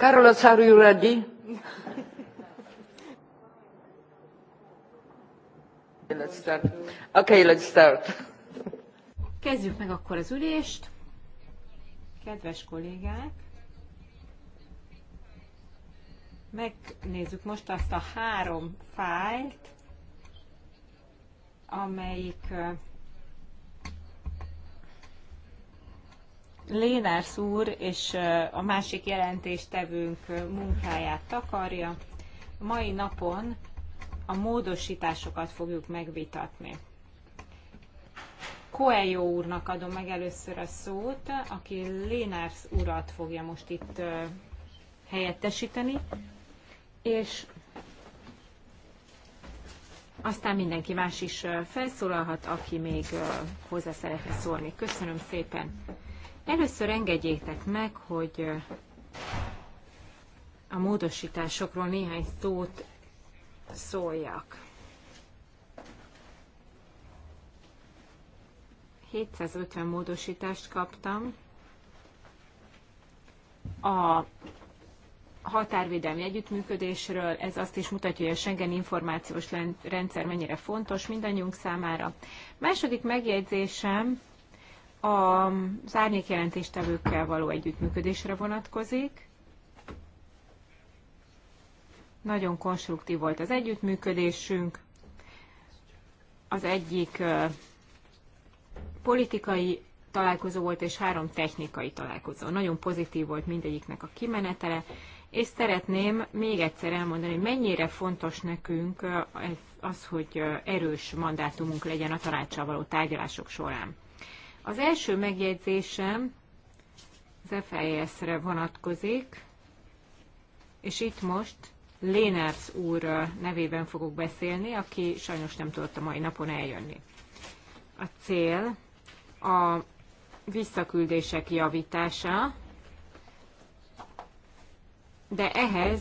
Carlos, are you ready? let's start. Okay, let's start. Kezdjük meg akkor az ülést. Kedves kollégák, megnézzük most azt a három fájlt, amelyik Lénársz úr és a másik jelentéstevőnk munkáját takarja. A mai napon a módosításokat fogjuk megvitatni. Coelho úrnak adom meg először a szót, aki Lénársz urat fogja most itt helyettesíteni, és aztán mindenki más is felszólalhat, aki még hozzá szeretne szólni. Köszönöm szépen! Először engedjétek meg, hogy a módosításokról néhány szót szóljak. 750 módosítást kaptam. A határvédelmi együttműködésről, ez azt is mutatja, hogy a Schengen információs rendszer mennyire fontos mindannyiunk számára. Második megjegyzésem az árnyékjelentéstevőkkel való együttműködésre vonatkozik. Nagyon konstruktív volt az együttműködésünk. Az egyik politikai találkozó volt, és három technikai találkozó. Nagyon pozitív volt mindegyiknek a kimenetele, és szeretném még egyszer elmondani, hogy mennyire fontos nekünk az, hogy erős mandátumunk legyen a tanácssal való tárgyalások során. Az első megjegyzésem az FIS-re vonatkozik, és itt most Lénárc úr nevében fogok beszélni, aki sajnos nem tudott a mai napon eljönni. A cél a visszaküldések javítása, de ehhez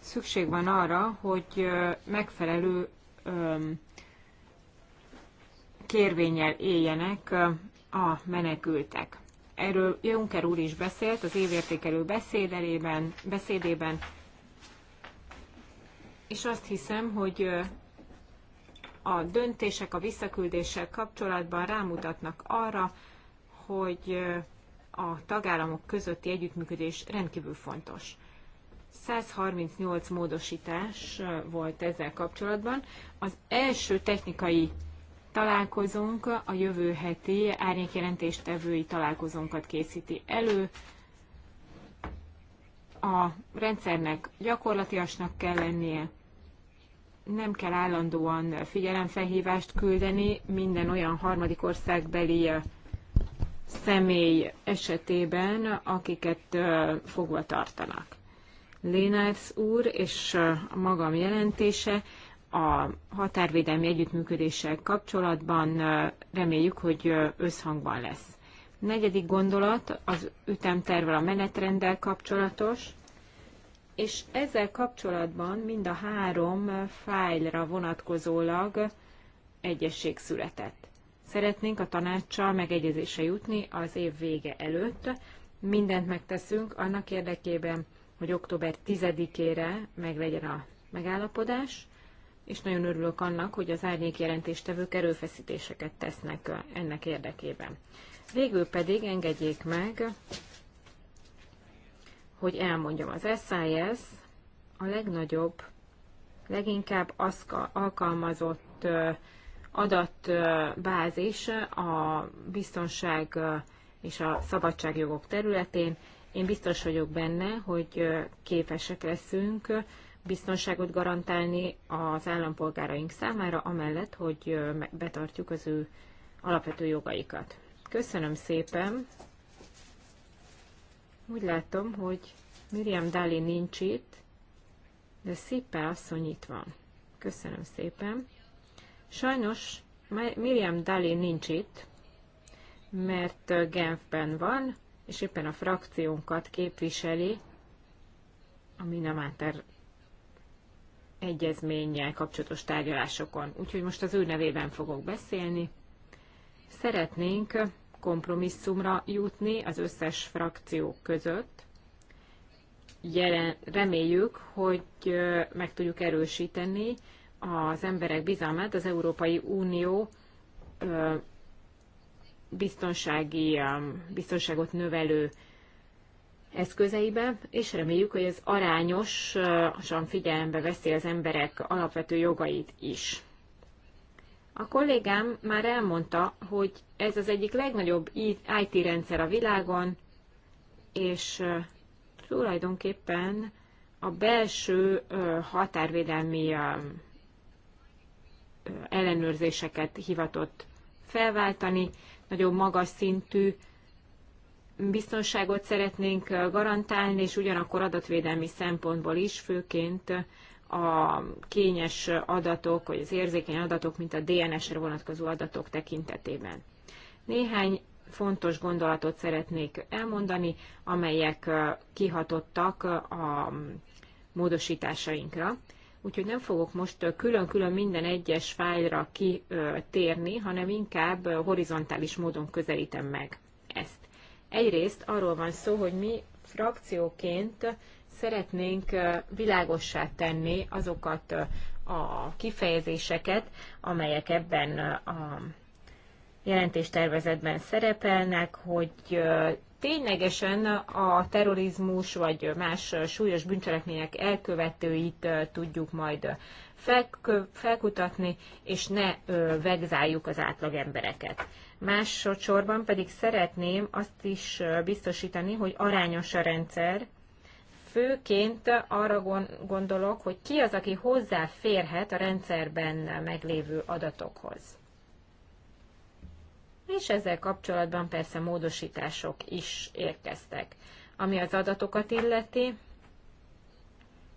szükség van arra, hogy megfelelő kérvényel éljenek a menekültek. Erről Juncker úr is beszélt az évértékelő beszédelében, beszédében, és azt hiszem, hogy a döntések a visszaküldéssel kapcsolatban rámutatnak arra, hogy a tagállamok közötti együttműködés rendkívül fontos. 138 módosítás volt ezzel kapcsolatban. Az első technikai találkozónk a jövő heti árnyékjelentéstevői találkozónkat készíti elő. A rendszernek gyakorlatiasnak kell lennie, nem kell állandóan figyelemfelhívást küldeni minden olyan harmadik országbeli személy esetében, akiket fogva tartanak. Lénárs úr és magam jelentése a határvédelmi együttműködéssel kapcsolatban reméljük, hogy összhangban lesz. A negyedik gondolat az ütemtervel a menetrenddel kapcsolatos, és ezzel kapcsolatban mind a három fájlra vonatkozólag egyesség született. Szeretnénk a tanácssal megegyezése jutni az év vége előtt. Mindent megteszünk annak érdekében, hogy október 10-ére meglegyen a megállapodás, és nagyon örülök annak, hogy az árnyék jelentéstevők erőfeszítéseket tesznek ennek érdekében. Végül pedig engedjék meg, hogy elmondjam, az SIS a legnagyobb, leginkább az alkalmazott adatbázis a biztonság és a szabadságjogok területén. Én biztos vagyok benne, hogy képesek leszünk biztonságot garantálni az állampolgáraink számára, amellett, hogy betartjuk az ő alapvető jogaikat. Köszönöm szépen! Úgy látom, hogy Miriam Dali nincs itt, de Szippe asszony itt van. Köszönöm szépen. Sajnos Miriam Dali nincs itt, mert Genfben van, és éppen a frakciónkat képviseli, ami nem áter egyezménnyel kapcsolatos tárgyalásokon. Úgyhogy most az ő nevében fogok beszélni. Szeretnénk kompromisszumra jutni az összes frakció között. Jelen, reméljük, hogy meg tudjuk erősíteni az emberek bizalmát az Európai Unió biztonsági, biztonságot növelő eszközeibe, és reméljük, hogy ez arányosan figyelembe veszi az emberek alapvető jogait is. A kollégám már elmondta, hogy ez az egyik legnagyobb IT rendszer a világon, és tulajdonképpen a belső határvédelmi ellenőrzéseket hivatott felváltani, nagyon magas szintű biztonságot szeretnénk garantálni, és ugyanakkor adatvédelmi szempontból is, főként a kényes adatok, vagy az érzékeny adatok, mint a DNS-re vonatkozó adatok tekintetében. Néhány fontos gondolatot szeretnék elmondani, amelyek kihatottak a módosításainkra. Úgyhogy nem fogok most külön-külön minden egyes fájlra kitérni, hanem inkább horizontális módon közelítem meg Egyrészt arról van szó, hogy mi frakcióként szeretnénk világossá tenni azokat a kifejezéseket, amelyek ebben a jelentéstervezetben szerepelnek, hogy ténylegesen a terrorizmus vagy más súlyos bűncselekmények elkövetőit tudjuk majd felkutatni, és ne vegzáljuk az átlag embereket. Másodszorban pedig szeretném azt is biztosítani, hogy arányos a rendszer, főként arra gondolok, hogy ki az, aki hozzáférhet a rendszerben meglévő adatokhoz. És ezzel kapcsolatban persze módosítások is érkeztek. Ami az adatokat illeti,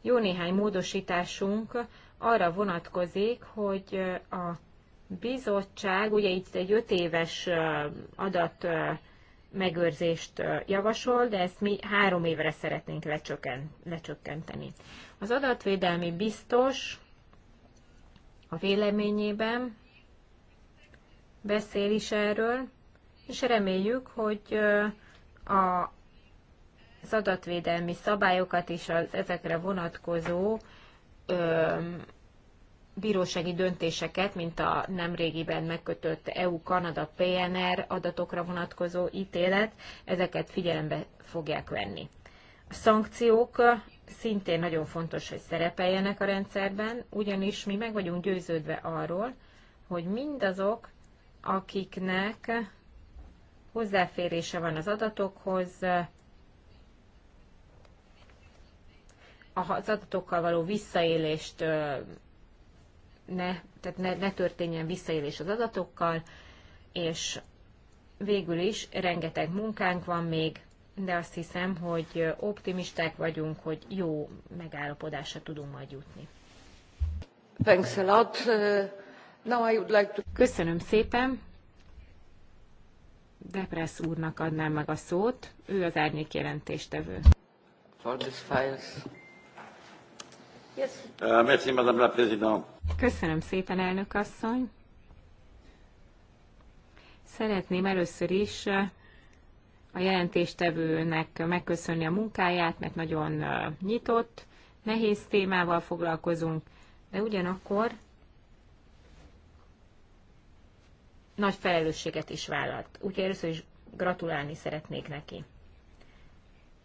jó néhány módosításunk arra vonatkozik, hogy a bizottság ugye itt egy öt éves adat megőrzést javasol, de ezt mi három évre szeretnénk lecsökkenteni. Az adatvédelmi biztos a véleményében beszél is erről, és reméljük, hogy a az adatvédelmi szabályokat és az ezekre vonatkozó ö, bírósági döntéseket, mint a nemrégiben megkötött EU-Kanada PNR adatokra vonatkozó ítélet, ezeket figyelembe fogják venni. A szankciók szintén nagyon fontos, hogy szerepeljenek a rendszerben, ugyanis mi meg vagyunk győződve arról, hogy mindazok, akiknek hozzáférése van az adatokhoz, az adatokkal való visszaélést ne, tehát ne, ne történjen visszaélés az adatokkal, és végül is rengeteg munkánk van még, de azt hiszem, hogy optimisták vagyunk, hogy jó megállapodásra tudunk majd jutni. Uh, Köszönöm szépen. Depres úrnak adnám meg a szót. Ő az árnyék jelentéstevő. For these files. Yes. Uh, merci, Madame la Présidente. Köszönöm szépen, elnök asszony. Szeretném először is eh, a jelentéstevőnek megköszönni a munkáját, mert nagyon eh, nyitott, nehéz témával foglalkozunk, de ugyanakkor nagy felelősséget is vállalt. Úgyhogy először is gratulálni szeretnék neki.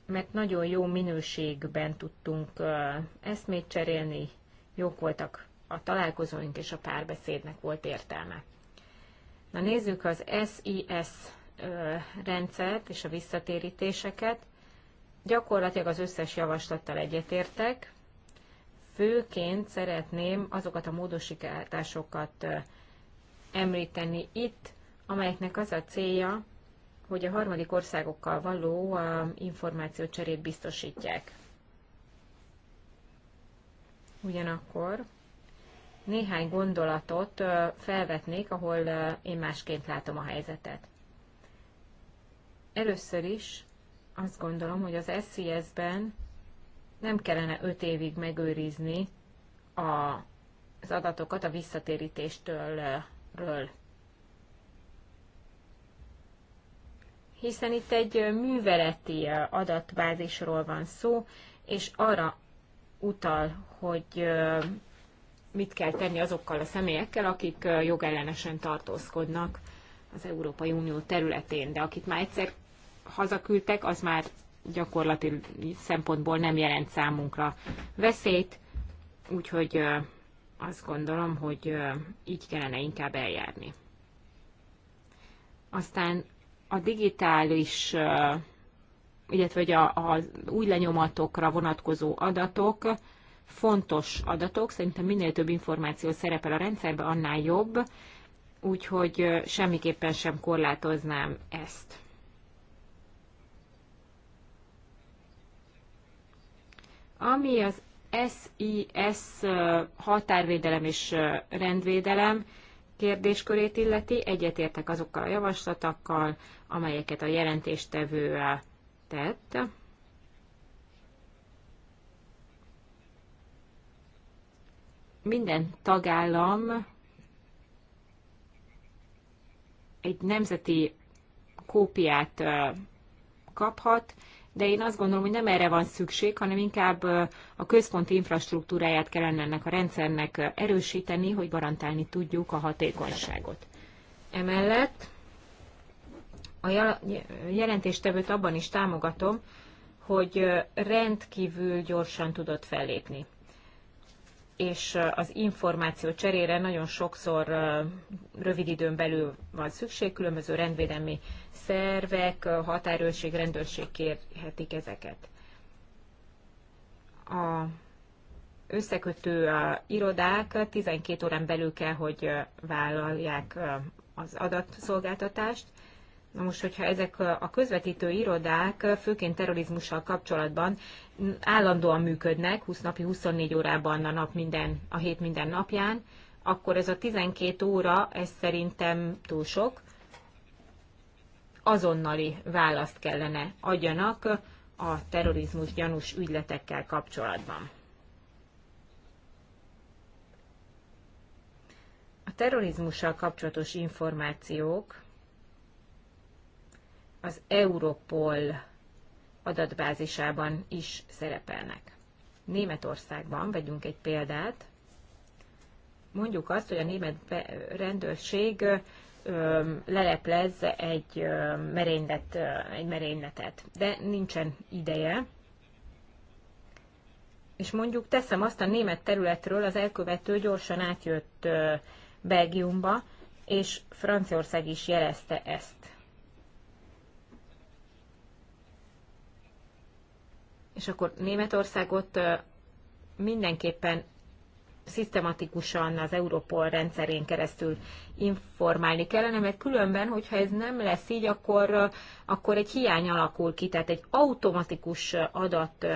Mert nagyon jó minőségben tudtunk eh, eszmét cserélni, jók voltak a találkozóink és a párbeszédnek volt értelme. Na nézzük az SIS rendszert és a visszatérítéseket. Gyakorlatilag az összes javaslattal egyetértek. Főként szeretném azokat a módosításokat említeni itt, amelyeknek az a célja, hogy a harmadik országokkal való információcserét biztosítják. Ugyanakkor néhány gondolatot felvetnék, ahol én másként látom a helyzetet. Először is azt gondolom, hogy az SCS-ben nem kellene 5 évig megőrizni a, az adatokat a visszatérítéstől. Ről. Hiszen itt egy műveleti adatbázisról van szó, és arra utal, hogy mit kell tenni azokkal a személyekkel, akik jogellenesen tartózkodnak az Európai Unió területén, de akit már egyszer hazaküldtek, az már gyakorlati szempontból nem jelent számunkra veszélyt, úgyhogy azt gondolom, hogy így kellene inkább eljárni. Aztán a digitális, illetve a, a új lenyomatokra vonatkozó adatok, fontos adatok, szerintem minél több információ szerepel a rendszerben, annál jobb, úgyhogy semmiképpen sem korlátoznám ezt. Ami az SIS határvédelem és rendvédelem kérdéskörét illeti, egyetértek azokkal a javaslatokkal, amelyeket a jelentéstevő tett. minden tagállam egy nemzeti kópiát kaphat, de én azt gondolom, hogy nem erre van szükség, hanem inkább a központi infrastruktúráját kellene ennek a rendszernek erősíteni, hogy garantálni tudjuk a hatékonyságot. Emellett a jelentéstevőt abban is támogatom, hogy rendkívül gyorsan tudott fellépni és az információ cserére nagyon sokszor rövid időn belül van szükség, különböző rendvédelmi szervek, határőrség, rendőrség kérhetik ezeket. A összekötő irodák 12 órán belül kell, hogy vállalják az adatszolgáltatást, Na most, hogyha ezek a közvetítő irodák főként terrorizmussal kapcsolatban állandóan működnek, 20 napi 24 órában a nap minden, a hét minden napján, akkor ez a 12 óra, ez szerintem túl sok, azonnali választ kellene adjanak a terrorizmus gyanús ügyletekkel kapcsolatban. A terrorizmussal kapcsolatos információk az Europol adatbázisában is szerepelnek. Németországban vegyünk egy példát. Mondjuk azt, hogy a német rendőrség leleplez egy, merénylet, egy merényletet, de nincsen ideje. És mondjuk teszem azt a német területről, az elkövető gyorsan átjött Belgiumba, és Franciaország is jelezte ezt. és akkor Németországot mindenképpen szisztematikusan az Európol rendszerén keresztül informálni kellene, mert különben, hogyha ez nem lesz így, akkor, akkor egy hiány alakul ki, tehát egy automatikus adat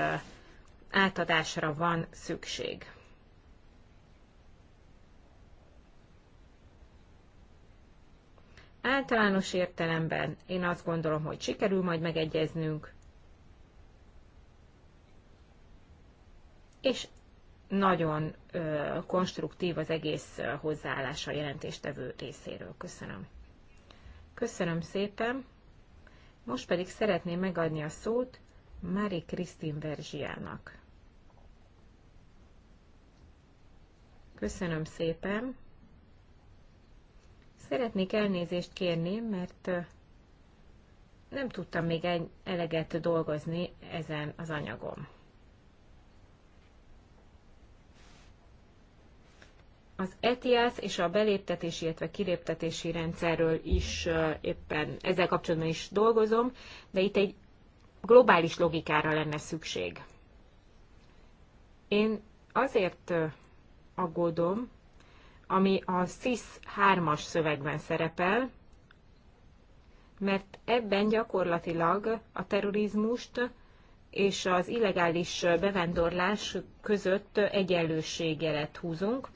átadásra van szükség. Általános értelemben én azt gondolom, hogy sikerül majd megegyeznünk, és nagyon ö, konstruktív az egész hozzáállása a jelentéstevő részéről. Köszönöm. Köszönöm szépen. Most pedig szeretném megadni a szót Mári Krisztin Verzsiának. Köszönöm szépen. Szeretnék elnézést kérni, mert nem tudtam még eleget dolgozni ezen az anyagom. Az ETIAS és a beléptetési, illetve kiléptetési rendszerről is éppen ezzel kapcsolatban is dolgozom, de itt egy globális logikára lenne szükség. Én azért aggódom, ami a SIS 3-as szövegben szerepel, mert ebben gyakorlatilag a terrorizmust és az illegális bevándorlás között egyenlőségjelet húzunk,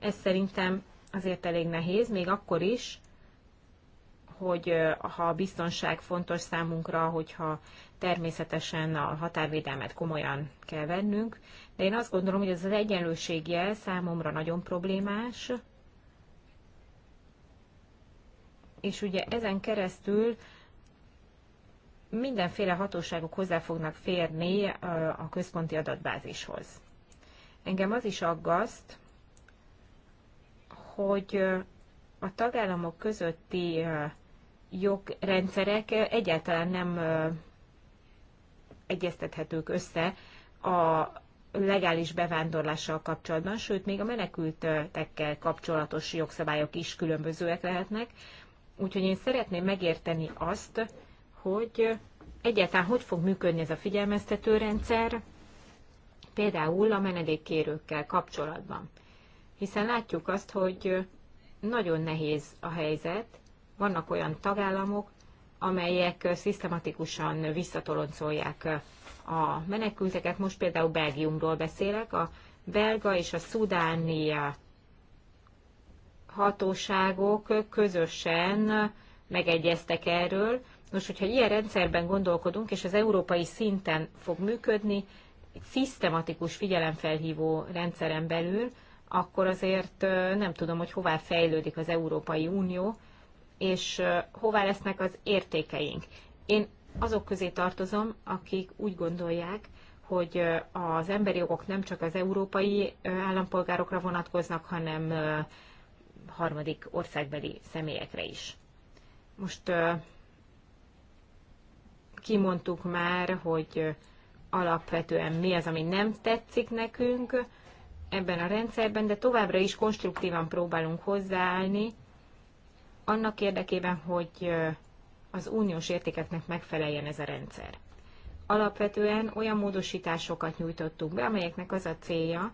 ez szerintem azért elég nehéz, még akkor is, hogy ha a biztonság fontos számunkra, hogyha természetesen a határvédelmet komolyan kell vennünk, de én azt gondolom, hogy ez az egyenlőségjel számomra nagyon problémás, és ugye ezen keresztül mindenféle hatóságok hozzá fognak férni a központi adatbázishoz. Engem az is aggaszt, hogy a tagállamok közötti jogrendszerek egyáltalán nem egyeztethetők össze a legális bevándorlással kapcsolatban, sőt, még a menekültekkel kapcsolatos jogszabályok is különbözőek lehetnek. Úgyhogy én szeretném megérteni azt, hogy egyáltalán hogy fog működni ez a figyelmeztető rendszer, például a menedékkérőkkel kapcsolatban hiszen látjuk azt, hogy nagyon nehéz a helyzet. Vannak olyan tagállamok, amelyek szisztematikusan visszatoloncolják a menekülteket. Most például Belgiumról beszélek, a belga és a szudáni hatóságok közösen megegyeztek erről. Nos, hogyha ilyen rendszerben gondolkodunk, és az európai szinten fog működni, egy szisztematikus figyelemfelhívó rendszeren belül, akkor azért nem tudom, hogy hová fejlődik az Európai Unió, és hová lesznek az értékeink. Én azok közé tartozom, akik úgy gondolják, hogy az emberi jogok nem csak az európai állampolgárokra vonatkoznak, hanem harmadik országbeli személyekre is. Most kimondtuk már, hogy alapvetően mi az, ami nem tetszik nekünk, ebben a rendszerben, de továbbra is konstruktívan próbálunk hozzáállni annak érdekében, hogy az uniós értékeknek megfeleljen ez a rendszer. Alapvetően olyan módosításokat nyújtottunk be, amelyeknek az a célja,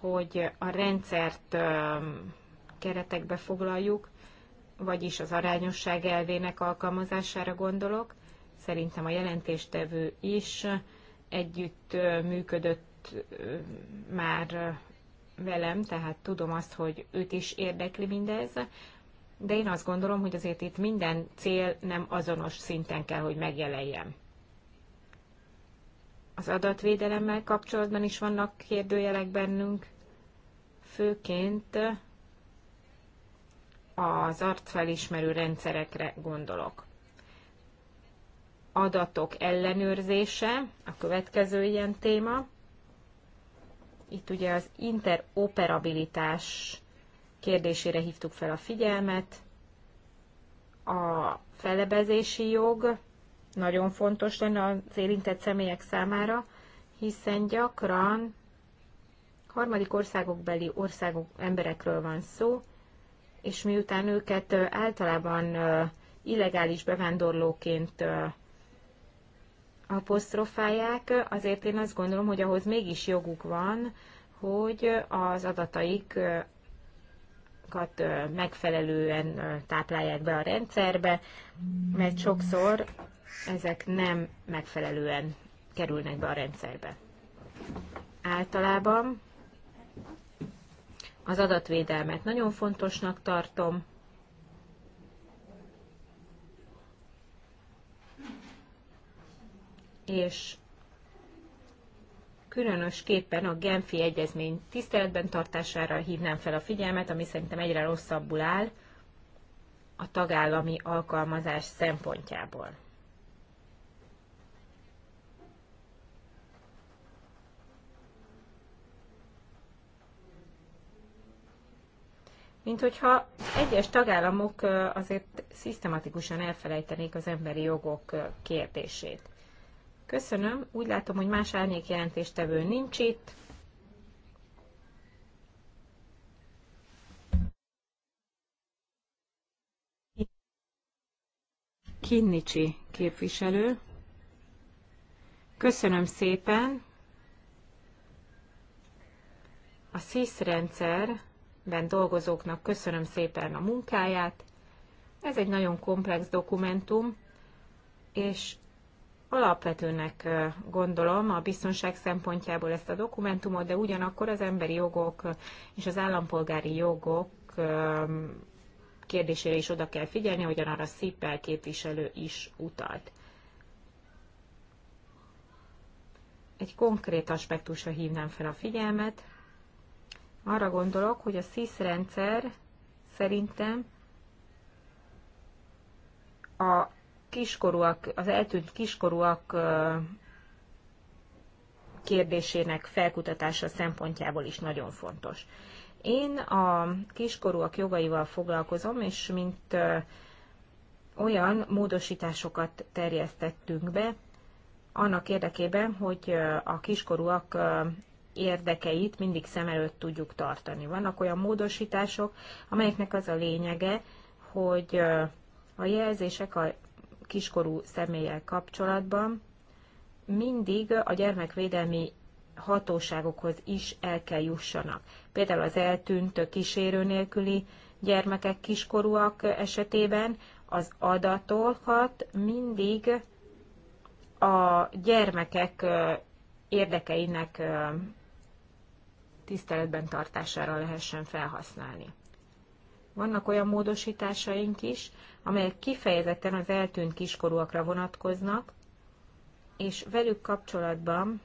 hogy a rendszert keretekbe foglaljuk, vagyis az arányosság elvének alkalmazására gondolok. Szerintem a jelentéstevő is együtt működött már velem, tehát tudom azt, hogy őt is érdekli mindez, de én azt gondolom, hogy azért itt minden cél nem azonos szinten kell, hogy megjelenjen. Az adatvédelemmel kapcsolatban is vannak kérdőjelek bennünk, főként az arcfelismerő rendszerekre gondolok. Adatok ellenőrzése a következő ilyen téma. Itt ugye az interoperabilitás kérdésére hívtuk fel a figyelmet. A felebezési jog nagyon fontos lenne az érintett személyek számára, hiszen gyakran harmadik országokbeli országok emberekről van szó, és miután őket általában illegális bevándorlóként apostrofálják, azért én azt gondolom, hogy ahhoz mégis joguk van, hogy az adataikat megfelelően táplálják be a rendszerbe, mert sokszor ezek nem megfelelően kerülnek be a rendszerbe. Általában az adatvédelmet nagyon fontosnak tartom, és különösképpen a Genfi Egyezmény tiszteletben tartására hívnám fel a figyelmet, ami szerintem egyre rosszabbul áll a tagállami alkalmazás szempontjából. mint hogyha egyes tagállamok azért szisztematikusan elfelejtenék az emberi jogok kérdését. Köszönöm. Úgy látom, hogy más árnyékjelentéstevő nincs itt. Kinnicsi képviselő. Köszönöm szépen. A SZISZ rendszerben dolgozóknak köszönöm szépen a munkáját. Ez egy nagyon komplex dokumentum, és alapvetőnek gondolom a biztonság szempontjából ezt a dokumentumot, de ugyanakkor az emberi jogok és az állampolgári jogok kérdésére is oda kell figyelni, ahogyan arra Szippel képviselő is utalt. Egy konkrét aspektusra hívnám fel a figyelmet. Arra gondolok, hogy a SIS rendszer szerintem a kiskorúak, az eltűnt kiskorúak kérdésének felkutatása szempontjából is nagyon fontos. Én a kiskorúak jogaival foglalkozom, és mint olyan módosításokat terjesztettünk be, annak érdekében, hogy a kiskorúak érdekeit mindig szem előtt tudjuk tartani. Vannak olyan módosítások, amelyeknek az a lényege, hogy a jelzések a kiskorú személlyel kapcsolatban mindig a gyermekvédelmi hatóságokhoz is el kell jussanak. Például az eltűnt kísérő nélküli gyermekek, kiskorúak esetében az adatokat mindig a gyermekek érdekeinek tiszteletben tartására lehessen felhasználni. Vannak olyan módosításaink is, amelyek kifejezetten az eltűnt kiskorúakra vonatkoznak, és velük kapcsolatban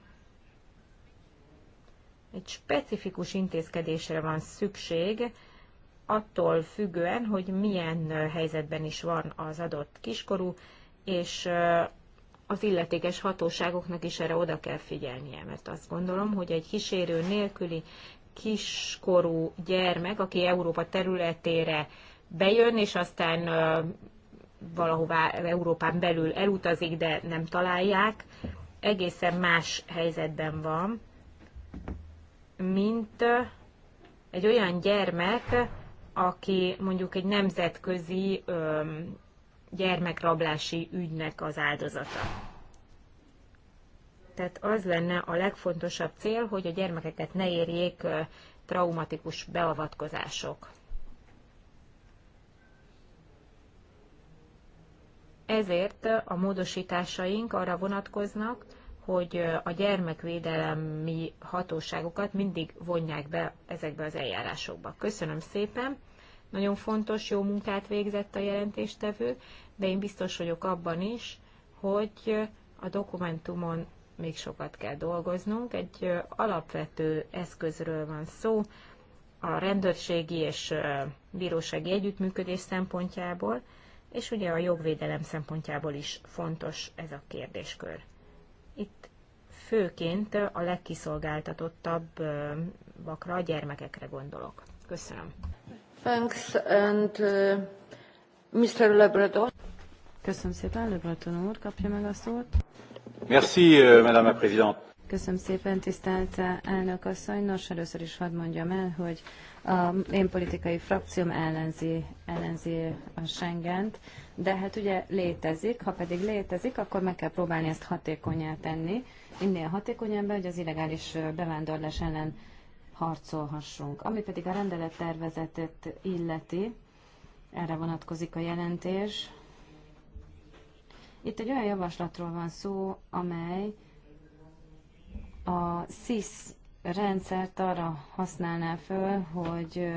egy specifikus intézkedésre van szükség, attól függően, hogy milyen helyzetben is van az adott kiskorú, és az illetékes hatóságoknak is erre oda kell figyelnie, mert azt gondolom, hogy egy kísérő nélküli kiskorú gyermek, aki Európa területére bejön, és aztán valahová Európán belül elutazik, de nem találják, egészen más helyzetben van, mint egy olyan gyermek, aki mondjuk egy nemzetközi gyermekrablási ügynek az áldozata. Tehát az lenne a legfontosabb cél, hogy a gyermekeket ne érjék traumatikus beavatkozások. Ezért a módosításaink arra vonatkoznak, hogy a gyermekvédelmi hatóságokat mindig vonják be ezekbe az eljárásokba. Köszönöm szépen! Nagyon fontos, jó munkát végzett a jelentéstevő, de én biztos vagyok abban is, hogy a dokumentumon még sokat kell dolgoznunk. Egy alapvető eszközről van szó a rendőrségi és bírósági együttműködés szempontjából, és ugye a jogvédelem szempontjából is fontos ez a kérdéskör. Itt főként a legkiszolgáltatottabbakra, a gyermekekre gondolok. Köszönöm. Thanks and uh, Mr. Labrador. Köszönöm szépen, Lebraton úr, kapja meg a szót. Merci, uh, Madame la Présidente. Köszönöm szépen, tisztelt uh, elnök asszony. Nos, először is hadd mondjam el, hogy a én politikai frakcióm ellenzi, ellenzi a Schengent, de hát ugye létezik, ha pedig létezik, akkor meg kell próbálni ezt hatékonyá tenni, minél hatékonyabban, hogy az illegális bevándorlás ellen harcolhassunk. Ami pedig a rendelettervezetet illeti, erre vonatkozik a jelentés. Itt egy olyan javaslatról van szó, amely a SIS rendszert arra használná föl, hogy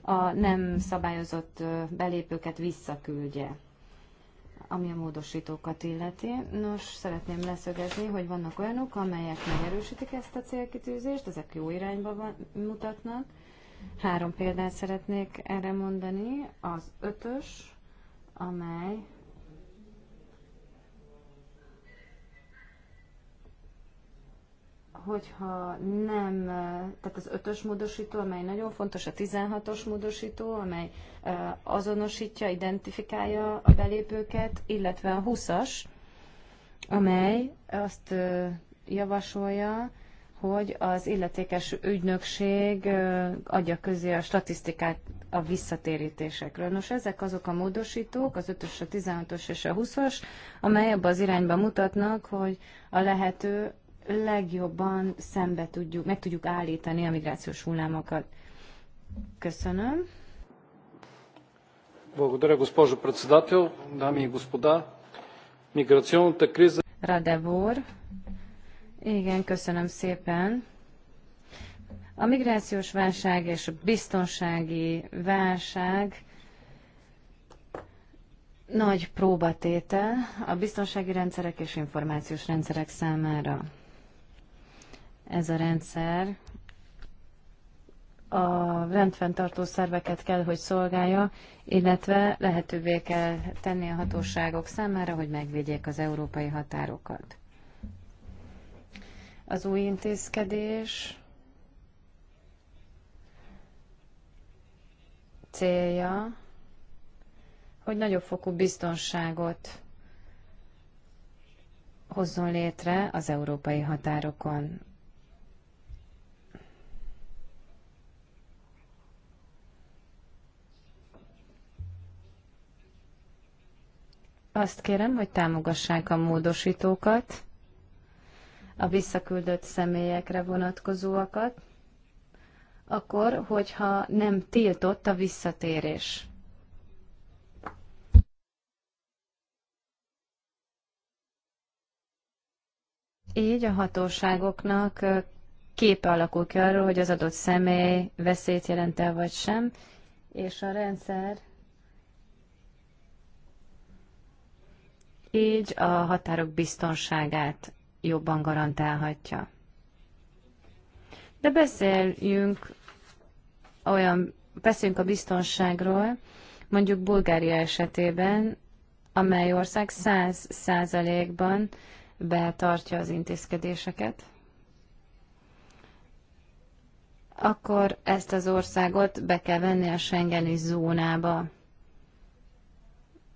a nem szabályozott belépőket visszaküldje, ami a módosítókat illeti. Nos, szeretném leszögezni, hogy vannak olyanok, amelyek megerősítik ezt a célkitűzést, ezek jó irányba van, mutatnak. Három példát szeretnék erre mondani. Az ötös, amely hogyha nem, tehát az ötös módosító, amely nagyon fontos, a 16-os módosító, amely azonosítja, identifikálja a belépőket, illetve a 20-as, amely azt javasolja, hogy az illetékes ügynökség adja közé a statisztikát a visszatérítésekről. Nos, ezek azok a módosítók, az 5-ös, a 16-os és a 20-as, amely abban az irányba mutatnak, hogy a lehető legjobban szembe tudjuk, meg tudjuk állítani a migrációs hullámokat. Köszönöm. Благодаря, госпожо председател, дами и господа. Миграционната криза... Радевор. Igen, köszönöm szépen. A migrációs válság és a biztonsági válság nagy próbatétel a biztonsági rendszerek és információs rendszerek számára ez a rendszer a rendfenntartó szerveket kell, hogy szolgálja, illetve lehetővé kell tenni a hatóságok számára, hogy megvédjék az európai határokat. Az új intézkedés célja, hogy nagyobb fokú biztonságot hozzon létre az európai határokon. Azt kérem, hogy támogassák a módosítókat, a visszaküldött személyekre vonatkozóakat, akkor, hogyha nem tiltott a visszatérés. Így a hatóságoknak képe alakul ki arról, hogy az adott személy veszélyt jelent el vagy sem, és a rendszer így a határok biztonságát jobban garantálhatja. De beszéljünk olyan, beszéljünk a biztonságról, mondjuk Bulgária esetében, amely ország száz százalékban betartja az intézkedéseket, akkor ezt az országot be kell venni a Schengeni zónába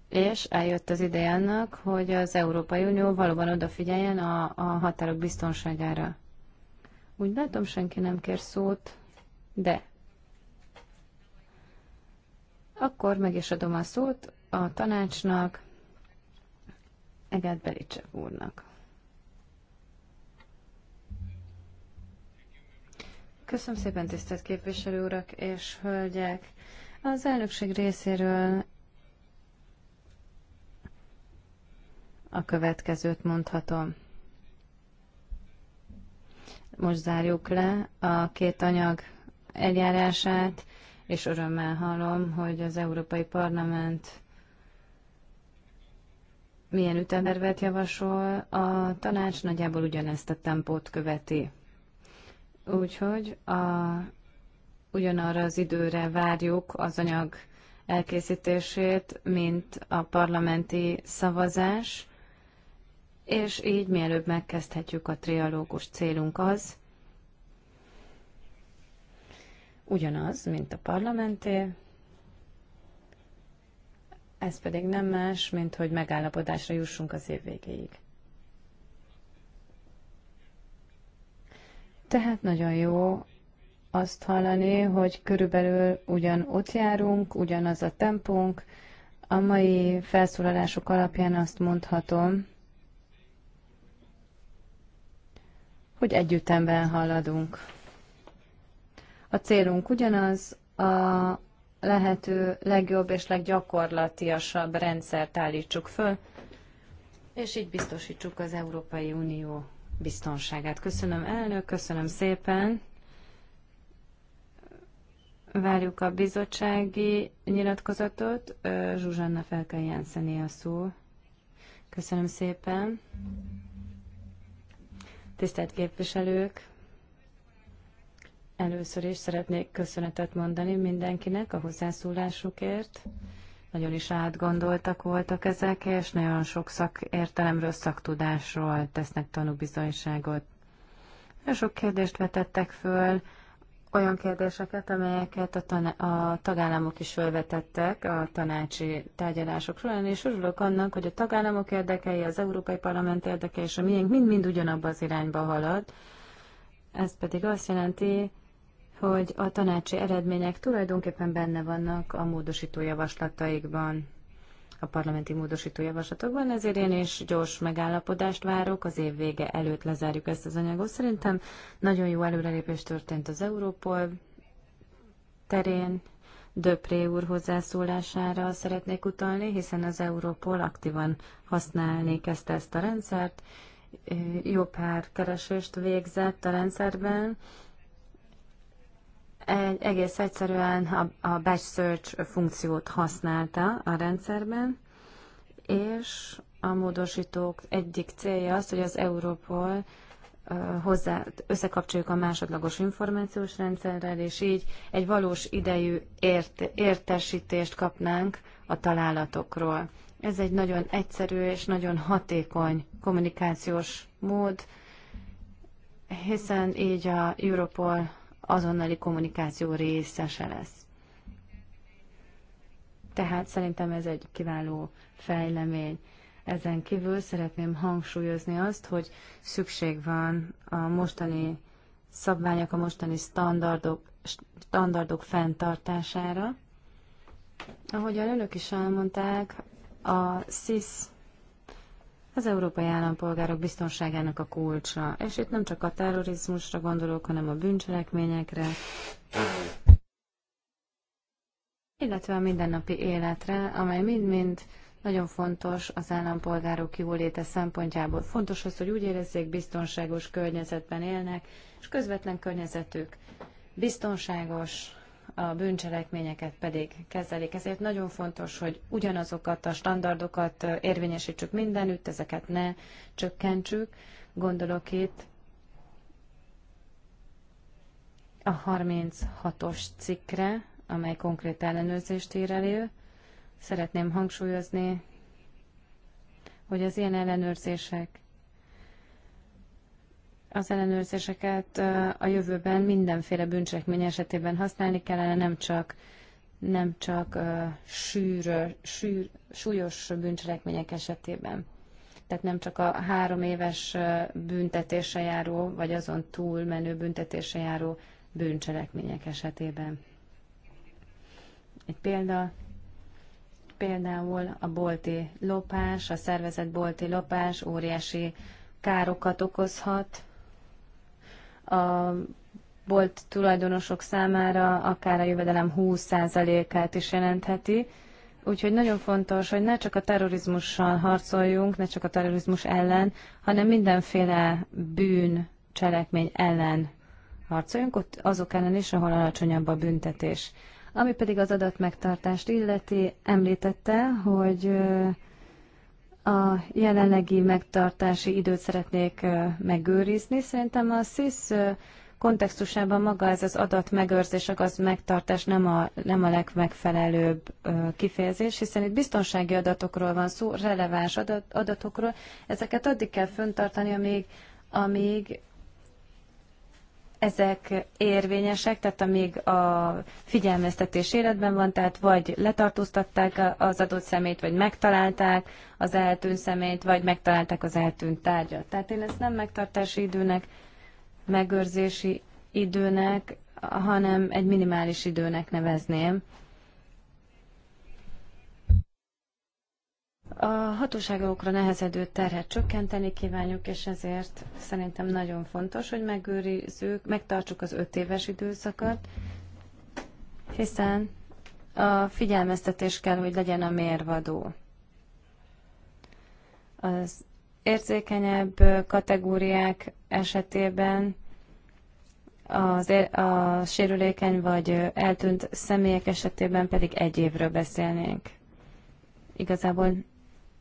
és eljött az ideje annak, hogy az Európai Unió valóban odafigyeljen a, a határok biztonságára. Úgy látom, senki nem kér szót, de akkor meg is adom a szót a tanácsnak, Egát Belicek úrnak. Köszönöm szépen, tisztelt képviselő urak és hölgyek! Az elnökség részéről a következőt mondhatom. Most zárjuk le a két anyag eljárását, és örömmel hallom, hogy az Európai Parlament milyen ütemervet javasol, a tanács nagyjából ugyanezt a tempót követi. Úgyhogy a, ugyanarra az időre várjuk az anyag elkészítését, mint a parlamenti szavazás és így mielőbb megkezdhetjük a trialógus célunk az, ugyanaz, mint a parlamenté, ez pedig nem más, mint hogy megállapodásra jussunk az év végéig. Tehát nagyon jó azt hallani, hogy körülbelül ugyan ott járunk, ugyanaz a tempónk. A mai felszólalások alapján azt mondhatom, hogy együttemben haladunk. A célunk ugyanaz, a lehető legjobb és leggyakorlatiasabb rendszert állítsuk föl, és így biztosítsuk az Európai Unió biztonságát. Köszönöm elnök, köszönöm szépen. Várjuk a bizottsági nyilatkozatot. Zsuzsanna Felke Jenszené a szó. Köszönöm szépen. Tisztelt képviselők! Először is szeretnék köszönetet mondani mindenkinek a hozzászólásukért. Nagyon is átgondoltak voltak ezek, és nagyon sok szakértelemről, szaktudásról tesznek tanúbizonyságot. Nagyon sok kérdést vetettek föl, olyan kérdéseket, amelyeket a, tan- a tagállamok is felvetettek a tanácsi tárgyalások során és örülök annak, hogy a tagállamok érdekei, az Európai Parlament érdekei és a miénk mind-mind ugyanabba az irányba halad. Ez pedig azt jelenti, hogy a tanácsi eredmények tulajdonképpen benne vannak a módosító javaslataikban a parlamenti módosító javaslatokban, ezért én is gyors megállapodást várok, az év vége előtt lezárjuk ezt az anyagot. Szerintem nagyon jó előrelépés történt az Európol terén, Döpré úr hozzászólására szeretnék utalni, hiszen az Európol aktívan használni kezdte ezt a rendszert, jó pár keresést végzett a rendszerben, egy, egész egyszerűen a, a batch search funkciót használta a rendszerben, és a módosítók egyik célja az, hogy az Europol hozzá összekapcsoljuk a másodlagos információs rendszerrel, és így egy valós idejű ért, értesítést kapnánk a találatokról. Ez egy nagyon egyszerű és nagyon hatékony kommunikációs mód, hiszen így a Europol azonnali kommunikáció részese lesz. Tehát szerintem ez egy kiváló fejlemény. Ezen kívül szeretném hangsúlyozni azt, hogy szükség van a mostani szabványok, a mostani standardok, standardok fenntartására. Ahogyan önök is elmondták, a SIS az európai állampolgárok biztonságának a kulcsa. És itt nem csak a terrorizmusra gondolok, hanem a bűncselekményekre, illetve a mindennapi életre, amely mind-mind nagyon fontos az állampolgárok jóléte szempontjából. Fontos az, hogy úgy érezzék, biztonságos környezetben élnek, és közvetlen környezetük biztonságos, a bűncselekményeket pedig kezelik. Ezért nagyon fontos, hogy ugyanazokat a standardokat érvényesítsük mindenütt, ezeket ne csökkentsük. Gondolok itt a 36-os cikkre, amely konkrét ellenőrzést ír elő. Szeretném hangsúlyozni, hogy az ilyen ellenőrzések az ellenőrzéseket a jövőben mindenféle bűncselekmény esetében használni kellene, nem csak, nem csak uh, sűr, súlyos bűncselekmények esetében. Tehát nem csak a három éves büntetése járó, vagy azon túl menő büntetése járó bűncselekmények esetében. Egy példa, például a bolti lopás, a szervezett bolti lopás óriási károkat okozhat, a bolt tulajdonosok számára akár a jövedelem 20%-át is jelentheti. Úgyhogy nagyon fontos, hogy ne csak a terrorizmussal harcoljunk, ne csak a terrorizmus ellen, hanem mindenféle bűn, cselekmény ellen harcoljunk, ott azok ellen is, ahol alacsonyabb a büntetés. Ami pedig az adatmegtartást illeti, említette, hogy a jelenlegi megtartási időt szeretnék megőrizni. Szerintem a SZISZ kontextusában maga ez az adat megőrzés, az megtartás nem a, nem a legmegfelelőbb kifejezés, hiszen itt biztonsági adatokról van szó, releváns adat, adatokról. Ezeket addig kell föntartani, amíg, amíg ezek érvényesek, tehát amíg a figyelmeztetés életben van, tehát vagy letartóztatták az adott szemét, vagy megtalálták az eltűnt szemét, vagy megtalálták az eltűnt tárgyat. Tehát én ezt nem megtartási időnek, megőrzési időnek, hanem egy minimális időnek nevezném. A hatóságokra nehezedő terhet csökkenteni kívánjuk, és ezért szerintem nagyon fontos, hogy megőrizzük, megtartsuk az öt éves időszakot, hiszen a figyelmeztetés kell, hogy legyen a mérvadó. Az érzékenyebb kategóriák esetében az, a sérülékeny vagy eltűnt személyek esetében pedig egy évről beszélnénk. Igazából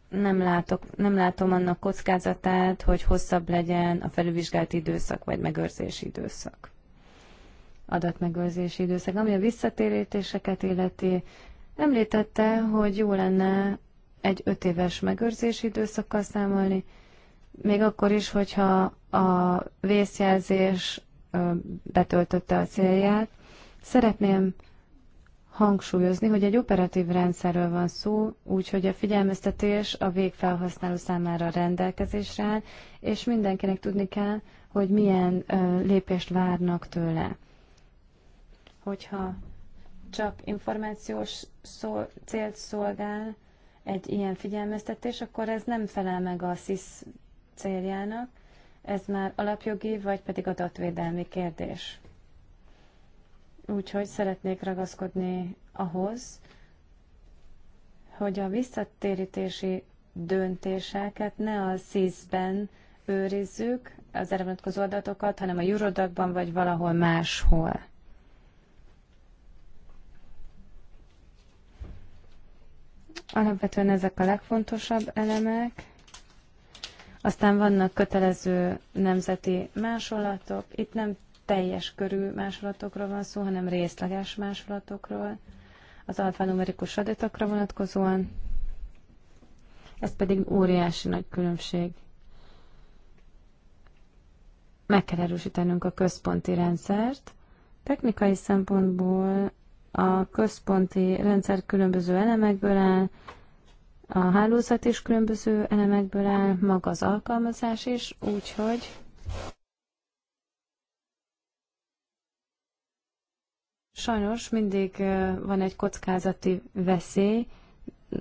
nem, látok, nem látom annak kockázatát, hogy hosszabb legyen a felülvizsgálati időszak vagy megőrzési időszak. Adatmegőrzési időszak. Ami a visszatérítéseket illeti, említette, hogy jó lenne egy öt éves megőrzési időszakkal számolni, még akkor is, hogyha a vészjelzés betöltötte a célját. Szeretném hangsúlyozni, hogy egy operatív rendszerről van szó, úgyhogy a figyelmeztetés a végfelhasználó számára rendelkezésre áll, és mindenkinek tudni kell, hogy milyen ö, lépést várnak tőle. Hogyha csak információs szol, célt szolgál egy ilyen figyelmeztetés, akkor ez nem felel meg a SIS céljának, ez már alapjogi vagy pedig adatvédelmi kérdés. Úgyhogy szeretnék ragaszkodni ahhoz, hogy a visszatérítési döntéseket ne a szízben ben őrizzük, az erre vonatkozó adatokat, hanem a Eurodagban vagy valahol máshol. Alapvetően ezek a legfontosabb elemek. Aztán vannak kötelező nemzeti másolatok. Itt nem teljes körű másolatokról van szó, hanem részleges másolatokról, az alfanumerikus adatokra vonatkozóan. Ez pedig óriási nagy különbség. Meg kell erősítenünk a központi rendszert. Technikai szempontból a központi rendszer különböző elemekből áll, a hálózat is különböző elemekből áll, maga az alkalmazás is, úgyhogy Sajnos mindig van egy kockázati veszély.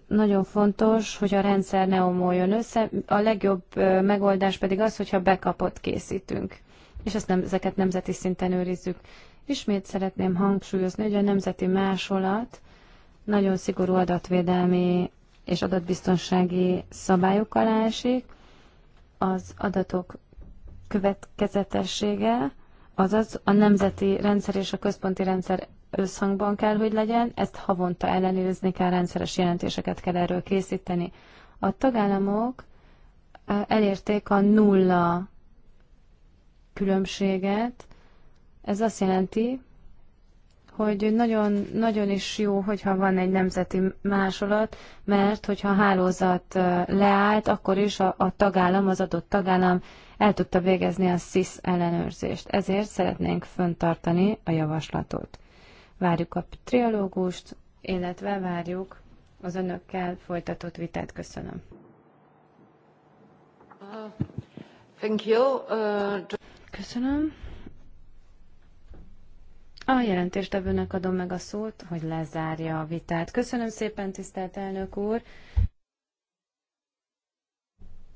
Nagyon fontos, hogy a rendszer ne omoljon össze. A legjobb megoldás pedig az, hogyha bekapott készítünk, és ezt nem, ezeket nemzeti szinten őrizzük. Ismét szeretném hangsúlyozni, hogy a nemzeti másolat nagyon szigorú adatvédelmi és adatbiztonsági szabályok alá esik, az adatok következetessége, Azaz a nemzeti rendszer és a központi rendszer összhangban kell, hogy legyen, ezt havonta ellenőrizni kell, rendszeres jelentéseket kell erről készíteni. A tagállamok elérték a nulla különbséget. Ez azt jelenti, hogy nagyon, nagyon is jó, hogyha van egy nemzeti másolat, mert hogyha a hálózat leállt, akkor is a, a tagállam, az adott tagállam el tudta végezni a SZISZ ellenőrzést. Ezért szeretnénk föntartani a javaslatot. Várjuk a triológust, illetve várjuk az önökkel folytatott vitát. Köszönöm. Köszönöm. A jelentést adom meg a szót, hogy lezárja a vitát. Köszönöm szépen, tisztelt elnök úr!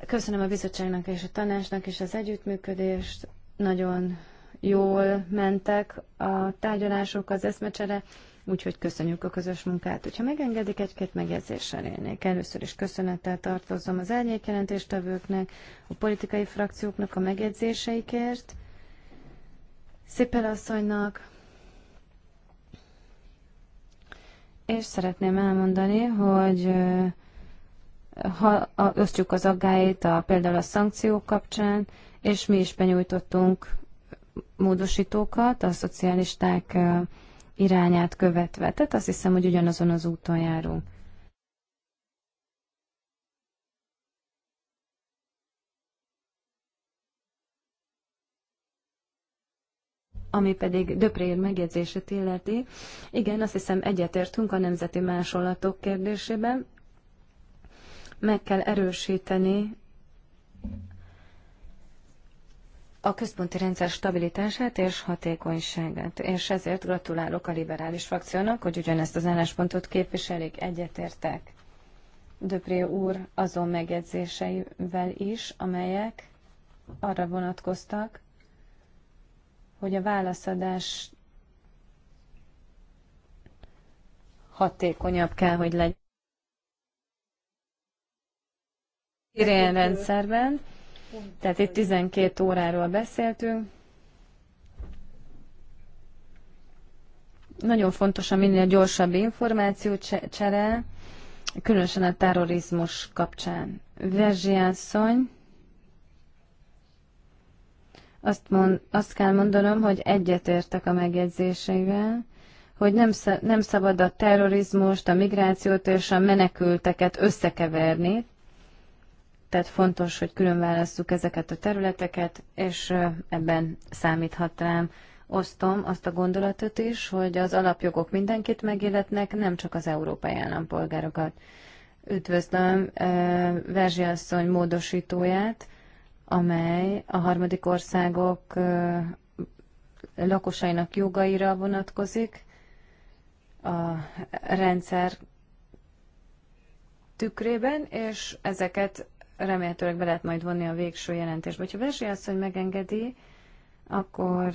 Köszönöm a bizottságnak és a tanácsnak és az együttműködést. Nagyon jól mentek a tárgyalások, az eszmecsere, úgyhogy köszönjük a közös munkát. Ha megengedik, egy-két megjegyzéssel élnék. Először is köszönettel tartozom az elnyékjelentéstevőknek, a politikai frakcióknak a megjegyzéseikért, Szépel asszonynak, és szeretném elmondani, hogy ha osztjuk az aggályt a, például a szankciók kapcsán, és mi is benyújtottunk módosítókat a szocialisták irányát követve. Tehát azt hiszem, hogy ugyanazon az úton járunk. ami pedig Döprér megjegyzését illeti. Igen, azt hiszem egyetértünk a nemzeti másolatok kérdésében meg kell erősíteni a központi rendszer stabilitását és hatékonyságát, és ezért gratulálok a liberális frakciónak, hogy ugyanezt az álláspontot képviselik, egyetértek Döpré úr azon megjegyzéseivel is, amelyek arra vonatkoztak, hogy a válaszadás hatékonyabb kell, hogy legyen. Irén rendszerben, tehát itt 12 óráról beszéltünk. Nagyon fontos a minél gyorsabb információcsere, különösen a terrorizmus kapcsán. Verzsi asszony, azt, mond, azt kell mondanom, hogy egyetértek a megjegyzéseivel, hogy nem, nem szabad a terrorizmust, a migrációt és a menekülteket összekeverni, tehát fontos, hogy külön választjuk ezeket a területeket, és ebben számíthat rám. Osztom azt a gondolatot is, hogy az alapjogok mindenkit megilletnek, nem csak az európai állampolgárokat. Üdvözlöm Verzsi asszony módosítóját, amely a harmadik országok lakosainak jogaira vonatkozik, a rendszer tükrében, és ezeket remélhetőleg be lehet majd vonni a végső jelentésbe. Ha Versi azt, hogy megengedi, akkor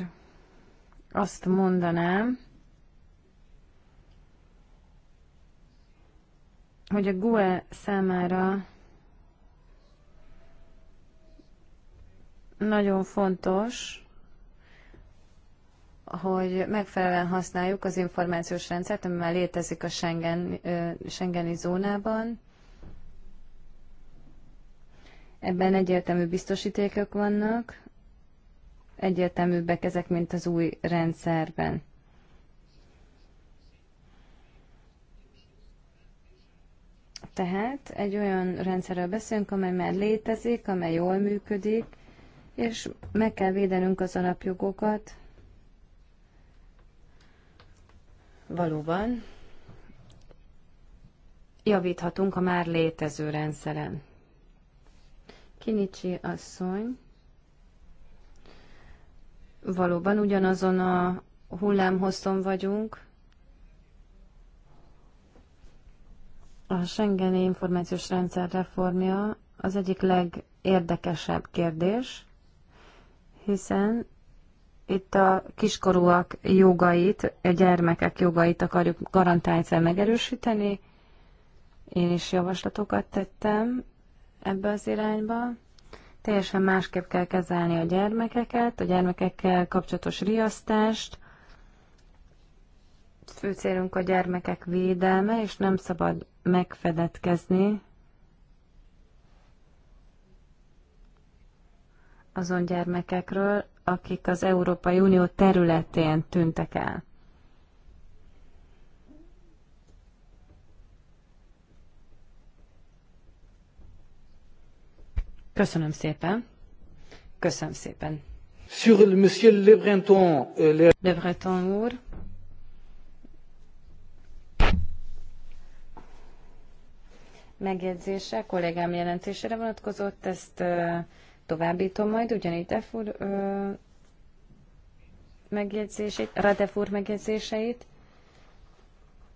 azt mondanám, hogy a GUE számára nagyon fontos, hogy megfelelően használjuk az információs rendszert, ami már létezik a Schengen, Schengeni zónában, Ebben egyértelmű biztosítékok vannak, egyértelműbbek ezek, mint az új rendszerben. Tehát egy olyan rendszerről beszélünk, amely már létezik, amely jól működik, és meg kell védenünk az alapjogokat. Valóban javíthatunk a már létező rendszeren. Kinicsi asszony valóban ugyanazon a hullámhosszon vagyunk. A Schengeni információs rendszer reformja az egyik legérdekesebb kérdés, hiszen itt a kiskorúak jogait, a gyermekek jogait akarjuk garantálni megerősíteni. Én is javaslatokat tettem ebbe az irányba. Teljesen másképp kell kezelni a gyermekeket, a gyermekekkel kapcsolatos riasztást. Fő célunk a gyermekek védelme, és nem szabad megfedetkezni azon gyermekekről, akik az Európai Unió területén tűntek el. Köszönöm szépen. Köszönöm szépen. Sur le monsieur Le Breton, euh, le... le Breton úr. Megjegyzése kollégám jelentésére vonatkozott, ezt uh, továbbítom majd, ugyanígy Defur uh, megjegyzését, Radefur megjegyzéseit.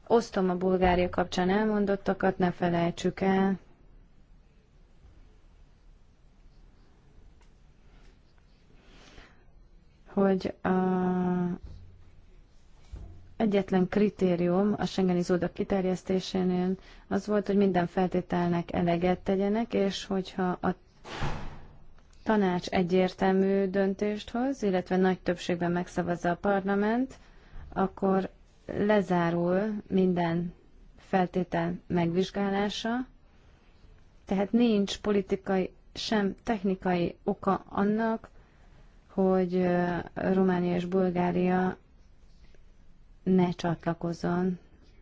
Osztom a bulgária kapcsán elmondottakat, ne felejtsük el hogy a egyetlen kritérium a Schengeni zóda kiterjesztésénél az volt, hogy minden feltételnek eleget tegyenek, és hogyha a tanács egyértelmű döntést hoz, illetve nagy többségben megszavazza a parlament, akkor lezárul minden feltétel megvizsgálása, tehát nincs politikai, sem technikai oka annak, hogy Románia és Bulgária ne csatlakozzon,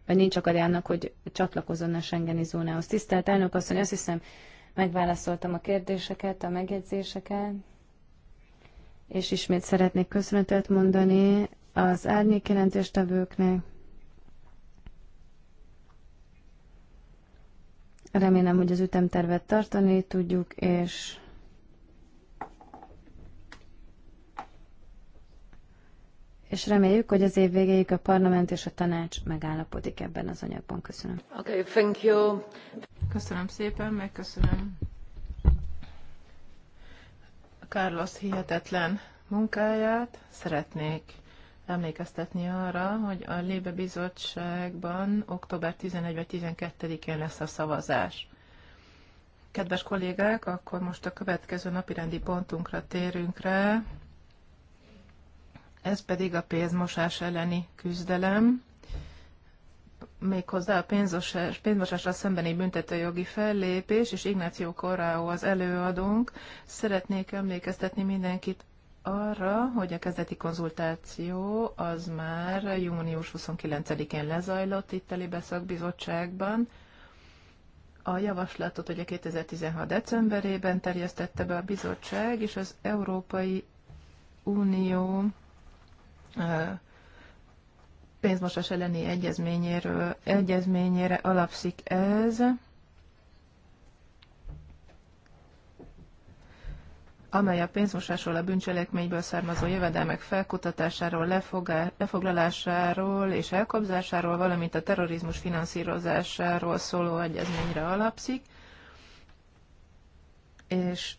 vagy nincs akadjának, hogy csatlakozzon a Schengeni zónához. Tisztelt elnök asszony, azt hiszem, megválaszoltam a kérdéseket, a megjegyzéseket, és ismét szeretnék köszönetet mondani az árnyék jelentéstevőknek. Remélem, hogy az ütemtervet tartani tudjuk, és és reméljük, hogy az év végéig a parlament és a tanács megállapodik ebben az anyagban. Köszönöm. Okay, thank you. Köszönöm szépen, megköszönöm Carlos hihetetlen munkáját. Szeretnék emlékeztetni arra, hogy a Lébe Bizottságban október 11 vagy 12-én lesz a szavazás. Kedves kollégák, akkor most a következő napirendi pontunkra térünk rá ez pedig a pénzmosás elleni küzdelem, méghozzá a pénzmosás, pénzmosásra szembeni büntetőjogi fellépés, és Ignáció Korráó az előadónk. Szeretnék emlékeztetni mindenkit arra, hogy a kezdeti konzultáció az már június 29-én lezajlott itt a Libe szakbizottságban. A javaslatot ugye 2016. decemberében terjesztette be a bizottság, és az Európai Unió pénzmosás elleni egyezményéről, egyezményére alapszik ez. amely a pénzmosásról, a bűncselekményből származó jövedelmek felkutatásáról, lefogá, lefoglalásáról és elkobzásáról, valamint a terrorizmus finanszírozásáról szóló egyezményre alapszik, és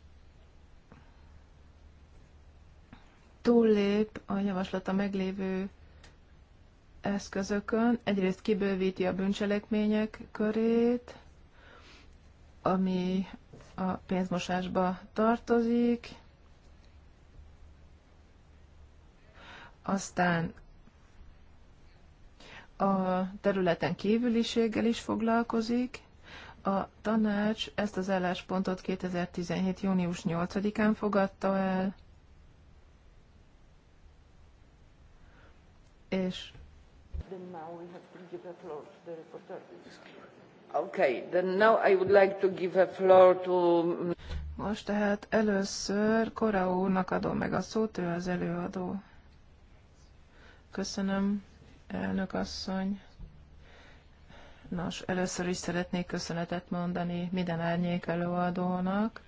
túllép a javaslata a meglévő eszközökön. Egyrészt kibővíti a bűncselekmények körét, ami a pénzmosásba tartozik, aztán a területen kívüliséggel is foglalkozik. A tanács ezt az álláspontot 2017. június 8-án fogadta el, és Okay, then now I would like to give a floor to... Most tehát először Kora adom meg a szót, ő az előadó. Köszönöm, elnök asszony. Nos, először is szeretnék köszönetet mondani minden árnyék előadónak,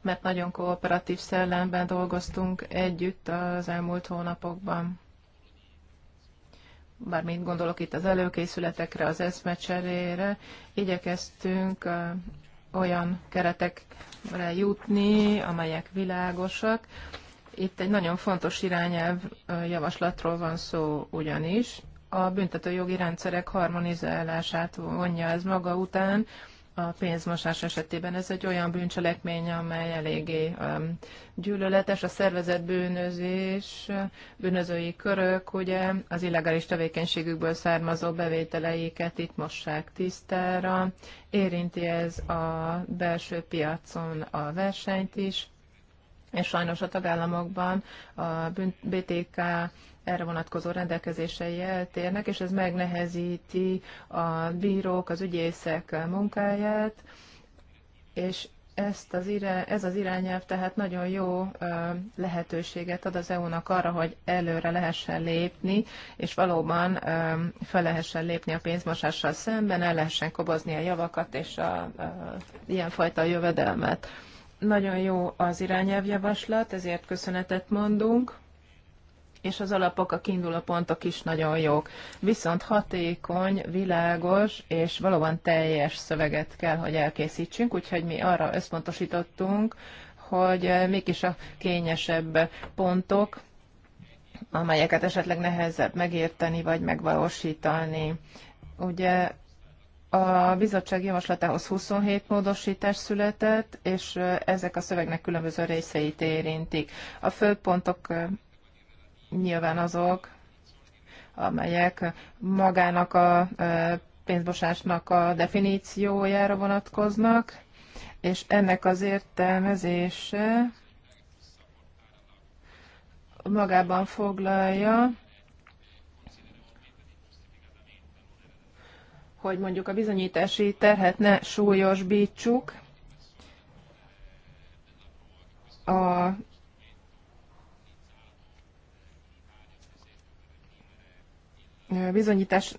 mert nagyon kooperatív szellemben dolgoztunk együtt az elmúlt hónapokban bármint gondolok itt az előkészületekre, az eszmecserére, igyekeztünk olyan keretekre jutni, amelyek világosak. Itt egy nagyon fontos irányelv javaslatról van szó ugyanis. A büntetőjogi rendszerek harmonizálását vonja ez maga után, a pénzmosás esetében. Ez egy olyan bűncselekmény, amely eléggé um, gyűlöletes. A szervezet bűnözés, bűnözői körök, ugye az illegális tevékenységükből származó bevételeiket itt mossák tisztára. Érinti ez a belső piacon a versenyt is, és sajnos a tagállamokban a BTK erre vonatkozó rendelkezései eltérnek, és ez megnehezíti a bírók, az ügyészek munkáját, és ezt az irá, ez az irányelv tehát nagyon jó lehetőséget ad az EU-nak arra, hogy előre lehessen lépni, és valóban fel lehessen lépni a pénzmosással szemben, el lehessen kobozni a javakat és a, a, ilyenfajta jövedelmet. Nagyon jó az irányelvjavaslat, ezért köszönetet mondunk és az alapok, a kiinduló pontok is nagyon jók. Viszont hatékony, világos és valóban teljes szöveget kell, hogy elkészítsünk, úgyhogy mi arra összpontosítottunk, hogy mik is a kényesebb pontok, amelyeket esetleg nehezebb megérteni vagy megvalósítani. Ugye a bizottság javaslatához 27 módosítás született, és ezek a szövegnek különböző részeit érintik. A főpontok pontok nyilván azok, amelyek magának a pénzbosásnak a definíciójára vonatkoznak, és ennek az értelmezése magában foglalja, hogy mondjuk a bizonyítási terhet ne súlyosbítsuk, a bizonyítás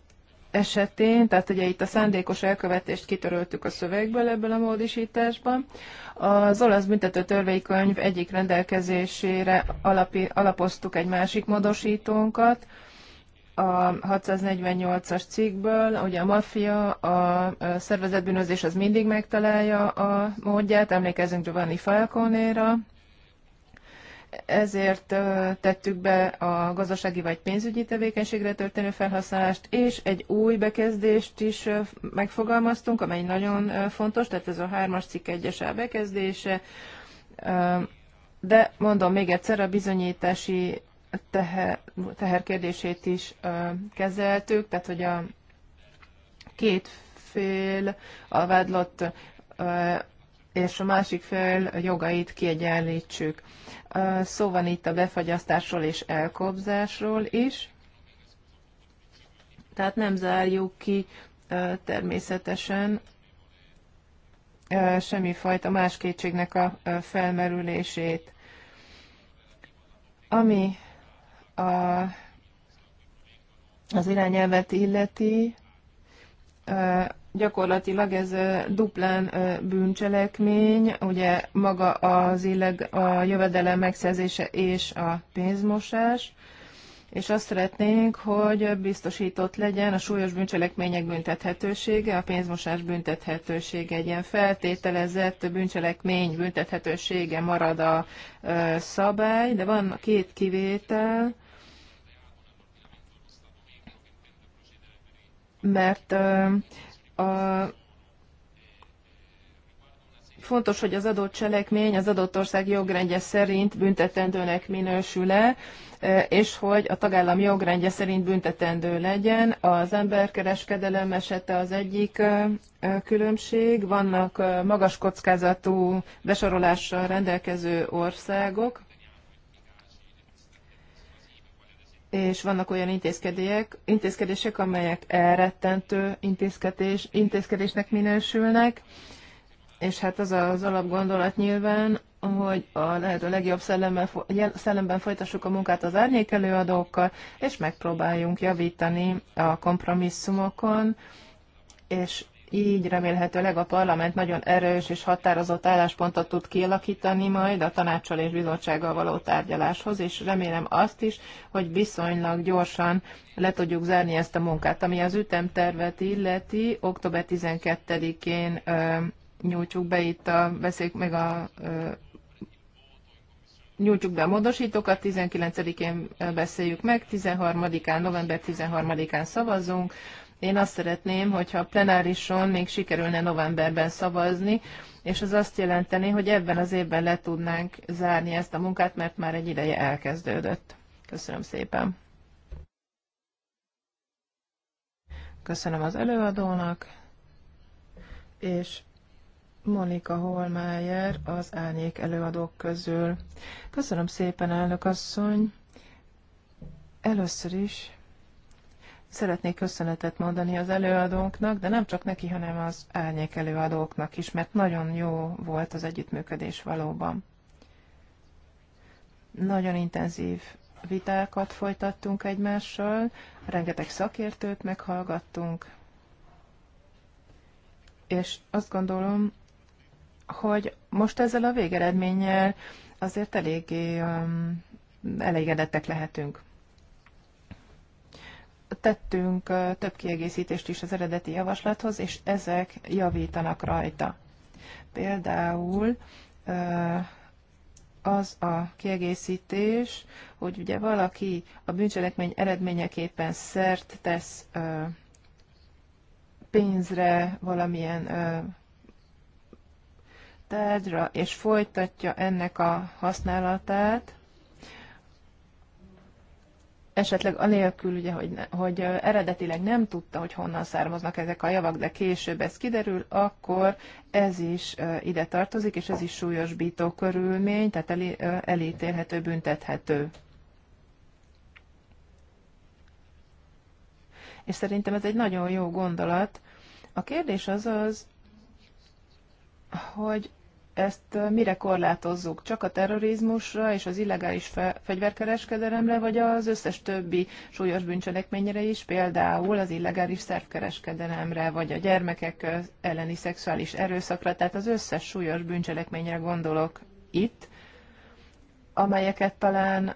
esetén, tehát ugye itt a szándékos elkövetést kitöröltük a szövegből ebből a módosításban, az olasz büntető törvénykönyv egyik rendelkezésére alapi, alapoztuk egy másik módosítónkat, a 648-as cikkből, ugye a maffia, a szervezetbűnözés az mindig megtalálja a módját, emlékezünk Giovanni Falconéra, ezért tettük be a gazdasági vagy pénzügyi tevékenységre történő felhasználást, és egy új bekezdést is megfogalmaztunk, amely nagyon fontos, tehát ez a hármas cikk egyes bekezdése, de mondom még egyszer, a bizonyítási teher, teherkérdését is kezeltük, tehát hogy a két fél, a vádlott és a másik fél jogait kiegyenlítsük. Szó van itt a befagyasztásról és elkobzásról is, tehát nem zárjuk ki természetesen semmifajta más kétségnek a felmerülését. Ami a, az irányelvet illeti, gyakorlatilag ez duplán bűncselekmény, ugye maga az illeg a jövedelem megszerzése és a pénzmosás, és azt szeretnénk, hogy biztosított legyen a súlyos bűncselekmények büntethetősége, a pénzmosás büntethetősége, egy ilyen feltételezett bűncselekmény büntethetősége marad a szabály, de van két kivétel, mert a, fontos, hogy az adott cselekmény az adott ország jogrendje szerint büntetendőnek minősül-e, e, és hogy a tagállam jogrendje szerint büntetendő legyen. Az emberkereskedelem esete az egyik e, e, különbség. Vannak magas kockázatú besorolással rendelkező országok, és vannak olyan intézkedések, intézkedések amelyek elrettentő intézkedés, intézkedésnek minősülnek, és hát az az alapgondolat nyilván, hogy a lehető legjobb szellemben, szellemben folytassuk a munkát az árnyék előadókkal, és megpróbáljunk javítani a kompromisszumokon, és így remélhetőleg a parlament nagyon erős és határozott álláspontot tud kialakítani majd a tanácssal és bizottsággal való tárgyaláshoz, és remélem azt is, hogy viszonylag gyorsan le tudjuk zárni ezt a munkát. Ami az ütemtervet illeti, október 12-én nyújtsuk be itt a beszél, meg a ö, nyújtjuk be a módosítókat, 19-én beszéljük meg, 13-án, november 13-án szavazunk, én azt szeretném, hogyha a plenárison még sikerülne novemberben szavazni, és az azt jelenteni, hogy ebben az évben le tudnánk zárni ezt a munkát, mert már egy ideje elkezdődött. Köszönöm szépen. Köszönöm az előadónak, és Monika Holmájer az Árnyék előadók közül. Köszönöm szépen, elnök asszony! Először is Szeretnék köszönetet mondani az előadónknak, de nem csak neki, hanem az árnyék előadóknak is, mert nagyon jó volt az együttműködés valóban. Nagyon intenzív vitákat folytattunk egymással, rengeteg szakértőt meghallgattunk, és azt gondolom, hogy most ezzel a végeredménnyel azért eléggé um, elégedettek lehetünk tettünk több kiegészítést is az eredeti javaslathoz, és ezek javítanak rajta. Például az a kiegészítés, hogy ugye valaki a bűncselekmény eredményeképpen szert tesz pénzre, valamilyen tárgyra, és folytatja ennek a használatát, esetleg anélkül, ugye, hogy, ne, hogy eredetileg nem tudta, hogy honnan származnak ezek a javak, de később ez kiderül, akkor ez is ide tartozik, és ez is súlyosbító körülmény, tehát elé, elítélhető, büntethető. És szerintem ez egy nagyon jó gondolat. A kérdés az az, hogy ezt mire korlátozzuk? Csak a terrorizmusra és az illegális fe- fegyverkereskedelemre, vagy az összes többi súlyos bűncselekményre is, például az illegális szervkereskedelemre, vagy a gyermekek elleni szexuális erőszakra, tehát az összes súlyos bűncselekményre gondolok itt, amelyeket talán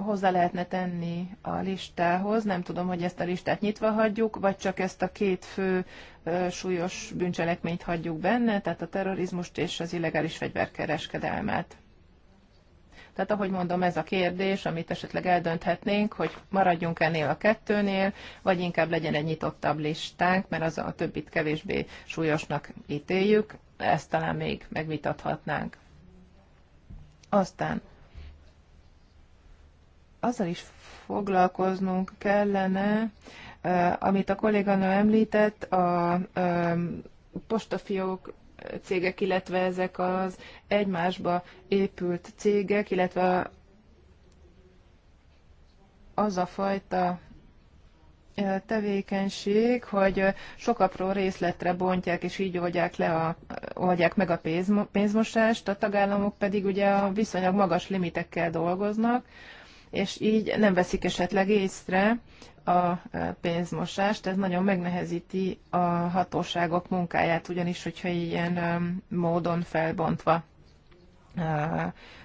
hozzá lehetne tenni a listához. Nem tudom, hogy ezt a listát nyitva hagyjuk, vagy csak ezt a két fő súlyos bűncselekményt hagyjuk benne, tehát a terrorizmust és az illegális fegyverkereskedelmet. Tehát ahogy mondom, ez a kérdés, amit esetleg eldönthetnénk, hogy maradjunk ennél a kettőnél, vagy inkább legyen egy nyitottabb listánk, mert az a többit kevésbé súlyosnak ítéljük, ezt talán még megvitathatnánk. Aztán azzal is foglalkoznunk kellene, amit a kolléganő említett, a postafiók cégek, illetve ezek az egymásba épült cégek, illetve az a fajta tevékenység, hogy sok apró részletre bontják, és így oldják, le a, oldják meg a pénzmosást, a tagállamok pedig ugye a viszonylag magas limitekkel dolgoznak, és így nem veszik esetleg észre a pénzmosást, ez nagyon megnehezíti a hatóságok munkáját, ugyanis, hogyha ilyen um, módon felbontva uh,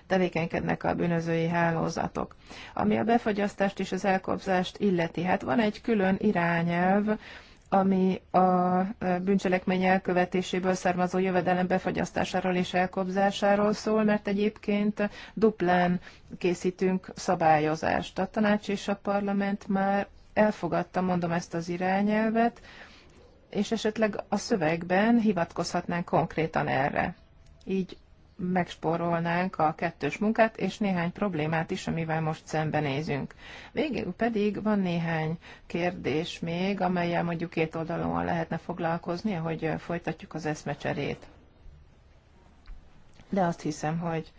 tevékenykednek a bűnözői hálózatok. Ami a befagyasztást és az elkobzást illeti, hát van egy külön irányelv, ami a bűncselekmény elkövetéséből származó jövedelem befagyasztásáról és elkobzásáról szól, mert egyébként duplán készítünk szabályozást. A tanács és a parlament már elfogadta, mondom, ezt az irányelvet, és esetleg a szövegben hivatkozhatnánk konkrétan erre. Így megspórolnánk a kettős munkát, és néhány problémát is, amivel most szembenézünk. Végül pedig van néhány kérdés még, amelyel mondjuk két oldalon lehetne foglalkozni, hogy folytatjuk az eszmecserét. De azt hiszem, hogy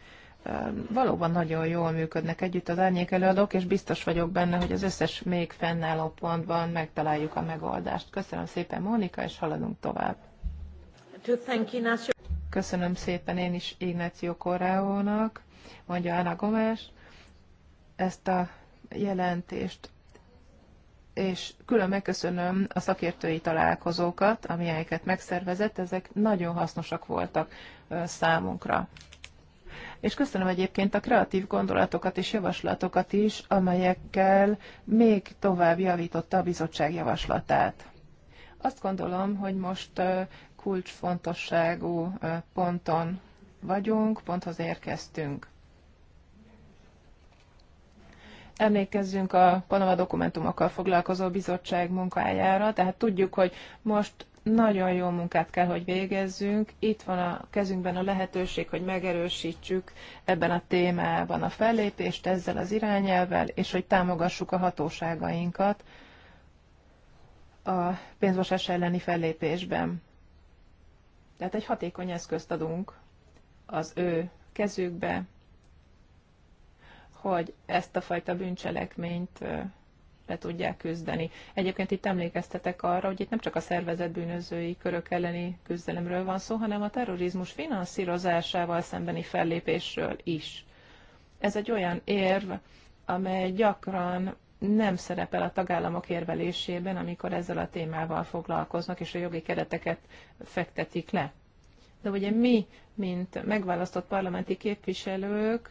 valóban nagyon jól működnek együtt az árnyék előadók, és biztos vagyok benne, hogy az összes még fennálló pontban megtaláljuk a megoldást. Köszönöm szépen, Mónika, és haladunk tovább. Köszönöm szépen én is Ignáció Korreónak, mondja Anna Gomes, ezt a jelentést és külön megköszönöm a szakértői találkozókat, amelyeket megszervezett, ezek nagyon hasznosak voltak számunkra. És köszönöm egyébként a kreatív gondolatokat és javaslatokat is, amelyekkel még tovább javította a bizottság javaslatát. Azt gondolom, hogy most kulcsfontosságú ponton vagyunk, ponthoz érkeztünk. Emlékezzünk a Panama dokumentumokkal foglalkozó bizottság munkájára, tehát tudjuk, hogy most nagyon jó munkát kell, hogy végezzünk. Itt van a kezünkben a lehetőség, hogy megerősítsük ebben a témában a fellépést ezzel az irányelvel, és hogy támogassuk a hatóságainkat a pénzmosás elleni fellépésben. Tehát egy hatékony eszközt adunk az ő kezükbe, hogy ezt a fajta bűncselekményt le tudják küzdeni. Egyébként itt emlékeztetek arra, hogy itt nem csak a szervezet bűnözői körök elleni küzdelemről van szó, hanem a terrorizmus finanszírozásával szembeni fellépésről is. Ez egy olyan érv, amely gyakran nem szerepel a tagállamok érvelésében, amikor ezzel a témával foglalkoznak, és a jogi kereteket fektetik le. De ugye mi, mint megválasztott parlamenti képviselők,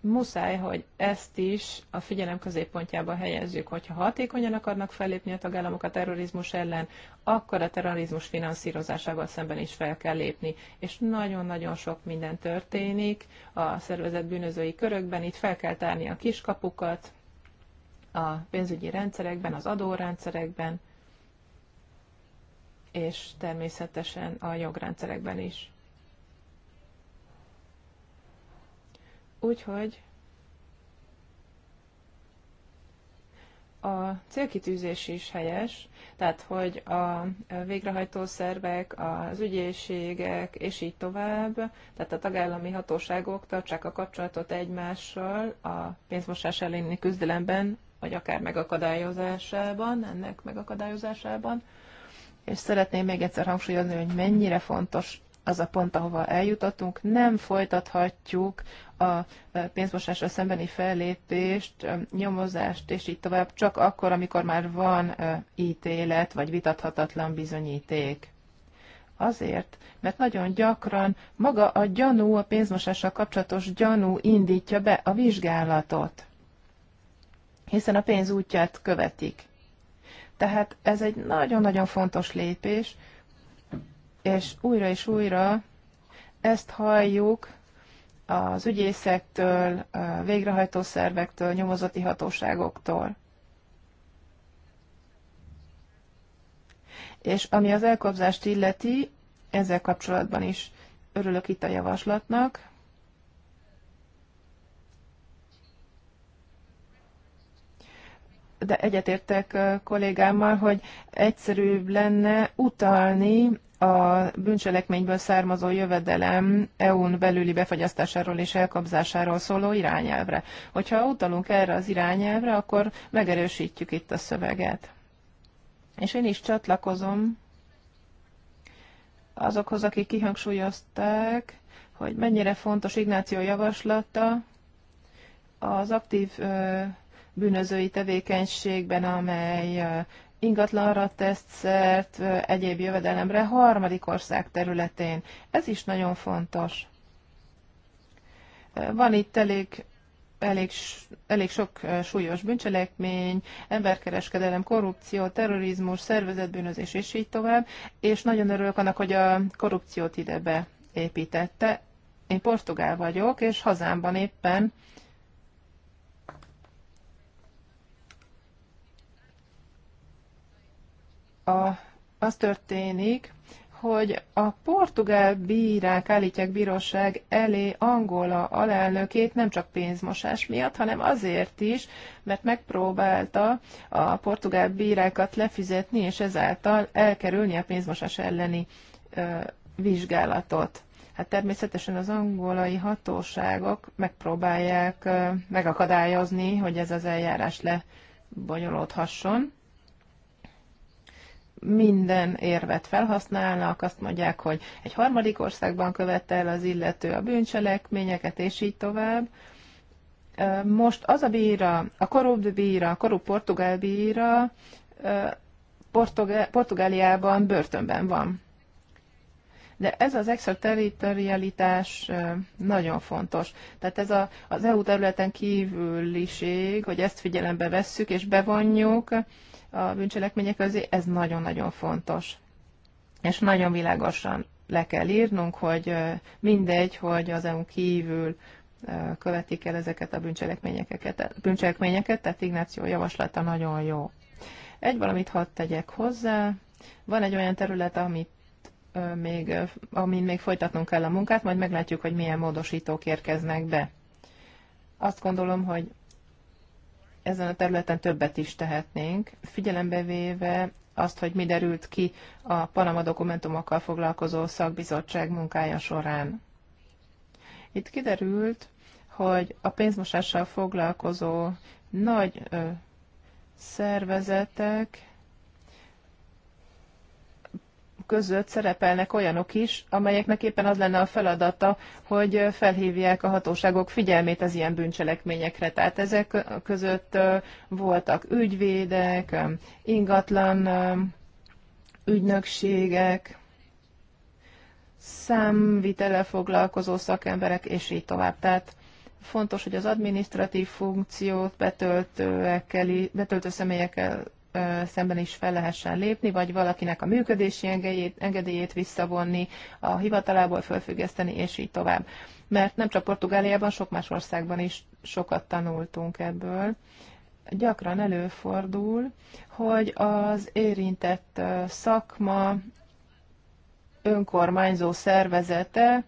muszáj, hogy ezt is a figyelem középpontjába helyezzük, hogyha hatékonyan akarnak fellépni a tagállamok a terrorizmus ellen, akkor a terrorizmus finanszírozásával szemben is fel kell lépni. És nagyon-nagyon sok minden történik a szervezet bűnözői körökben, itt fel kell tárni a kiskapukat, a pénzügyi rendszerekben, az adórendszerekben, és természetesen a jogrendszerekben is. Úgyhogy a célkitűzés is helyes, tehát hogy a végrehajtó szervek, az ügyészségek és így tovább, tehát a tagállami hatóságok tartsák a kapcsolatot egymással a pénzmosás elleni küzdelemben vagy akár megakadályozásában, ennek megakadályozásában. És szeretném még egyszer hangsúlyozni, hogy mennyire fontos az a pont, ahova eljutottunk. Nem folytathatjuk a e, pénzmosásra szembeni fellépést, e, nyomozást és így tovább, csak akkor, amikor már van e, ítélet vagy vitathatatlan bizonyíték. Azért, mert nagyon gyakran maga a gyanú, a pénzmosással kapcsolatos gyanú indítja be a vizsgálatot hiszen a pénz útját követik. Tehát ez egy nagyon-nagyon fontos lépés, és újra és újra ezt halljuk az ügyészektől, végrehajtó szervektől, nyomozati hatóságoktól. És ami az elkobzást illeti, ezzel kapcsolatban is örülök itt a javaslatnak, de egyetértek kollégámmal, hogy egyszerűbb lenne utalni a bűncselekményből származó jövedelem EU-n belüli befagyasztásáról és elkapzásáról szóló irányelvre. Hogyha utalunk erre az irányelvre, akkor megerősítjük itt a szöveget. És én is csatlakozom azokhoz, akik kihangsúlyozták, hogy mennyire fontos Ignáció javaslata az aktív bűnözői tevékenységben, amely ingatlanra tesz szert, egyéb jövedelemre harmadik ország területén. Ez is nagyon fontos. Van itt elég elég, elég sok súlyos bűncselekmény, emberkereskedelem, korrupció, terrorizmus, szervezetbűnözés, és így tovább, és nagyon örülök annak, hogy a korrupciót ide beépítette. Én portugál vagyok, és hazámban éppen a, az történik, hogy a portugál bírák állítják bíróság elé Angola alelnökét nem csak pénzmosás miatt, hanem azért is, mert megpróbálta a portugál bírákat lefizetni, és ezáltal elkerülni a pénzmosás elleni ö, vizsgálatot. Hát természetesen az angolai hatóságok megpróbálják megakadályozni, hogy ez az eljárás lebonyolódhasson minden érvet felhasználnak, azt mondják, hogy egy harmadik országban követte el az illető a bűncselekményeket, és így tovább. Most az a bíra, a korrupt bíra, a korrupt portugál bíra Portugá- Portugáliában börtönben van. De ez az extraterritorialitás nagyon fontos. Tehát ez a, az EU területen kívüliség, hogy ezt figyelembe vesszük és bevonjuk, a bűncselekmények közé, ez nagyon-nagyon fontos. És nagyon világosan le kell írnunk, hogy mindegy, hogy az EU kívül követik el ezeket a bűncselekményeket, bűncselekményeket tehát Ignáció javaslata nagyon jó. Egy valamit hadd tegyek hozzá, van egy olyan terület, amit még, amin még folytatnunk kell a munkát, majd meglátjuk, hogy milyen módosítók érkeznek be. Azt gondolom, hogy ezen a területen többet is tehetnénk, figyelembe véve azt, hogy mi derült ki a Panama dokumentumokkal foglalkozó szakbizottság munkája során. Itt kiderült, hogy a pénzmosással foglalkozó nagy ö, szervezetek között szerepelnek olyanok is, amelyeknek éppen az lenne a feladata, hogy felhívják a hatóságok figyelmét az ilyen bűncselekményekre. Tehát ezek között voltak ügyvédek, ingatlan ügynökségek, számvitele foglalkozó szakemberek, és így tovább. Tehát fontos, hogy az administratív funkciót betöltőekkel, betöltő személyekkel szemben is fel lehessen lépni, vagy valakinek a működési engedélyét, engedélyét visszavonni, a hivatalából fölfüggeszteni, és így tovább. Mert nem csak Portugáliában, sok más országban is sokat tanultunk ebből. Gyakran előfordul, hogy az érintett szakma önkormányzó szervezete,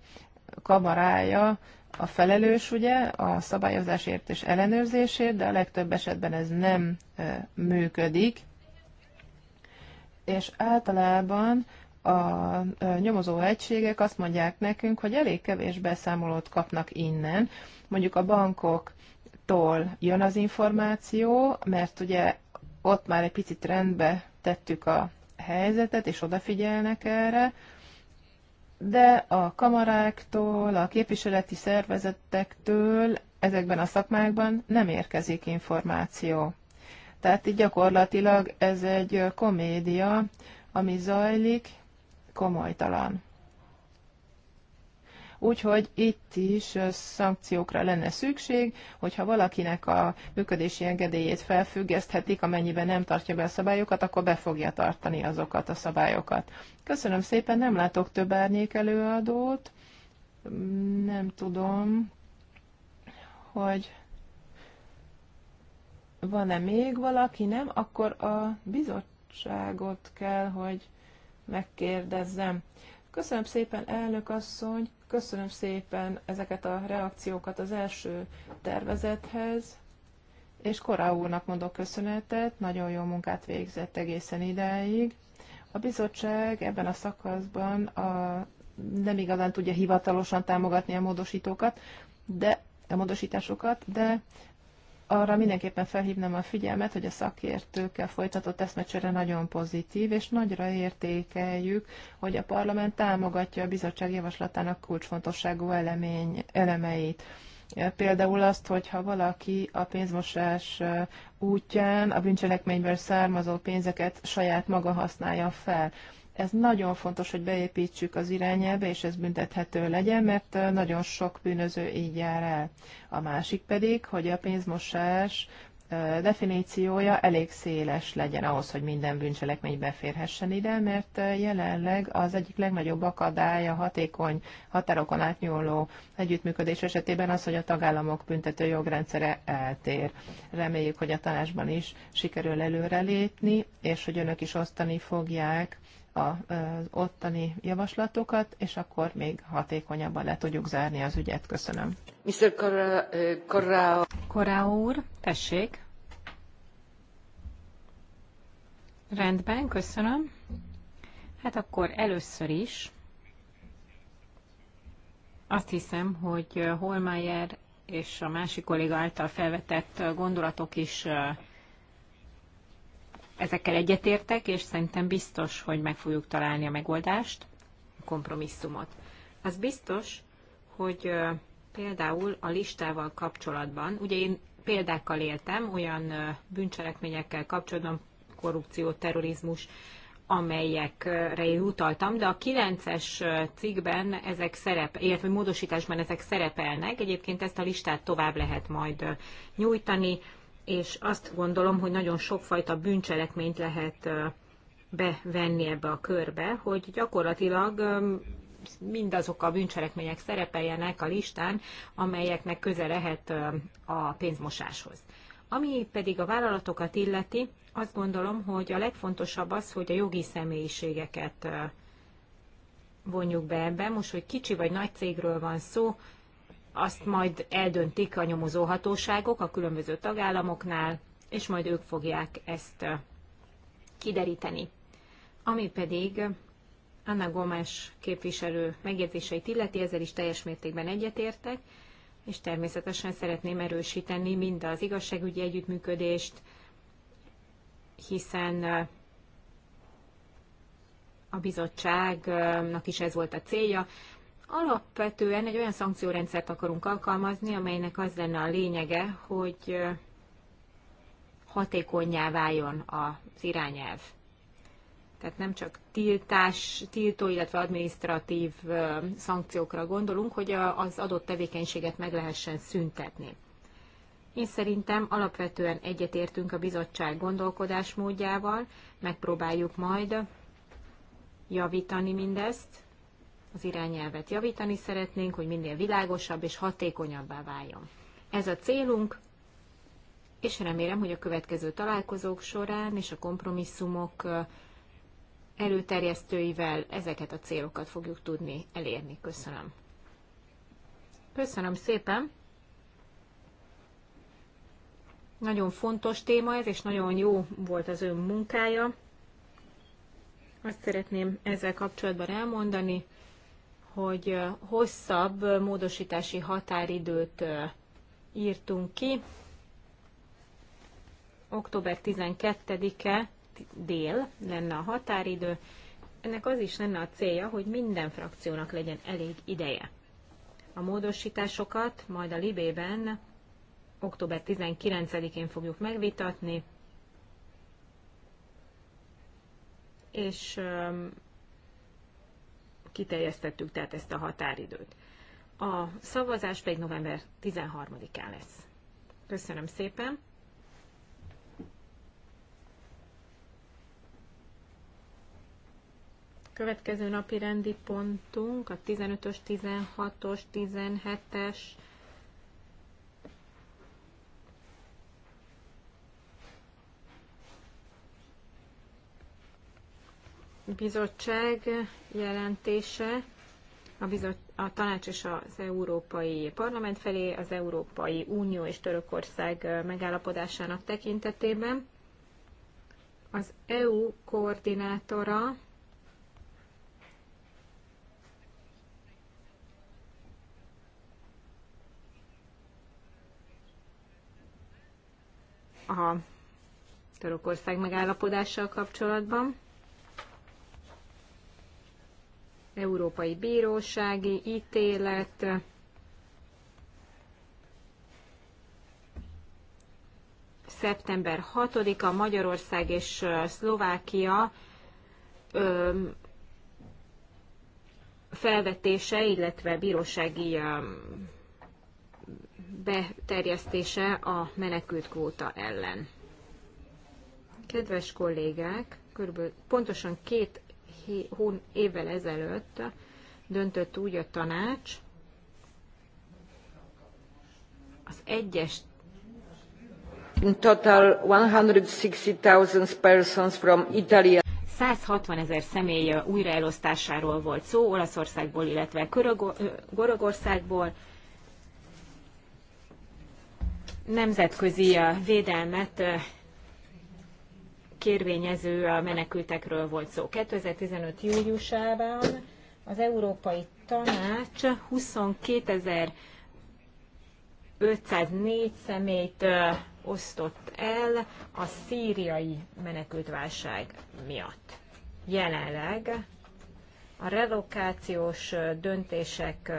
kamarája a felelős ugye a szabályozásért és ellenőrzésért, de a legtöbb esetben ez nem működik, és általában a nyomozó egységek azt mondják nekünk, hogy elég kevés beszámolót kapnak innen. Mondjuk a bankoktól jön az információ, mert ugye ott már egy picit rendbe tettük a helyzetet, és odafigyelnek erre, de a kamaráktól, a képviseleti szervezetektől ezekben a szakmákban nem érkezik információ. Tehát így gyakorlatilag ez egy komédia, ami zajlik, komolytalan. Úgyhogy itt is szankciókra lenne szükség, hogyha valakinek a működési engedélyét felfüggeszthetik, amennyiben nem tartja be a szabályokat, akkor be fogja tartani azokat a szabályokat. Köszönöm szépen, nem látok több árnyék előadót. Nem tudom, hogy van-e még valaki, nem? Akkor a bizottságot kell, hogy megkérdezzem. Köszönöm szépen, elnök asszony! Köszönöm szépen ezeket a reakciókat az első tervezethez, és Korá úrnak mondok köszönetet, nagyon jó munkát végzett egészen ideig A bizottság ebben a szakaszban a, nem igazán tudja hivatalosan támogatni a módosítókat, de a módosításokat, de arra mindenképpen felhívnám a figyelmet, hogy a szakértőkkel folytatott eszmecsere nagyon pozitív, és nagyra értékeljük, hogy a parlament támogatja a bizottság javaslatának kulcsfontosságú elemény, elemeit. Például azt, hogyha valaki a pénzmosás útján a bűncselekményből származó pénzeket saját maga használja fel. Ez nagyon fontos, hogy beépítsük az irányelbe, és ez büntethető legyen, mert nagyon sok bűnöző így jár el. A másik pedig, hogy a pénzmosás definíciója elég széles legyen ahhoz, hogy minden bűncselekmény beférhessen ide, mert jelenleg az egyik legnagyobb akadály a hatékony határokon átnyúló együttműködés esetében az, hogy a tagállamok büntető jogrendszere eltér. Reméljük, hogy a tanácsban is sikerül előrelépni, és hogy önök is osztani fogják az ottani javaslatokat, és akkor még hatékonyabban le tudjuk zárni az ügyet. Köszönöm. Mr. Corrao. Eh, Corrao úr, tessék. Rendben, köszönöm. Hát akkor először is azt hiszem, hogy Holmeyer és a másik kolléga által felvetett gondolatok is eh, ezekkel egyetértek, és szerintem biztos, hogy meg fogjuk találni a megoldást, a kompromisszumot. Az biztos, hogy például a listával kapcsolatban, ugye én példákkal éltem, olyan bűncselekményekkel kapcsolatban, korrupció, terrorizmus, amelyekre én utaltam, de a 9-es cikkben ezek szerep, illetve módosításban ezek szerepelnek. Egyébként ezt a listát tovább lehet majd nyújtani és azt gondolom, hogy nagyon sokfajta bűncselekményt lehet bevenni ebbe a körbe, hogy gyakorlatilag mindazok a bűncselekmények szerepeljenek a listán, amelyeknek köze lehet a pénzmosáshoz. Ami pedig a vállalatokat illeti, azt gondolom, hogy a legfontosabb az, hogy a jogi személyiségeket vonjuk be ebbe. Most, hogy kicsi vagy nagy cégről van szó, azt majd eldöntik a nyomozó hatóságok a különböző tagállamoknál, és majd ők fogják ezt kideríteni. Ami pedig Anna Gomes képviselő megjegyzéseit illeti, ezzel is teljes mértékben egyetértek, és természetesen szeretném erősíteni mind az igazságügyi együttműködést, hiszen a bizottságnak is ez volt a célja, Alapvetően egy olyan szankciórendszert akarunk alkalmazni, amelynek az lenne a lényege, hogy hatékonyá váljon az irányelv. Tehát nem csak tiltás, tiltó, illetve administratív szankciókra gondolunk, hogy az adott tevékenységet meg lehessen szüntetni. Én szerintem alapvetően egyetértünk a bizottság gondolkodásmódjával, megpróbáljuk majd javítani mindezt, az irányelvet javítani szeretnénk, hogy minél világosabb és hatékonyabbá váljon. Ez a célunk, és remélem, hogy a következő találkozók során és a kompromisszumok előterjesztőivel ezeket a célokat fogjuk tudni elérni. Köszönöm. Köszönöm szépen. Nagyon fontos téma ez, és nagyon jó volt az ön munkája. Azt szeretném ezzel kapcsolatban elmondani, hogy hosszabb módosítási határidőt írtunk ki. Október 12-e dél lenne a határidő. Ennek az is lenne a célja, hogy minden frakciónak legyen elég ideje. A módosításokat majd a Libében október 19-én fogjuk megvitatni, és kiteljesztettük tehát ezt a határidőt. A szavazás pedig november 13-án lesz. Köszönöm szépen! Következő napi rendi pontunk a 15-ös, 16-os, 17-es, bizottság jelentése a, bizot, a tanács és az Európai Parlament felé az Európai Unió és Törökország megállapodásának tekintetében. Az EU koordinátora a Törökország megállapodással kapcsolatban. Európai Bírósági ítélet, szeptember 6-a Magyarország és Szlovákia felvetése, illetve bírósági beterjesztése a menekült kvóta ellen. Kedves kollégák, körülbelül pontosan két hón évvel ezelőtt döntött úgy a tanács, az egyes In total 160,000 persons from Italy. 160 ezer személy újraelosztásáról volt szó Olaszországból, illetve Görögországból. Nemzetközi védelmet kérvényező a menekültekről volt szó. 2015. júliusában az Európai Tanács 22.504 személyt osztott el a szíriai menekültválság miatt. Jelenleg a relokációs döntések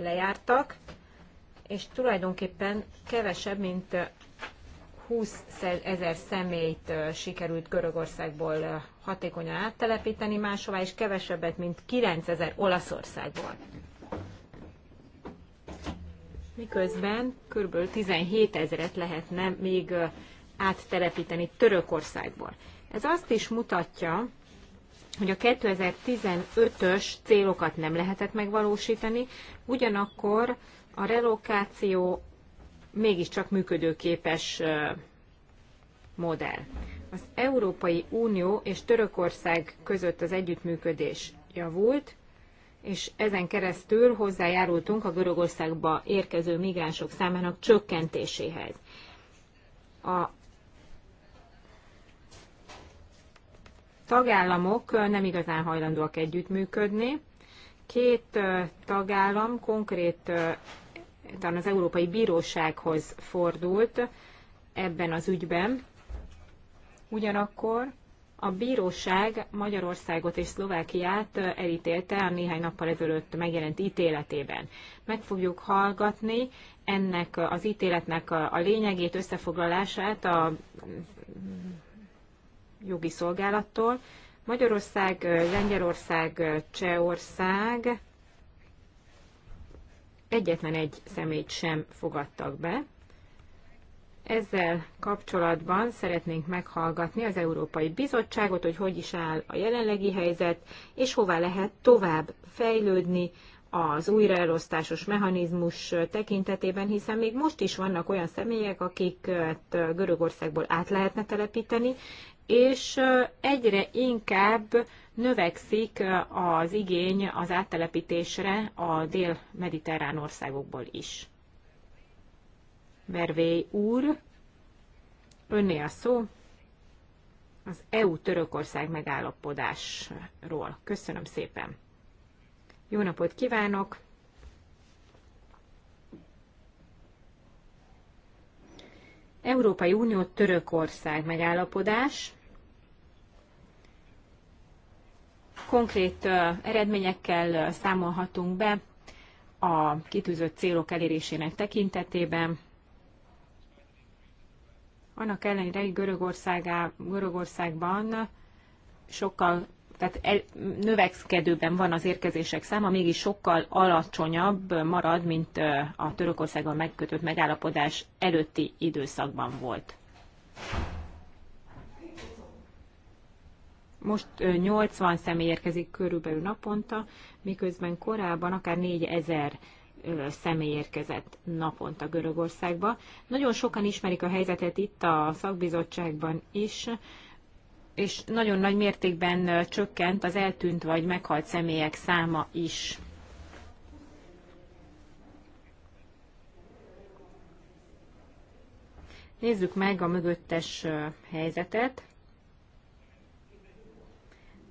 lejártak, és tulajdonképpen kevesebb, mint 20 ezer személyt sikerült Görögországból hatékonyan áttelepíteni máshová, és kevesebbet, mint 9 ezer Olaszországból. Miközben kb. 17 ezeret lehetne még áttelepíteni Törökországból. Ez azt is mutatja, hogy a 2015-ös célokat nem lehetett megvalósítani, ugyanakkor a relokáció mégiscsak működőképes modell. Az Európai Unió és Törökország között az együttműködés javult, és ezen keresztül hozzájárultunk a Görögországba érkező migránsok számának csökkentéséhez. A tagállamok nem igazán hajlandóak együttműködni. Két tagállam konkrét talán az Európai Bírósághoz fordult ebben az ügyben. Ugyanakkor a bíróság Magyarországot és Szlovákiát elítélte a néhány nappal ezelőtt megjelent ítéletében. Meg fogjuk hallgatni ennek az ítéletnek a lényegét, összefoglalását a jogi szolgálattól. Magyarország, Lengyelország, Csehország egyetlen egy szemét sem fogadtak be. Ezzel kapcsolatban szeretnénk meghallgatni az Európai Bizottságot, hogy hogy is áll a jelenlegi helyzet, és hová lehet tovább fejlődni az újraelosztásos mechanizmus tekintetében, hiszen még most is vannak olyan személyek, akiket Görögországból át lehetne telepíteni, és egyre inkább növekszik az igény az áttelepítésre a dél-mediterrán országokból is. Mervé úr, önné a szó az EU-Törökország megállapodásról. Köszönöm szépen! Jó napot kívánok! Európai Unió Törökország megállapodás konkrét eredményekkel számolhatunk be a kitűzött célok elérésének tekintetében. Annak ellenére, hogy Görögországban sokkal, tehát el, növekszkedőben van az érkezések száma, mégis sokkal alacsonyabb marad, mint a Törökországgal megkötött megállapodás előtti időszakban volt most 80 személy érkezik körülbelül naponta, miközben korábban akár 4000 személy érkezett naponta Görögországba. Nagyon sokan ismerik a helyzetet itt a szakbizottságban is, és nagyon nagy mértékben csökkent az eltűnt vagy meghalt személyek száma is. Nézzük meg a mögöttes helyzetet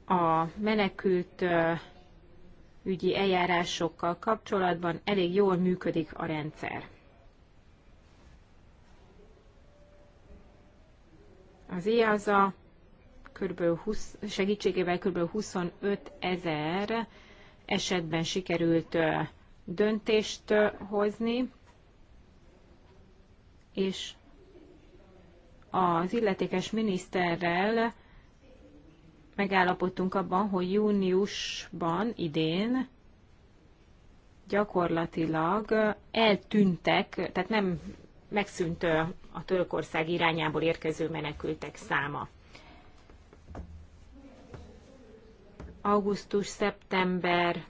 a menekült ügyi eljárásokkal kapcsolatban elég jól működik a rendszer. Az IAZA kb. 20, segítségével kb. 25 ezer esetben sikerült döntést hozni, és az illetékes miniszterrel megállapodtunk abban, hogy júniusban idén gyakorlatilag eltűntek, tehát nem megszűnt a Törökország irányából érkező menekültek száma. Augusztus-szeptember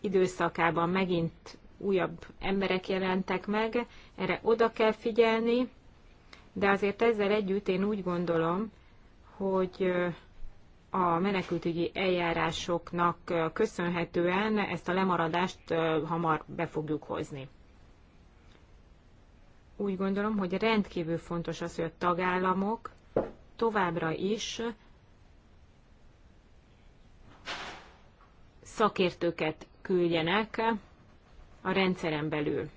időszakában megint újabb emberek jelentek meg, erre oda kell figyelni, de azért ezzel együtt én úgy gondolom, hogy a menekültügyi eljárásoknak köszönhetően ezt a lemaradást hamar be fogjuk hozni. Úgy gondolom, hogy rendkívül fontos az, hogy a tagállamok továbbra is szakértőket küldjenek a rendszeren belül.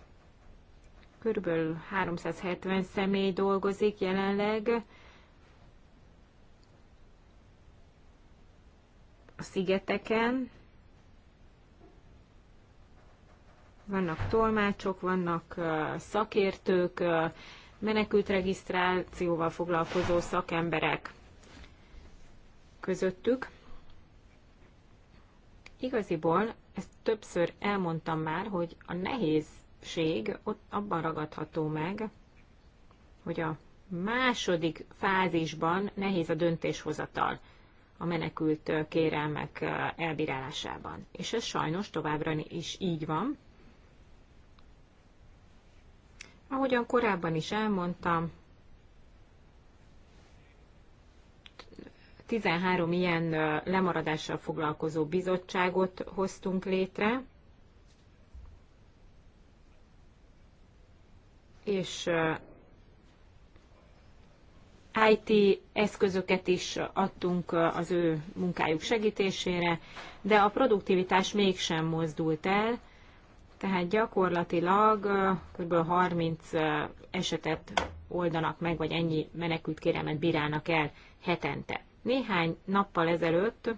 Körülbelül 370 személy dolgozik jelenleg a szigeteken. Vannak tolmácsok, vannak szakértők, menekült regisztrációval foglalkozó szakemberek közöttük. Igaziból, ezt többször elmondtam már, hogy a nehézség ott abban ragadható meg, hogy a második fázisban nehéz a döntéshozatal a menekült kérelmek elbírálásában. És ez sajnos továbbra is így van. Ahogyan korábban is elmondtam, 13 ilyen lemaradással foglalkozó bizottságot hoztunk létre, és IT eszközöket is adtunk az ő munkájuk segítésére, de a produktivitás mégsem mozdult el, tehát gyakorlatilag kb. 30 esetet oldanak meg, vagy ennyi menekült kéremet bírálnak el hetente. Néhány nappal ezelőtt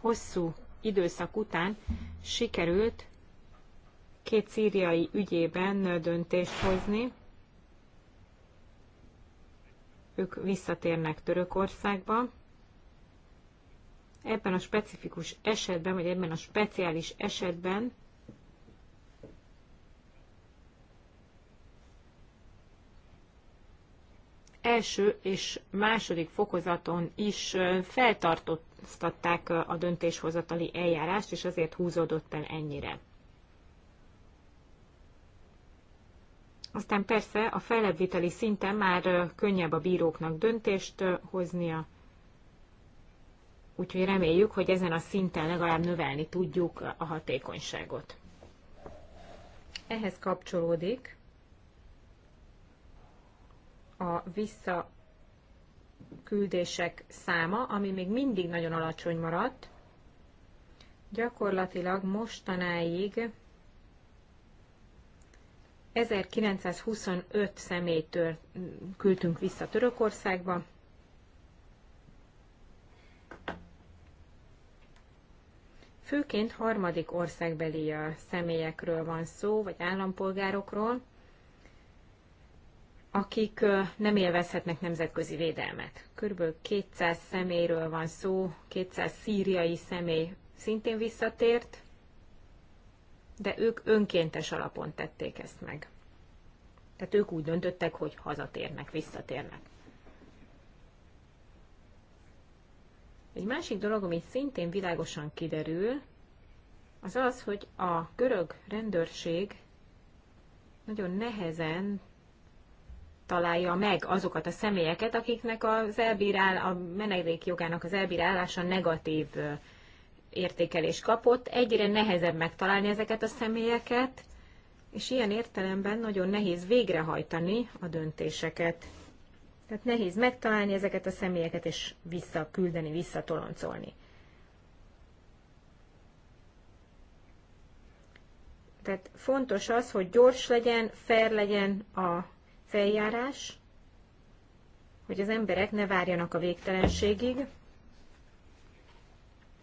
hosszú időszak után sikerült két szíriai ügyében döntést hozni. Ők visszatérnek Törökországba. Ebben a specifikus esetben, vagy ebben a speciális esetben első és második fokozaton is feltartóztatták a döntéshozatali eljárást, és azért húzódott el ennyire. Aztán persze a fellebbviteli szinten már könnyebb a bíróknak döntést hoznia, úgyhogy reméljük, hogy ezen a szinten legalább növelni tudjuk a hatékonyságot. Ehhez kapcsolódik a visszaküldések száma, ami még mindig nagyon alacsony maradt. Gyakorlatilag mostanáig 1925 személytől mm, küldtünk vissza Törökországba, Főként harmadik országbeli személyekről van szó, vagy állampolgárokról, akik nem élvezhetnek nemzetközi védelmet. Körülbelül 200 személyről van szó, 200 szíriai személy szintén visszatért, de ők önkéntes alapon tették ezt meg. Tehát ők úgy döntöttek, hogy hazatérnek, visszatérnek. Egy másik dolog, ami szintén világosan kiderül, az az, hogy a görög rendőrség nagyon nehezen találja meg azokat a személyeket, akiknek az elbírál, a menedékjogának az elbírálása negatív értékelést kapott. Egyre nehezebb megtalálni ezeket a személyeket, és ilyen értelemben nagyon nehéz végrehajtani a döntéseket. Tehát nehéz megtalálni ezeket a személyeket, és visszaküldeni, visszatoloncolni. Tehát fontos az, hogy gyors legyen, fair legyen a feljárás, hogy az emberek ne várjanak a végtelenségig,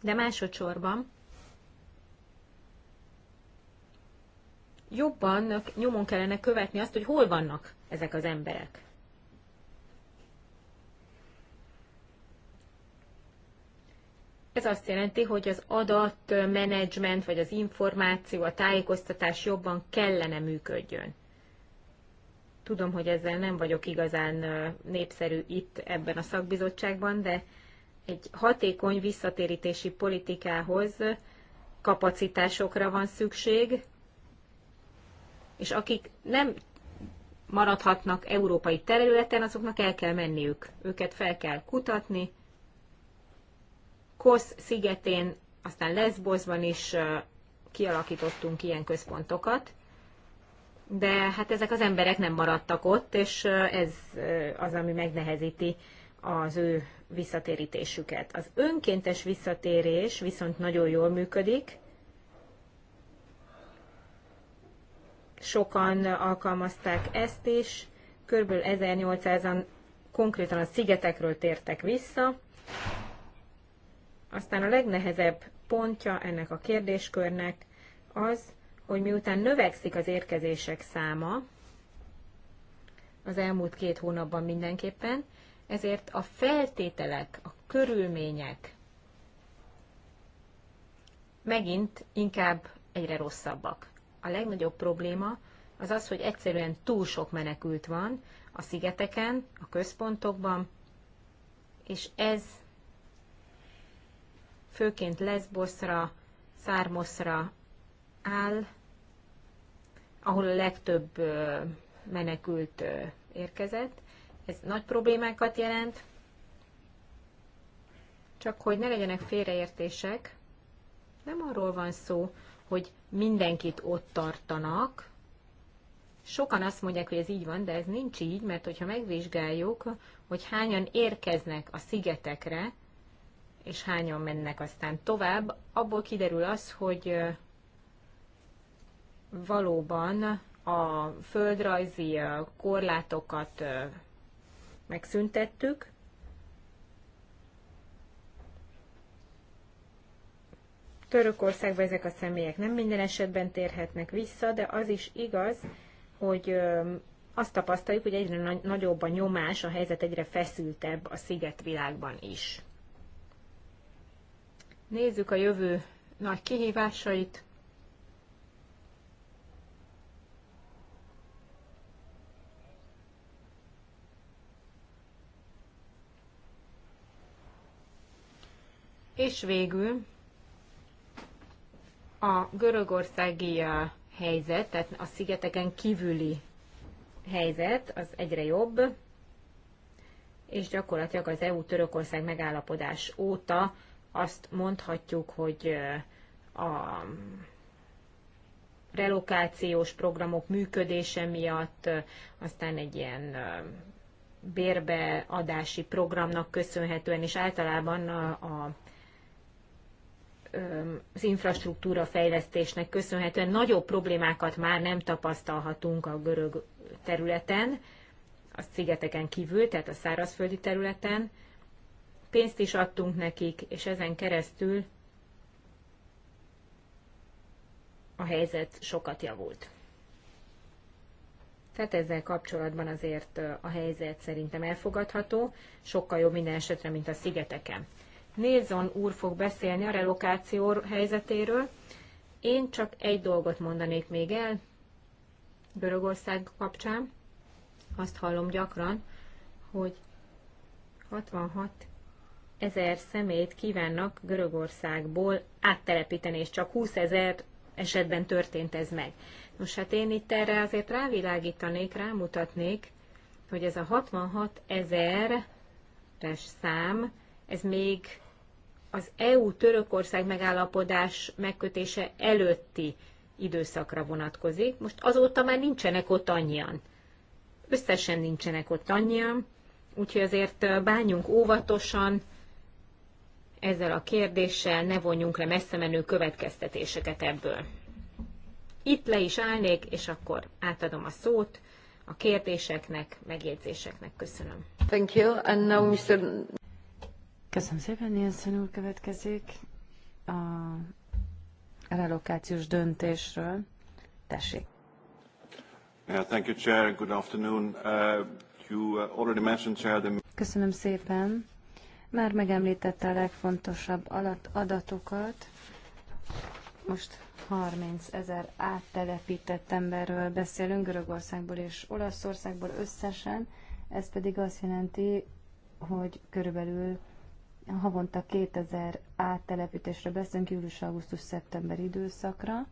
de másodszorban jobban nyomon kellene követni azt, hogy hol vannak ezek az emberek. Ez azt jelenti, hogy az adatmenedzsment, vagy az információ, a tájékoztatás jobban kellene működjön. Tudom, hogy ezzel nem vagyok igazán népszerű itt ebben a szakbizottságban, de egy hatékony visszatérítési politikához kapacitásokra van szükség, és akik nem maradhatnak európai területen, azoknak el kell menniük. Őket fel kell kutatni. Kosz szigetén, aztán Lesbosban is kialakítottunk ilyen központokat, de hát ezek az emberek nem maradtak ott, és ez az, ami megnehezíti az ő visszatérítésüket. Az önkéntes visszatérés viszont nagyon jól működik. Sokan alkalmazták ezt is, kb. 1800-an konkrétan a szigetekről tértek vissza. Aztán a legnehezebb pontja ennek a kérdéskörnek az, hogy miután növekszik az érkezések száma, az elmúlt két hónapban mindenképpen, ezért a feltételek, a körülmények megint inkább egyre rosszabbak. A legnagyobb probléma az az, hogy egyszerűen túl sok menekült van a szigeteken, a központokban, és ez főként Lesboszra, Szármoszra áll, ahol a legtöbb menekült érkezett, ez nagy problémákat jelent, csak hogy ne legyenek félreértések, nem arról van szó, hogy mindenkit ott tartanak. Sokan azt mondják, hogy ez így van, de ez nincs így, mert hogyha megvizsgáljuk, hogy hányan érkeznek a szigetekre, és hányan mennek aztán tovább, abból kiderül az, hogy valóban a földrajzi korlátokat megszüntettük. Törökországba ezek a személyek nem minden esetben térhetnek vissza, de az is igaz, hogy azt tapasztaljuk, hogy egyre nagyobb a nyomás, a helyzet egyre feszültebb a szigetvilágban is. Nézzük a jövő nagy kihívásait. És végül a görögországi helyzet, tehát a szigeteken kívüli helyzet az egyre jobb, és gyakorlatilag az EU-Törökország megállapodás óta azt mondhatjuk, hogy a relokációs programok működése miatt, aztán egy ilyen bérbeadási programnak köszönhetően, és általában a, a az infrastruktúra fejlesztésnek köszönhetően nagyobb problémákat már nem tapasztalhatunk a görög területen, a szigeteken kívül, tehát a szárazföldi területen. Pénzt is adtunk nekik, és ezen keresztül a helyzet sokat javult. Tehát ezzel kapcsolatban azért a helyzet szerintem elfogadható, sokkal jobb minden esetre, mint a szigeteken. Nézon úr fog beszélni a relokáció helyzetéről. Én csak egy dolgot mondanék még el Görögország kapcsán. Azt hallom gyakran, hogy 66 ezer szemét kívánnak Görögországból áttelepíteni, és csak 20 ezer esetben történt ez meg. Nos, hát én itt erre azért rávilágítanék, rámutatnék, hogy ez a 66 ezeres szám, ez még az EU-Törökország megállapodás megkötése előtti időszakra vonatkozik. Most azóta már nincsenek ott annyian. Összesen nincsenek ott annyian, úgyhogy azért bánjunk óvatosan ezzel a kérdéssel, ne vonjunk le messze menő következtetéseket ebből. Itt le is állnék, és akkor átadom a szót a kérdéseknek, megjegyzéseknek. Köszönöm. Thank you. And now Mr. Köszönöm szépen, Nielsen úr következik. A relokációs döntésről. Tessék. Yeah, thank you, Chair. Good afternoon. Uh, you uh, already mentioned, Chair, the... Köszönöm szépen. Már megemlítette a legfontosabb adatokat. Most 30 ezer áttelepített emberről beszélünk, Görögországból és Olaszországból összesen. Ez pedig azt jelenti, hogy körülbelül havonta 2000 áttelepítésre beszélünk július-augusztus-szeptember időszakra.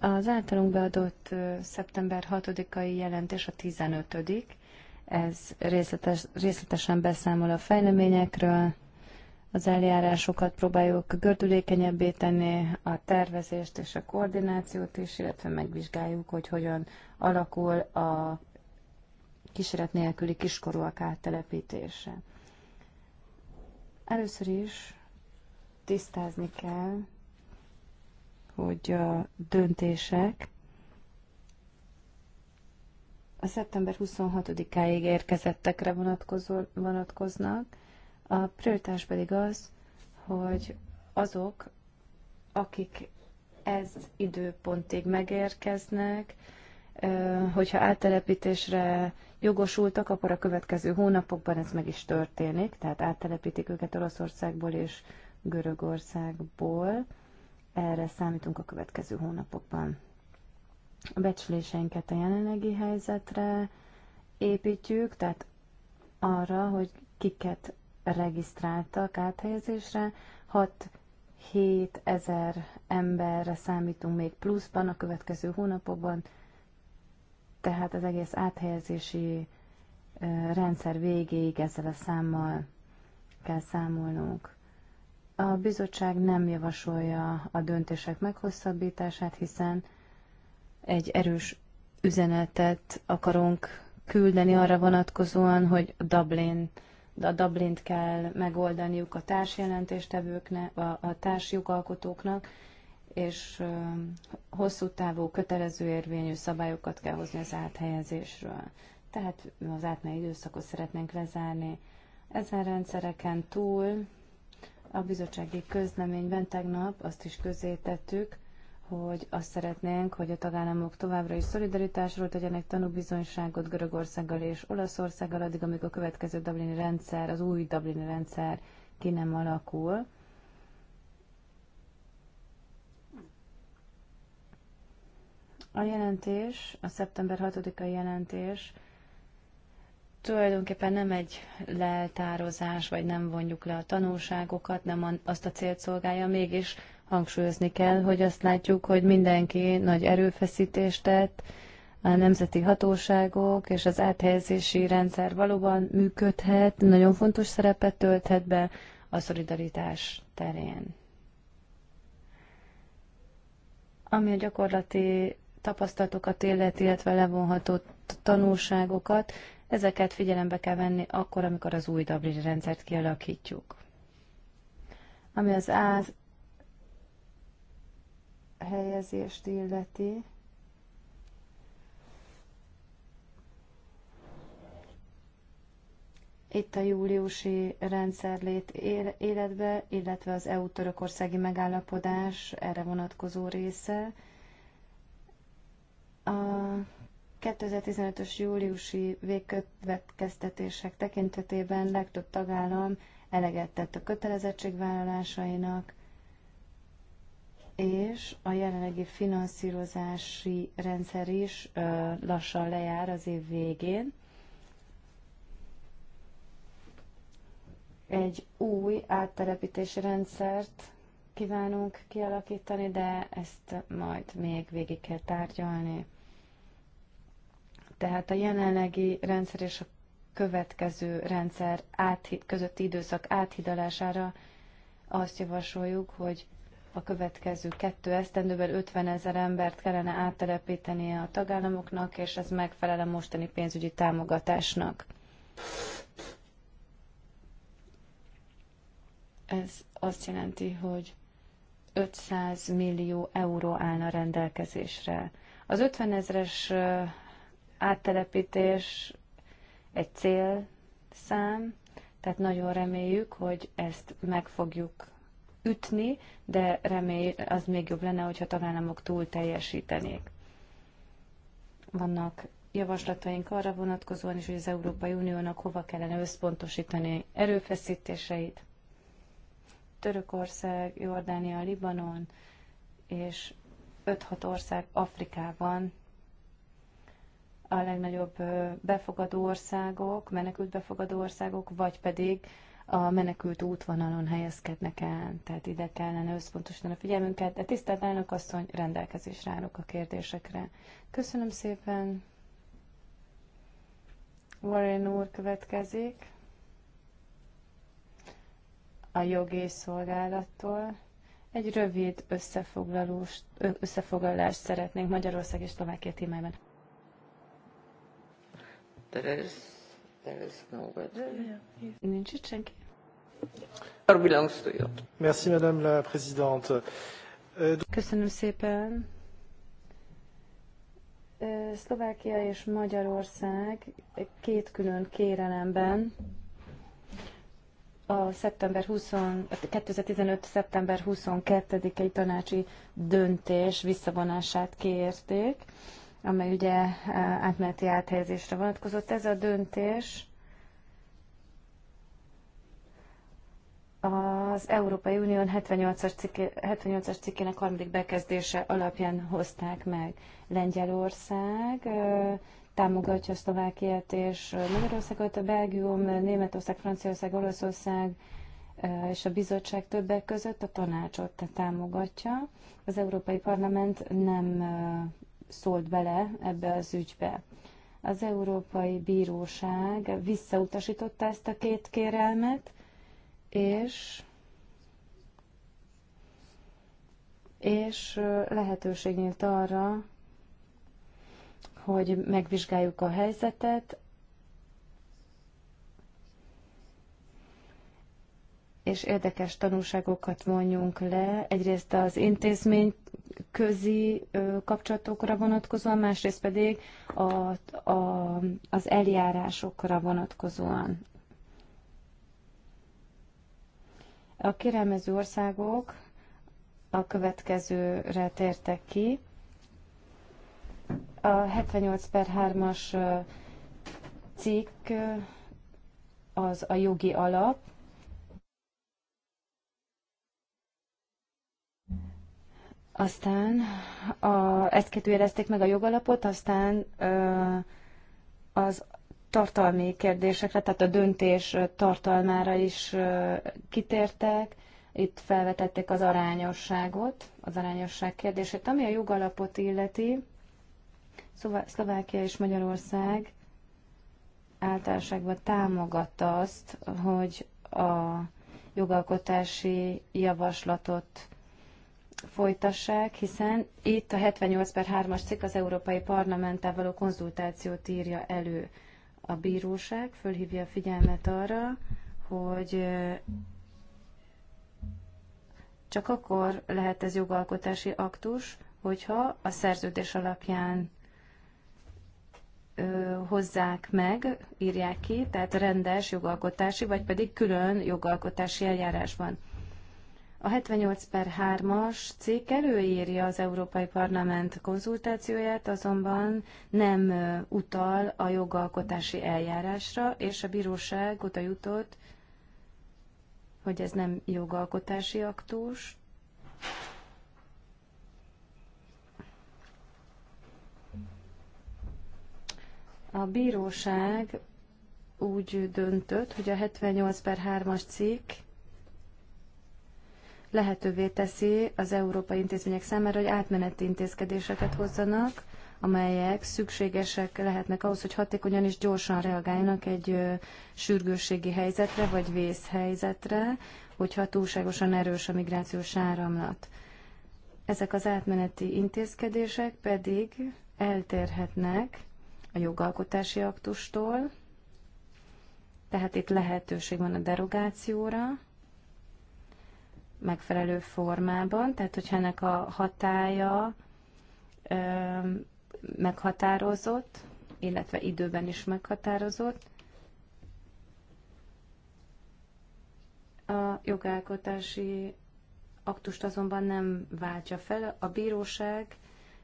Az általunk beadott szeptember 6-ai jelentés a 15 -dik. Ez részletes, részletesen beszámol a fejleményekről, az eljárásokat próbáljuk gördülékenyebbé tenni, a tervezést és a koordinációt is, illetve megvizsgáljuk, hogy hogyan alakul a kísérlet nélküli kiskorúak áttelepítése. Először is tisztázni kell, hogy a döntések a szeptember 26-áig érkezettekre vonatkoznak, a prioritás pedig az, hogy azok, akik ez időpontig megérkeznek, hogyha áttelepítésre jogosultak, akkor a következő hónapokban ez meg is történik, tehát áttelepítik őket Olaszországból és Görögországból. Erre számítunk a következő hónapokban. A becsléseinket a jelenlegi helyzetre építjük, tehát arra, hogy kiket regisztráltak áthelyezésre, 6-7 ezer emberre számítunk még pluszban a következő hónapokban, tehát az egész áthelyezési rendszer végéig ezzel a számmal kell számolnunk. A bizottság nem javasolja a döntések meghosszabbítását, hiszen egy erős üzenetet akarunk küldeni arra vonatkozóan, hogy a Dublin, a Dublint kell megoldaniuk a társjelentéstevőknek, a, a társjogalkotóknak, és hosszú távú, kötelező érvényű szabályokat kell hozni az áthelyezésről. Tehát az átmeneti időszakot szeretnénk lezárni. Ezen rendszereken túl a bizottsági közleményben tegnap azt is közzétettük, hogy azt szeretnénk, hogy a tagállamok továbbra is szolidaritásról tegyenek tanúbizonyságot Görögországgal és Olaszországgal, addig, amíg a következő Dublini rendszer, az új Dublini rendszer ki nem alakul. A jelentés, a szeptember 6-ai jelentés tulajdonképpen nem egy leltározás, vagy nem vonjuk le a tanulságokat, nem azt a célt szolgálja, mégis hangsúlyozni kell, hogy azt látjuk, hogy mindenki nagy erőfeszítést tett, a nemzeti hatóságok és az áthelyezési rendszer valóban működhet, nagyon fontos szerepet tölthet be a szolidaritás terén. Ami a gyakorlati tapasztalatokat élet, illetve levonható tanulságokat, ezeket figyelembe kell venni akkor, amikor az új Dublin rendszert kialakítjuk. Ami az A helyezést illeti, itt a júliusi rendszer lét életbe, illetve az EU-törökországi megállapodás erre vonatkozó része, a 2015-ös júliusi végkövetkeztetések tekintetében legtöbb tagállam eleget tett a kötelezettségvállalásainak, és a jelenlegi finanszírozási rendszer is lassan lejár az év végén. Egy új áttelepítési rendszert kívánunk kialakítani, de ezt majd még végig kell tárgyalni. Tehát a jelenlegi rendszer és a következő rendszer áthid, közötti időszak áthidalására azt javasoljuk, hogy a következő kettő esztendőben 50 ezer embert kellene áttelepíteni a tagállamoknak, és ez megfelel a mostani pénzügyi támogatásnak. Ez azt jelenti, hogy 500 millió euró állna rendelkezésre. Az 50 ezeres áttelepítés egy célszám, tehát nagyon reméljük, hogy ezt meg fogjuk ütni, de remély, az még jobb lenne, hogyha tagállamok túl teljesítenék. Vannak javaslataink arra vonatkozóan is, hogy az Európai Uniónak hova kellene összpontosítani erőfeszítéseit. Törökország, Jordánia, Libanon és 5-6 ország Afrikában a legnagyobb befogadó országok, menekült befogadó országok, vagy pedig a menekült útvonalon helyezkednek el, tehát ide kellene összpontosítani a figyelmünket, de tisztelt elnök asszony, rendelkezésre állok a kérdésekre. Köszönöm szépen. Warren úr következik a jogi szolgálattól. Egy rövid összefoglalást szeretnénk Magyarország és Szlovákia témában. There is, there is nobody. Nincs itt senki. belongs to you. Merci, Madame la Présidente. Euh, Köszönöm szépen. Szlovákia és Magyarország két külön kérelemben a szeptember 20, 2015. szeptember 22-i tanácsi döntés visszavonását kérték amely ugye e, átmeneti áthelyezésre vonatkozott. Ez a döntés az Európai Unión 78-as, cikké, 78 cikkének harmadik bekezdése alapján hozták meg. Lengyelország e, támogatja Szlovákiát és Magyarországot, a Belgium, Németország, Franciaország, Olaszország e, és a bizottság többek között a tanácsot támogatja. Az Európai Parlament nem szólt bele ebbe az ügybe. Az Európai Bíróság visszautasította ezt a két kérelmet, és és lehetőség nyílt arra, hogy megvizsgáljuk a helyzetet, és érdekes tanulságokat vonjunk le, egyrészt az intézmény közi kapcsolatokra vonatkozóan, másrészt pedig a, a, az eljárásokra vonatkozóan. A kérelmező országok a következőre tértek ki. A 78 per 3-as cikk az a jogi alap, Aztán a, ezt kérdőjelezték meg a jogalapot, aztán ö, az tartalmi kérdésekre, tehát a döntés tartalmára is ö, kitértek. Itt felvetették az arányosságot, az arányosság kérdését. Ami a jogalapot illeti, Szlovákia és Magyarország általánosságban támogatta azt, hogy a jogalkotási javaslatot folytassák, hiszen itt a 78 per 3-as cikk az Európai Parlamenttel való konzultációt írja elő. A bíróság fölhívja a figyelmet arra, hogy csak akkor lehet ez jogalkotási aktus, hogyha a szerződés alapján hozzák meg, írják ki, tehát rendes jogalkotási, vagy pedig külön jogalkotási eljárásban. A 78 per 3-as cikk előírja az Európai Parlament konzultációját, azonban nem utal a jogalkotási eljárásra, és a bíróság oda jutott, hogy ez nem jogalkotási aktus. A bíróság úgy döntött, hogy a 78 per 3-as cikk lehetővé teszi az európai intézmények számára, hogy átmeneti intézkedéseket hozzanak, amelyek szükségesek lehetnek ahhoz, hogy hatékonyan és gyorsan reagáljanak egy sürgősségi helyzetre vagy vészhelyzetre, hogyha túlságosan erős a migrációs áramlat. Ezek az átmeneti intézkedések pedig eltérhetnek a jogalkotási aktustól, tehát itt lehetőség van a derogációra, megfelelő formában, tehát hogyha ennek a hatája ö, meghatározott, illetve időben is meghatározott, a jogalkotási aktust azonban nem váltja fel, a bíróság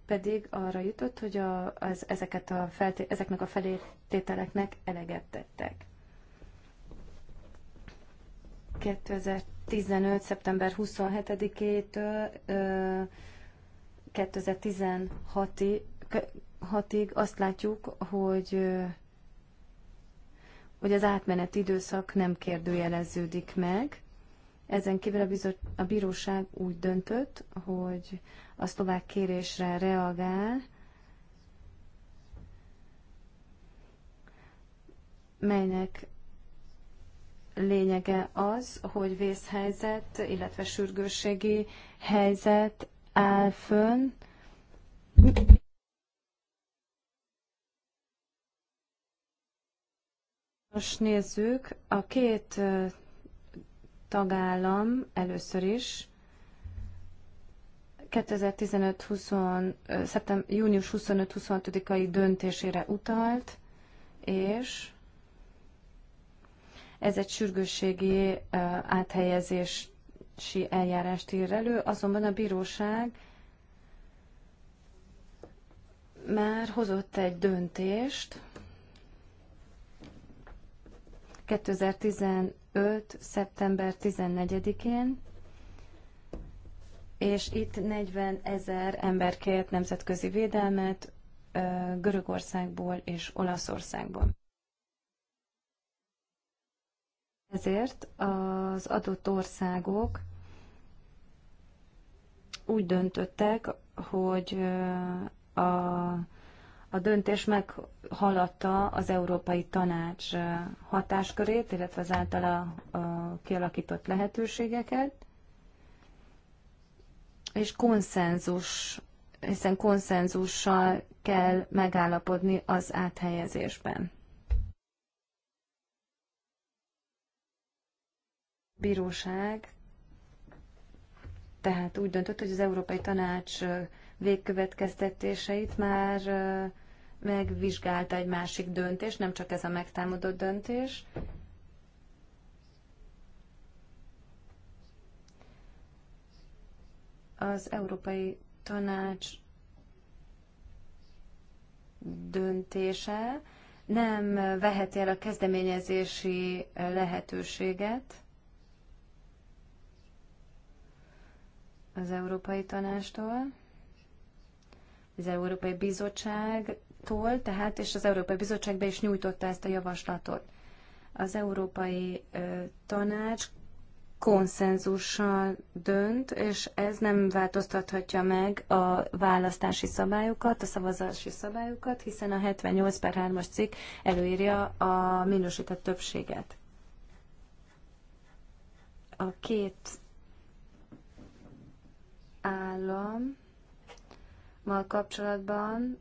pedig arra jutott, hogy a, az, ezeket a felté- ezeknek a feltételeknek eleget tettek. 2000 15. szeptember 27-től 2016-ig azt látjuk, hogy hogy az átmeneti időszak nem kérdőjeleződik meg. Ezen kívül a, bizot, a bíróság úgy döntött, hogy a szlovák kérésre reagál, melynek lényege az, hogy vészhelyzet, illetve sürgősségi helyzet áll fönn. Most nézzük, a két tagállam először is 2015-20, június 25-26-ai döntésére utalt, és ez egy sürgősségi áthelyezési eljárást ír elő, azonban a bíróság már hozott egy döntést 2015. szeptember 14-én, és itt 40 ezer ember kért nemzetközi védelmet Görögországból és Olaszországból. Ezért az adott országok úgy döntöttek, hogy a, a döntés meghaladta az Európai Tanács hatáskörét, illetve az általa kialakított lehetőségeket, és konszenzus, hiszen konszenzussal kell megállapodni az áthelyezésben. bíróság tehát úgy döntött, hogy az Európai Tanács végkövetkeztetéseit már megvizsgálta egy másik döntés, nem csak ez a megtámadott döntés. Az Európai Tanács döntése nem veheti el a kezdeményezési lehetőséget, az Európai Tanástól, az Európai Bizottságtól, tehát, és az Európai Bizottság be is nyújtotta ezt a javaslatot. Az Európai Tanács konszenzussal dönt, és ez nem változtathatja meg a választási szabályokat, a szavazási szabályokat, hiszen a 78 per 3-as cikk előírja a minősített többséget. A két állam mal kapcsolatban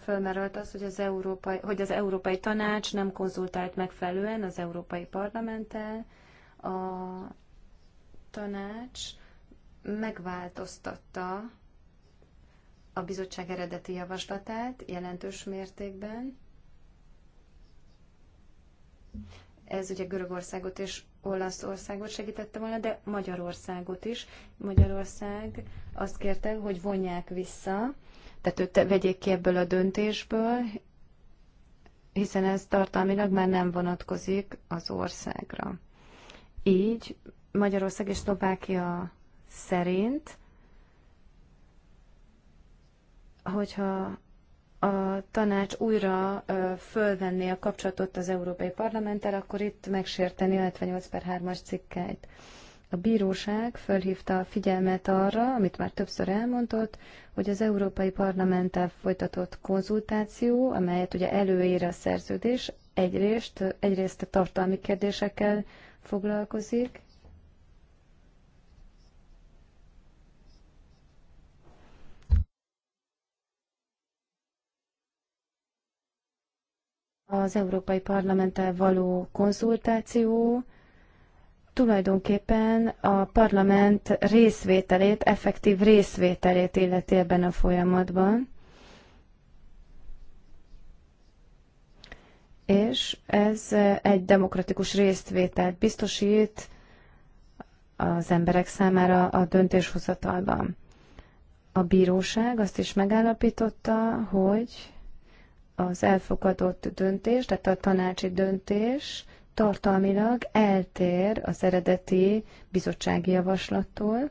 fölmerült az, hogy az, európai, hogy az Európai Tanács nem konzultált megfelelően az Európai Parlamenttel. A tanács megváltoztatta a bizottság eredeti javaslatát jelentős mértékben. Ez ugye Görögországot és Olaszországot segítette volna, de Magyarországot is. Magyarország azt kérte, hogy vonják vissza, tehát őt vegyék ki ebből a döntésből, hiszen ez tartalmilag már nem vonatkozik az országra. Így Magyarország és Szlovákia szerint, hogyha a tanács újra fölvenné a kapcsolatot az Európai Parlamenttel, akkor itt megsérteni a 78 per 3-as cikkeit. A bíróság fölhívta a figyelmet arra, amit már többször elmondott, hogy az Európai Parlamenttel folytatott konzultáció, amelyet ugye előír a szerződés, egyrészt, egyrészt a tartalmi kérdésekkel foglalkozik, Az Európai Parlamenttel való konzultáció tulajdonképpen a parlament részvételét, effektív részvételét illeti ebben a folyamatban. És ez egy demokratikus résztvételt biztosít az emberek számára a döntéshozatalban. A bíróság azt is megállapította, hogy az elfogadott döntés, tehát a tanácsi döntés tartalmilag eltér az eredeti bizottsági javaslattól.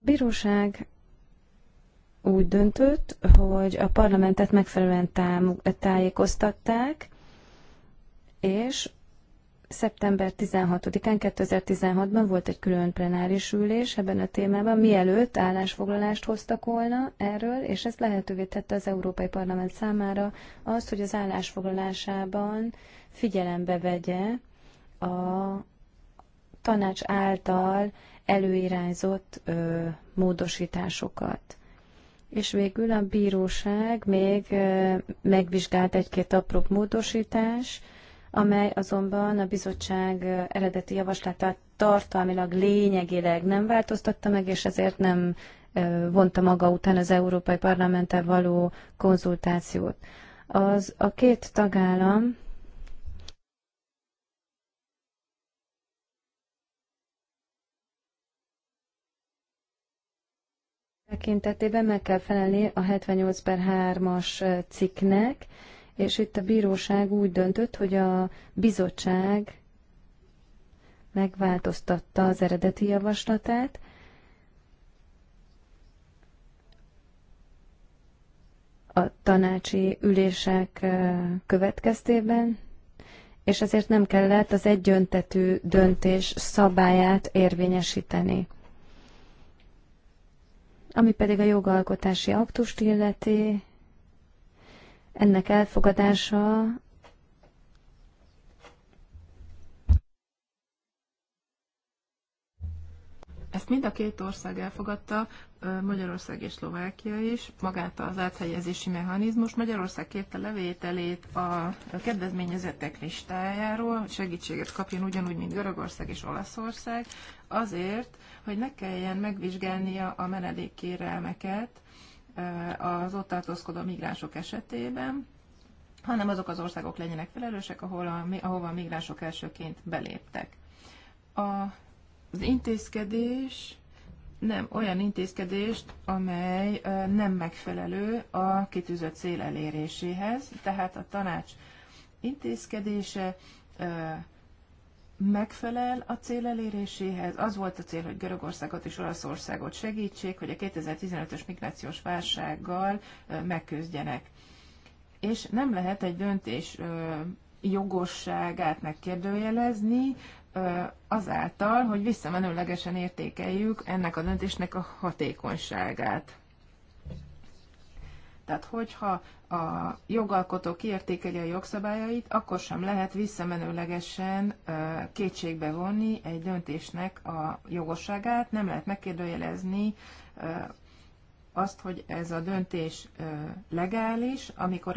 A bíróság úgy döntött, hogy a parlamentet megfelelően tájékoztatták, és szeptember 16-án 2016-ban volt egy külön plenáris ülés ebben a témában, mielőtt állásfoglalást hoztak volna erről, és ez lehetővé tette az Európai Parlament számára azt, hogy az állásfoglalásában figyelembe vegye a tanács által előirányzott ö, módosításokat. És végül a bíróság még ö, megvizsgált egy-két apró módosítást amely azonban a bizottság eredeti javaslatát tartalmilag lényegileg nem változtatta meg, és ezért nem vonta maga után az Európai Parlamenttel való konzultációt. Az a két tagállam tekintetében meg kell felelni a 78 per 3-as cikknek, és itt a bíróság úgy döntött, hogy a bizottság megváltoztatta az eredeti javaslatát, a tanácsi ülések következtében, és ezért nem kellett az egyöntetű döntés szabályát érvényesíteni. Ami pedig a jogalkotási aktust illeti, ennek elfogadása Ezt mind a két ország elfogadta, Magyarország és Szlovákia is, magát az áthelyezési mechanizmus. Magyarország kérte levételét a kedvezményezettek listájáról, hogy segítséget kapjon ugyanúgy, mint Görögország és Olaszország, azért, hogy ne kelljen megvizsgálnia a menedékkérelmeket, az ott tartózkodó migránsok esetében, hanem azok az országok legyenek felelősek, ahol a, ahova a migránsok elsőként beléptek. A, az intézkedés nem olyan intézkedést, amely nem megfelelő a kitűzött cél eléréséhez, tehát a tanács intézkedése megfelel a cél eléréséhez. Az volt a cél, hogy Görögországot és Olaszországot segítsék, hogy a 2015-ös migrációs válsággal megküzdjenek. És nem lehet egy döntés jogosságát megkérdőjelezni azáltal, hogy visszamenőlegesen értékeljük ennek a döntésnek a hatékonyságát. Tehát hogyha a jogalkotó kiértékeli a jogszabályait, akkor sem lehet visszamenőlegesen kétségbe vonni egy döntésnek a jogosságát, nem lehet megkérdőjelezni azt, hogy ez a döntés legális, amikor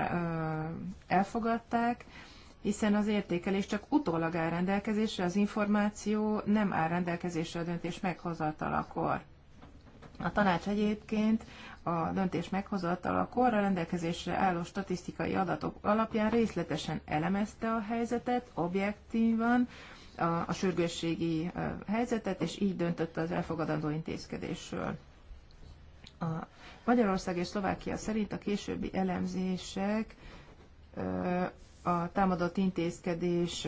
elfogadták, hiszen az értékelés csak utólag áll rendelkezésre, az információ nem áll rendelkezésre a döntés meghozatalakor. A tanács egyébként a döntés meghozatal a rendelkezésre álló statisztikai adatok alapján részletesen elemezte a helyzetet, objektívan, a, a sürgősségi helyzetet, és így döntött az elfogadandó intézkedésről. A Magyarország és Szlovákia szerint a későbbi elemzések a támadott intézkedés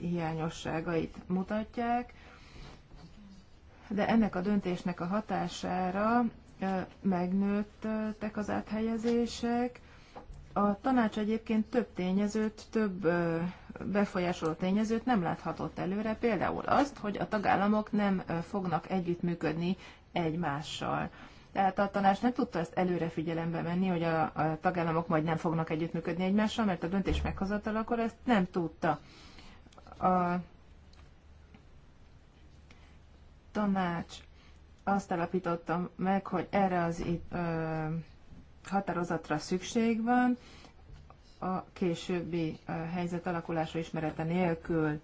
hiányosságait mutatják, de ennek a döntésnek a hatására megnőttek az áthelyezések. A tanács egyébként több tényezőt, több befolyásoló tényezőt nem láthatott előre, például azt, hogy a tagállamok nem fognak együttműködni egymással. Tehát a tanács nem tudta ezt előre figyelembe venni, hogy a, a tagállamok majd nem fognak együttműködni egymással, mert a döntés meghozatal, akkor ezt nem tudta. A tanács azt alapítottam meg, hogy erre az itt, ö, határozatra szükség van, a későbbi ö, helyzet alakulása ismerete nélkül.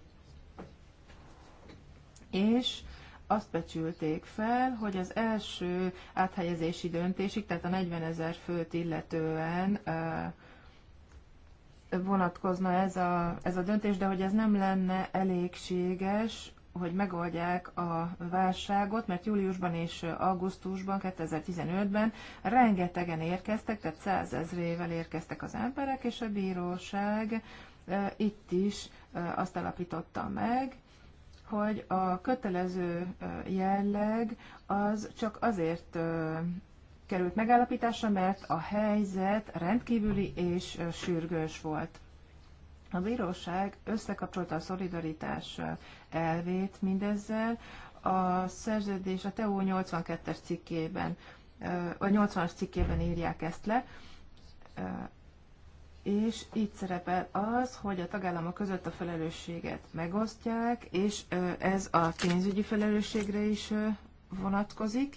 És azt becsülték fel, hogy az első áthelyezési döntésig, tehát a 40 ezer főt illetően ö, vonatkozna ez a, ez a döntés, de hogy ez nem lenne elégséges hogy megoldják a válságot, mert júliusban és augusztusban, 2015-ben rengetegen érkeztek, tehát százezrével érkeztek az emberek, és a bíróság e, itt is e, azt alapította meg, hogy a kötelező e, jelleg az csak azért került megállapításra, mert a helyzet rendkívüli és sürgős volt. A bíróság összekapcsolta a szolidaritás elvét mindezzel, a szerződés a TEU 82-es cikkében, a 80-as cikkében írják ezt le, és így szerepel az, hogy a tagállamok között a felelősséget megosztják, és ez a pénzügyi felelősségre is vonatkozik,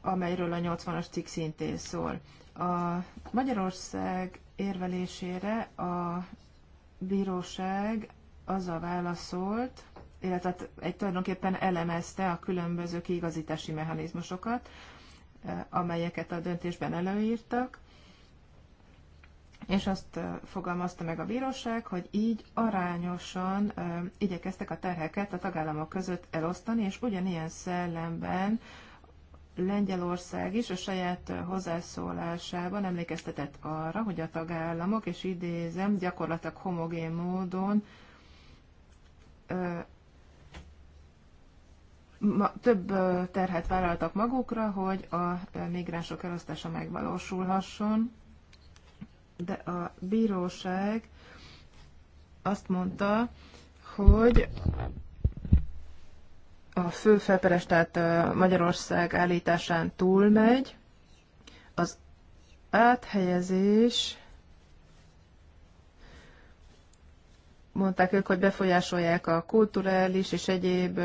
amelyről a 80-as cikk szintén szól. A Magyarország érvelésére a bíróság azzal válaszolt, illetve hát egy tulajdonképpen elemezte a különböző kiigazítási mechanizmusokat, eh, amelyeket a döntésben előírtak, és azt eh, fogalmazta meg a bíróság, hogy így arányosan eh, igyekeztek a terheket a tagállamok között elosztani, és ugyanilyen szellemben Lengyelország is a saját hozzászólásában emlékeztetett arra, hogy a tagállamok, és idézem, gyakorlatilag homogén módon ö, ma, több terhet vállaltak magukra, hogy a migránsok elosztása megvalósulhasson, de a bíróság azt mondta, hogy a fő felperestát Magyarország állításán túlmegy, az áthelyezés, mondták ők, hogy befolyásolják a kulturális és egyéb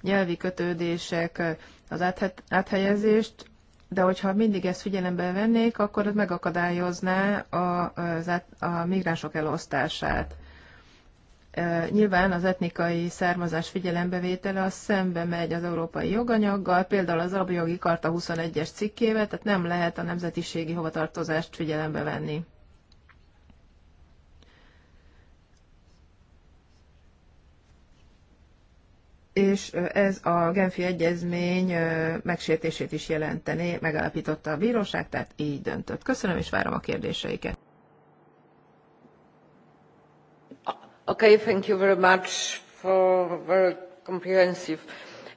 nyelvi kötődések az áthelyezést, de hogyha mindig ezt figyelembe vennék, akkor ez megakadályozná a, a migránsok elosztását nyilván az etnikai származás figyelembevétele az szembe megy az európai joganyaggal, például az alapjogi karta 21-es cikkével, tehát nem lehet a nemzetiségi hovatartozást figyelembe venni. és ez a Genfi Egyezmény megsértését is jelentené, megállapította a bíróság, tehát így döntött. Köszönöm, és várom a kérdéseiket. thank you very much for very comprehensive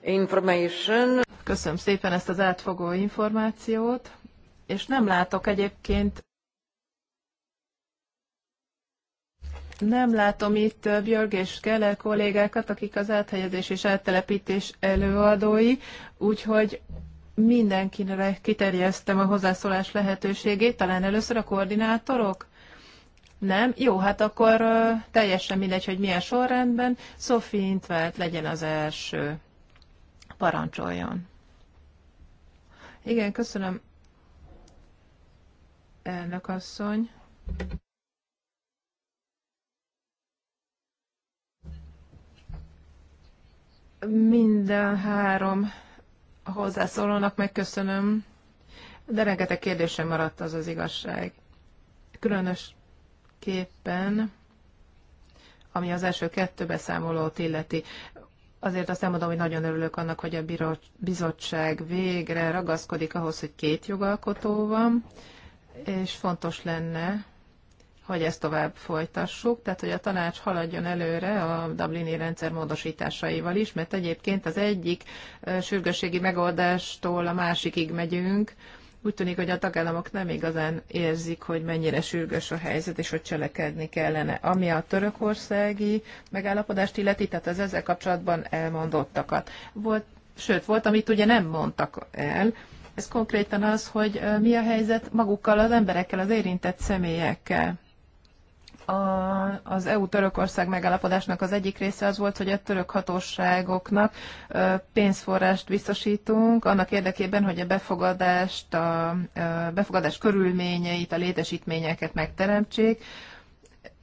information. Köszönöm szépen ezt az átfogó információt, és nem látok egyébként nem látom itt Björg és Keller kollégákat, akik az áthelyezés és áttelepítés előadói, úgyhogy mindenkinre kiterjesztem a hozzászólás lehetőségét, talán először a koordinátorok? Nem? Jó, hát akkor teljesen mindegy, hogy milyen sorrendben. Sophie Intvelt legyen az első. Parancsoljon. Igen, köszönöm. Elnök asszony. Minden három hozzászólónak megköszönöm, de rengeteg kérdésem maradt az az igazság. Különös képen, ami az első kettő beszámolót illeti. Azért azt elmondom, hogy nagyon örülök annak, hogy a bizottság végre ragaszkodik ahhoz, hogy két jogalkotó van, és fontos lenne, hogy ezt tovább folytassuk, tehát hogy a tanács haladjon előre a Dublini rendszer módosításaival is, mert egyébként az egyik sürgősségi megoldástól a másikig megyünk, úgy tűnik, hogy a tagállamok nem igazán érzik, hogy mennyire sürgős a helyzet, és hogy cselekedni kellene. Ami a törökországi megállapodást illeti, tehát az ezzel kapcsolatban elmondottakat. Volt, sőt, volt, amit ugye nem mondtak el, ez konkrétan az, hogy mi a helyzet magukkal az emberekkel, az érintett személyekkel a, az EU-Törökország megállapodásnak az egyik része az volt, hogy a török hatóságoknak pénzforrást biztosítunk annak érdekében, hogy a befogadást, a befogadás körülményeit, a létesítményeket megteremtsék,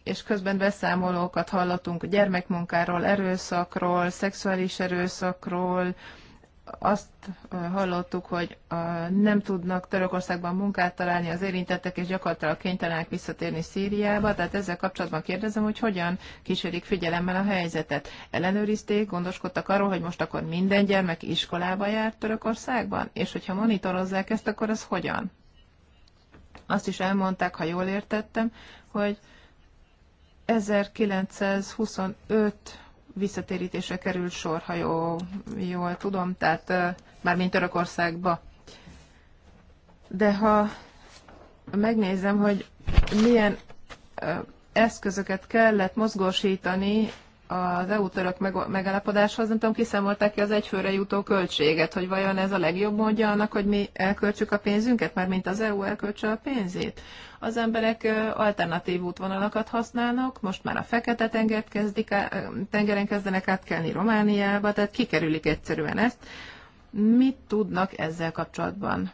és közben beszámolókat hallottunk gyermekmunkáról, erőszakról, szexuális erőszakról, azt hallottuk, hogy nem tudnak Törökországban munkát találni az érintettek, és gyakorlatilag kénytelenek visszatérni Szíriába. Tehát ezzel kapcsolatban kérdezem, hogy hogyan kísérik figyelemmel a helyzetet. Ellenőrizték, gondoskodtak arról, hogy most akkor minden gyermek iskolába jár Törökországban? És hogyha monitorozzák ezt, akkor ez hogyan? Azt is elmondták, ha jól értettem, hogy 1925 visszatérítése került sor, ha jó, jól tudom, tehát mármint Törökországba. De ha megnézem, hogy milyen eszközöket kellett mozgósítani az EU-török megállapodáshoz, nem tudom, kiszámolták ki az egyfőre jutó költséget, hogy vajon ez a legjobb módja annak, hogy mi elköltsük a pénzünket, mert mint az EU elköltse a pénzét. Az emberek alternatív útvonalakat használnak, most már a fekete tengert kezdik, tengeren kezdenek átkelni Romániába, tehát kikerülik egyszerűen ezt. Mit tudnak ezzel kapcsolatban?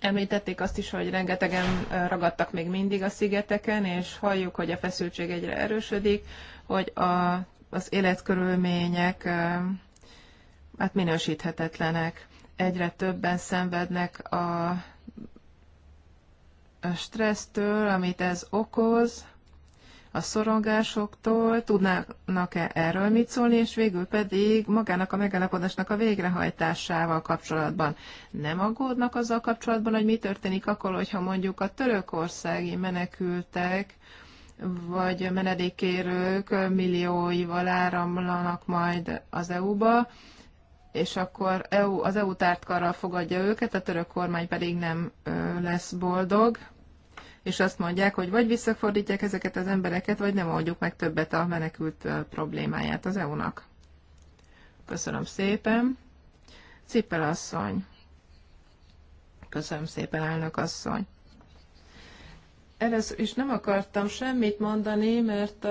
Említették azt is, hogy rengetegen ragadtak még mindig a szigeteken, és halljuk, hogy a feszültség egyre erősödik hogy a, az életkörülmények hát minősíthetetlenek. Egyre többen szenvednek a, a stressztől, amit ez okoz, a szorongásoktól, tudnának-e erről mit szólni, és végül pedig magának a megállapodásnak a végrehajtásával kapcsolatban. Nem aggódnak azzal kapcsolatban, hogy mi történik akkor, hogyha mondjuk a törökországi menekültek vagy menedékérők millióival áramlanak majd az EU-ba, és akkor EU, az EU tártkarral fogadja őket, a török kormány pedig nem lesz boldog, és azt mondják, hogy vagy visszafordítják ezeket az embereket, vagy nem oldjuk meg többet a menekült problémáját az EU-nak. Köszönöm szépen. Cipel asszony. Köszönöm szépen, elnök asszony erre is nem akartam semmit mondani, mert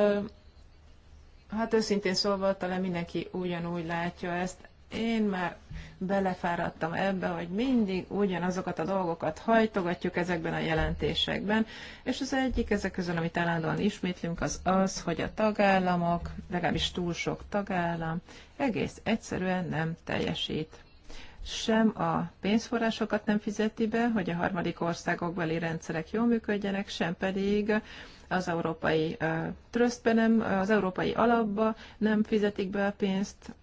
hát őszintén szólva talán mindenki ugyanúgy látja ezt. Én már belefáradtam ebbe, hogy mindig ugyanazokat a dolgokat hajtogatjuk ezekben a jelentésekben, és az egyik ezek közül, amit állandóan ismétlünk, az az, hogy a tagállamok, legalábbis túl sok tagállam, egész egyszerűen nem teljesít sem a pénzforrásokat nem fizeti be, hogy a harmadik országokbeli rendszerek jól működjenek, sem pedig az európai trösztbe nem, az európai alapba nem fizetik be a pénzt,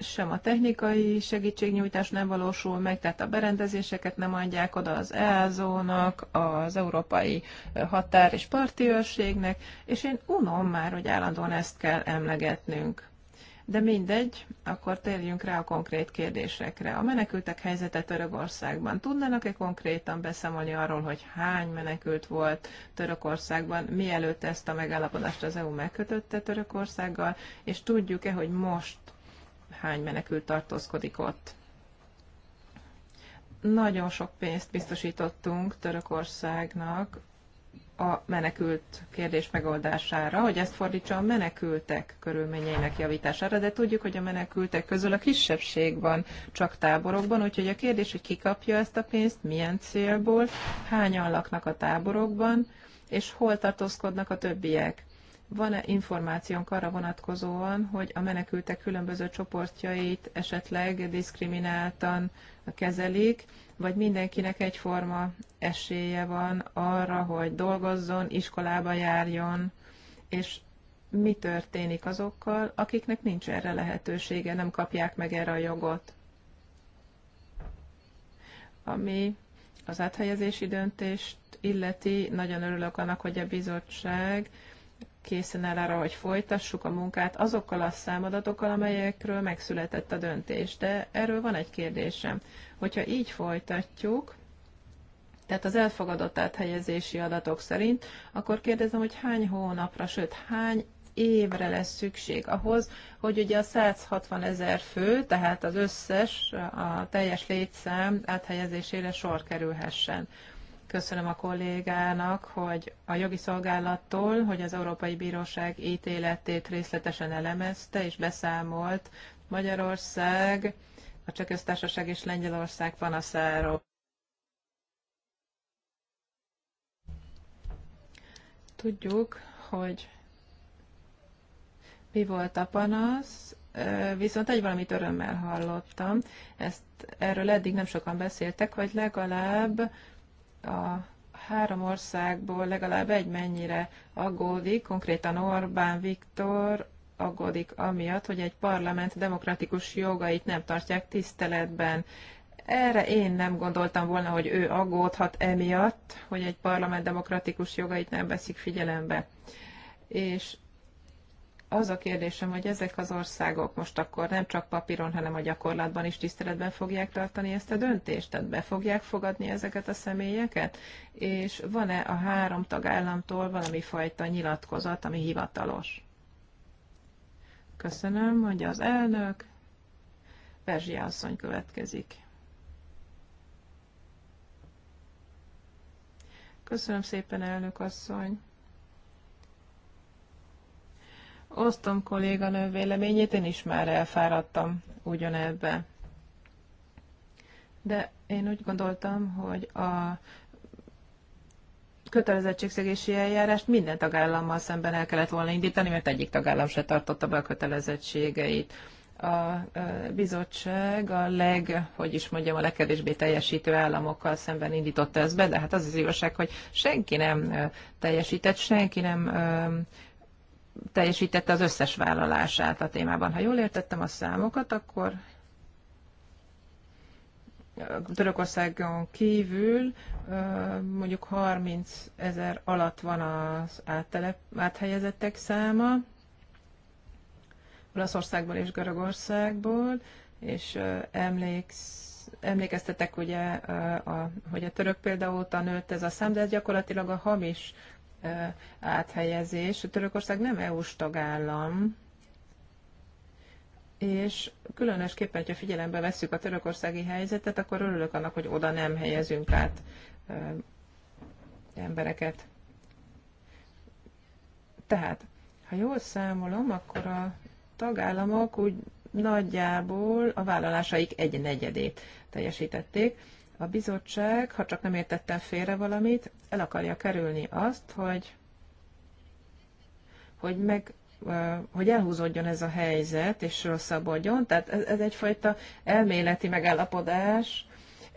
sem a technikai segítségnyújtás nem valósul meg, tehát a berendezéseket nem adják oda az EASO-nak, az Európai Határ és Parti Őrségnek, és én unom már, hogy állandóan ezt kell emlegetnünk. De mindegy, akkor térjünk rá a konkrét kérdésekre. A menekültek helyzete Törökországban. Tudnának-e konkrétan beszámolni arról, hogy hány menekült volt Törökországban, mielőtt ezt a megállapodást az EU megkötötte Törökországgal, és tudjuk-e, hogy most hány menekült tartózkodik ott? Nagyon sok pénzt biztosítottunk Törökországnak a menekült kérdés megoldására, hogy ezt fordítsa a menekültek körülményeinek javítására, de tudjuk, hogy a menekültek közül a kisebbség van csak táborokban, úgyhogy a kérdés, hogy ki kapja ezt a pénzt, milyen célból, hányan laknak a táborokban, és hol tartózkodnak a többiek. Van-e információnk arra vonatkozóan, hogy a menekültek különböző csoportjait esetleg diszkrimináltan kezelik, vagy mindenkinek egyforma esélye van arra, hogy dolgozzon, iskolába járjon, és mi történik azokkal, akiknek nincs erre lehetősége, nem kapják meg erre a jogot. Ami az áthelyezési döntést illeti, nagyon örülök annak, hogy a bizottság készen áll arra, hogy folytassuk a munkát azokkal a számadatokkal, amelyekről megszületett a döntés. De erről van egy kérdésem. Hogyha így folytatjuk, tehát az elfogadott áthelyezési adatok szerint, akkor kérdezem, hogy hány hónapra, sőt, hány évre lesz szükség ahhoz, hogy ugye a 160 ezer fő, tehát az összes, a teljes létszám áthelyezésére sor kerülhessen. Köszönöm a kollégának, hogy a jogi szolgálattól, hogy az Európai Bíróság ítéletét részletesen elemezte és beszámolt Magyarország, a Csehköztársaság és Lengyelország panaszáról. Tudjuk, hogy mi volt a panasz, viszont egy valamit örömmel hallottam, ezt erről eddig nem sokan beszéltek, hogy legalább a három országból legalább egy mennyire aggódik, konkrétan Orbán Viktor aggódik amiatt, hogy egy parlament demokratikus jogait nem tartják tiszteletben. Erre én nem gondoltam volna, hogy ő aggódhat emiatt, hogy egy parlament demokratikus jogait nem veszik figyelembe. És az a kérdésem, hogy ezek az országok most akkor nem csak papíron, hanem a gyakorlatban is tiszteletben fogják tartani ezt a döntést, tehát be fogják fogadni ezeket a személyeket, és van-e a három tagállamtól valami fajta nyilatkozat, ami hivatalos? Köszönöm, mondja az elnök. Perzsia asszony következik. Köszönöm szépen, elnök asszony. Osztom kolléganő véleményét, én is már elfáradtam ugyanebbe. De én úgy gondoltam, hogy a kötelezettségszegési eljárást minden tagállammal szemben el kellett volna indítani, mert egyik tagállam se tartotta be a kötelezettségeit. A bizottság a leg, hogy is mondjam, a legkevésbé teljesítő államokkal szemben indította ezt be, de hát az az igazság, hogy senki nem teljesített, senki nem teljesítette az összes vállalását a témában. Ha jól értettem a számokat, akkor Törökországon kívül mondjuk 30 ezer alatt van az áttelep, áthelyezettek száma, Olaszországból és Görögországból, és emléksz, emlékeztetek ugye, a, hogy a török példa óta nőtt ez a szám, de ez gyakorlatilag a hamis áthelyezés. A Törökország nem EU-s tagállam, és különösképpen, ha figyelembe vesszük a törökországi helyzetet, akkor örülök annak, hogy oda nem helyezünk át embereket. Tehát, ha jól számolom, akkor a tagállamok úgy nagyjából a vállalásaik egy negyedét teljesítették a bizottság, ha csak nem értettem félre valamit, el akarja kerülni azt, hogy, hogy meg hogy elhúzódjon ez a helyzet, és rosszabbodjon. Tehát ez, ez egyfajta elméleti megállapodás.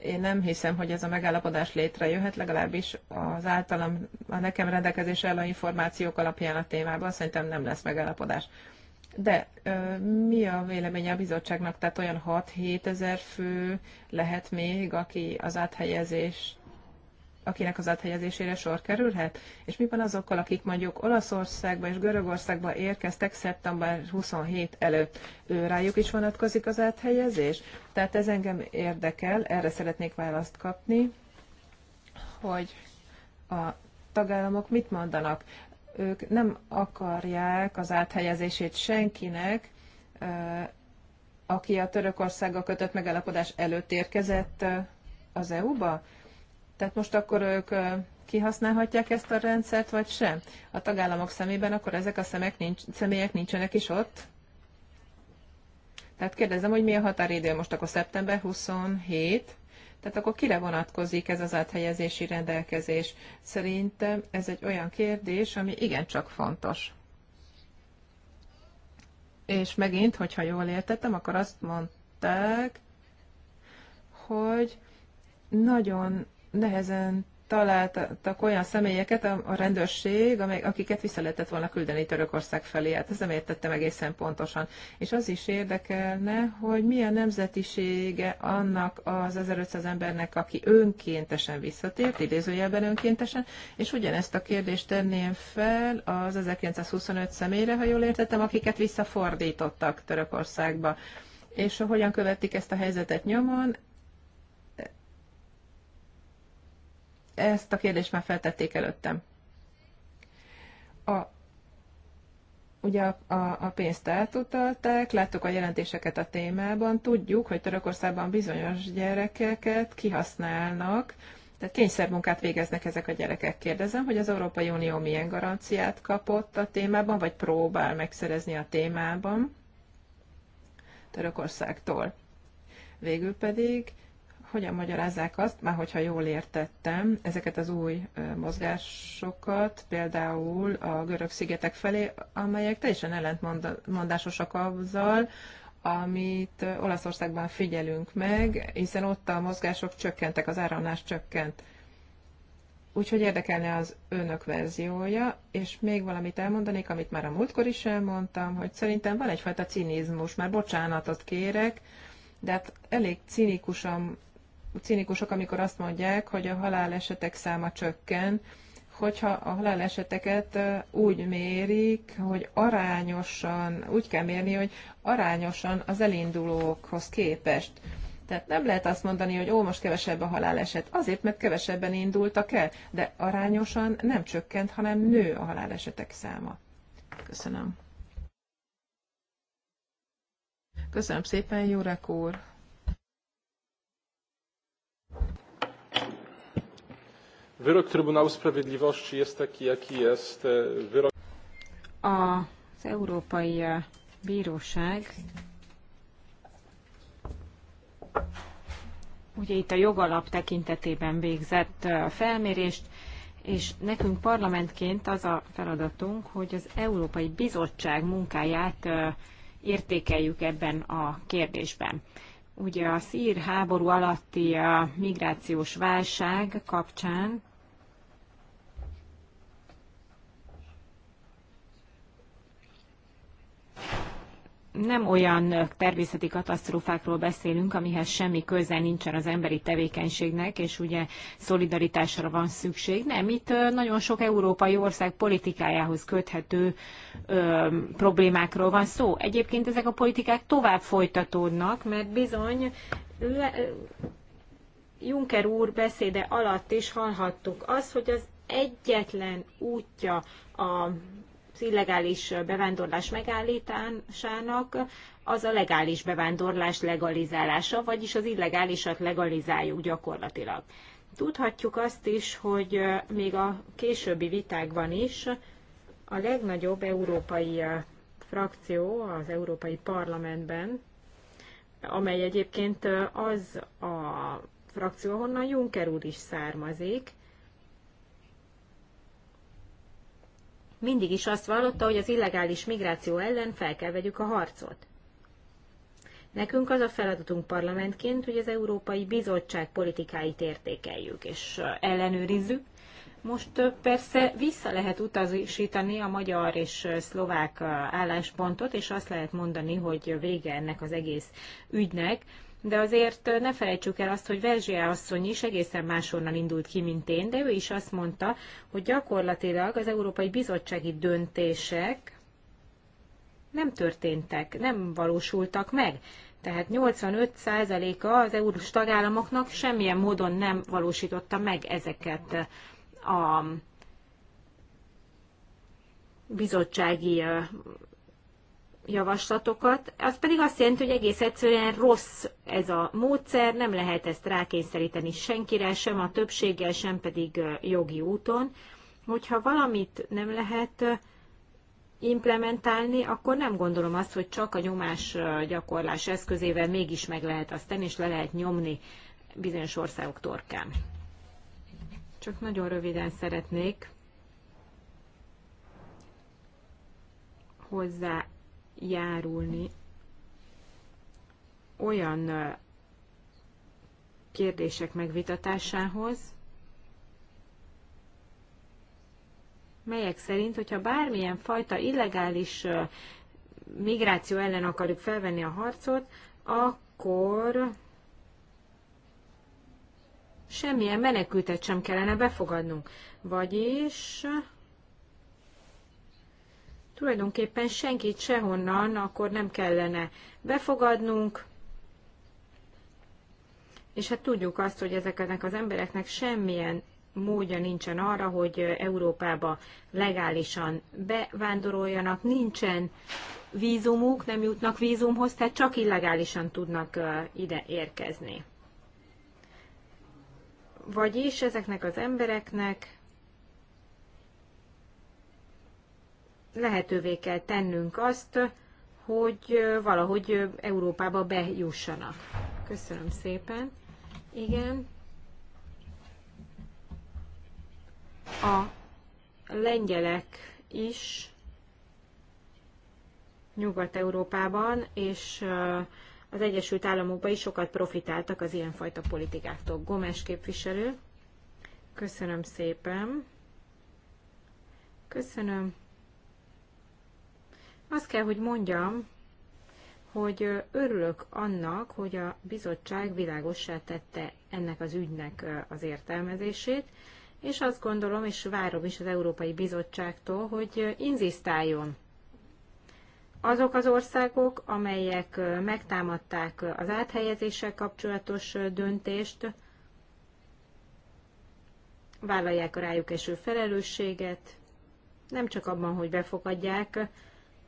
Én nem hiszem, hogy ez a megállapodás létrejöhet, legalábbis az általam, a nekem rendelkezésre álló információk alapján a témában szerintem nem lesz megállapodás. De mi a véleménye a bizottságnak? Tehát olyan 6-7 ezer fő lehet még, aki az áthelyezés akinek az áthelyezésére sor kerülhet? És mi van azokkal, akik mondjuk Olaszországba és Görögországba érkeztek szeptember 27 előtt? Ő rájuk is vonatkozik az áthelyezés? Tehát ez engem érdekel, erre szeretnék választ kapni, hogy a tagállamok mit mondanak ők nem akarják az áthelyezését senkinek, aki a Törökországgal kötött megállapodás előtt érkezett az EU-ba? Tehát most akkor ők kihasználhatják ezt a rendszert, vagy sem? A tagállamok szemében akkor ezek a szemek nincs, személyek nincsenek is ott? Tehát kérdezem, hogy mi a határidő most akkor szeptember 27, tehát akkor kire vonatkozik ez az áthelyezési rendelkezés? Szerintem ez egy olyan kérdés, ami igencsak fontos. És megint, hogyha jól értettem, akkor azt mondták, hogy nagyon nehezen találtak olyan személyeket a rendőrség, amely, akiket vissza lehetett volna küldeni Törökország felé. Hát ezt nem értettem egészen pontosan. És az is érdekelne, hogy milyen nemzetisége annak az 1500 embernek, aki önkéntesen visszatért, idézőjelben önkéntesen, és ugyanezt a kérdést tenném fel az 1925 személyre, ha jól értettem, akiket visszafordítottak Törökországba és hogyan követik ezt a helyzetet nyomon, ezt a kérdést már feltették előttem. A, ugye a, a, a pénzt eltutalták, láttuk a jelentéseket a témában, tudjuk, hogy Törökországban bizonyos gyerekeket kihasználnak, tehát kényszermunkát végeznek ezek a gyerekek. Kérdezem, hogy az Európai Unió milyen garanciát kapott a témában, vagy próbál megszerezni a témában Törökországtól. Végül pedig hogyan magyarázzák azt, már hogyha jól értettem, ezeket az új mozgásokat, például a görög szigetek felé, amelyek teljesen ellentmondásosak azzal, amit Olaszországban figyelünk meg, hiszen ott a mozgások csökkentek, az áramlás csökkent. Úgyhogy érdekelne az önök verziója, és még valamit elmondanék, amit már a múltkor is elmondtam, hogy szerintem van egyfajta cinizmus, már bocsánatot kérek, de hát elég cinikusan cinikusok, amikor azt mondják, hogy a halálesetek száma csökken, hogyha a haláleseteket úgy mérik, hogy arányosan, úgy kell mérni, hogy arányosan az elindulókhoz képest. Tehát nem lehet azt mondani, hogy ó, most kevesebb a haláleset. Azért, mert kevesebben indultak el, de arányosan nem csökkent, hanem nő a halálesetek száma. Köszönöm. Köszönöm szépen, Jurek úr! Wyrok Trybunału Sprawiedliwości jest taki, jaki jest. E, wyrok... z Európai e, Bíróság ugye itt a jogalap tekintetében végzett e, felmérést, és nekünk parlamentként az a feladatunk, hogy az Európai Bizottság munkáját értékeljük ebben a kérdésben. Ugye a szír háború alatti migrációs válság kapcsán nem olyan természeti katasztrófákról beszélünk, amihez semmi köze nincsen az emberi tevékenységnek, és ugye szolidaritásra van szükség. Nem, itt nagyon sok európai ország politikájához köthető ö, problémákról van szó. Egyébként ezek a politikák tovább folytatódnak, mert bizony le, Juncker úr beszéde alatt is hallhattuk az, hogy az egyetlen útja a illegális bevándorlás megállításának, az a legális bevándorlás legalizálása, vagyis az illegálisat legalizáljuk gyakorlatilag. Tudhatjuk azt is, hogy még a későbbi vitákban is a legnagyobb európai frakció az Európai Parlamentben, amely egyébként az a frakció, honnan Juncker úr is származik, mindig is azt vallotta, hogy az illegális migráció ellen fel kell vegyük a harcot. Nekünk az a feladatunk parlamentként, hogy az Európai Bizottság politikáit értékeljük és ellenőrizzük. Most persze vissza lehet utazítani a magyar és szlovák álláspontot, és azt lehet mondani, hogy vége ennek az egész ügynek, de azért ne felejtsük el azt, hogy Verzsia asszony is egészen máshonnan indult ki, mint én, de ő is azt mondta, hogy gyakorlatilag az Európai Bizottsági döntések nem történtek, nem valósultak meg. Tehát 85%-a az eurós tagállamoknak semmilyen módon nem valósította meg ezeket a bizottsági javaslatokat, az pedig azt jelenti, hogy egész egyszerűen rossz ez a módszer, nem lehet ezt rákényszeríteni senkire, sem a többséggel, sem pedig jogi úton. Hogyha valamit nem lehet implementálni, akkor nem gondolom azt, hogy csak a nyomás gyakorlás eszközével mégis meg lehet azt tenni, és le lehet nyomni bizonyos országok torkán. Csak nagyon röviden szeretnék hozzá járulni olyan kérdések megvitatásához, melyek szerint, hogyha bármilyen fajta illegális migráció ellen akarjuk felvenni a harcot, akkor semmilyen menekültet sem kellene befogadnunk. Vagyis tulajdonképpen senkit sehonnan akkor nem kellene befogadnunk, és hát tudjuk azt, hogy ezeknek az embereknek semmilyen módja nincsen arra, hogy Európába legálisan bevándoroljanak, nincsen vízumuk, nem jutnak vízumhoz, tehát csak illegálisan tudnak ide érkezni. Vagyis ezeknek az embereknek lehetővé kell tennünk azt, hogy valahogy Európába bejussanak. Köszönöm szépen. Igen. A lengyelek is Nyugat-Európában és az Egyesült Államokban is sokat profitáltak az ilyenfajta politikáktól. Gomes képviselő. Köszönöm szépen. Köszönöm. Azt kell, hogy mondjam, hogy örülök annak, hogy a bizottság világossá tette ennek az ügynek az értelmezését, és azt gondolom, és várom is az Európai Bizottságtól, hogy inzisztáljon azok az országok, amelyek megtámadták az áthelyezéssel kapcsolatos döntést, vállalják a rájuk eső felelősséget, nem csak abban, hogy befogadják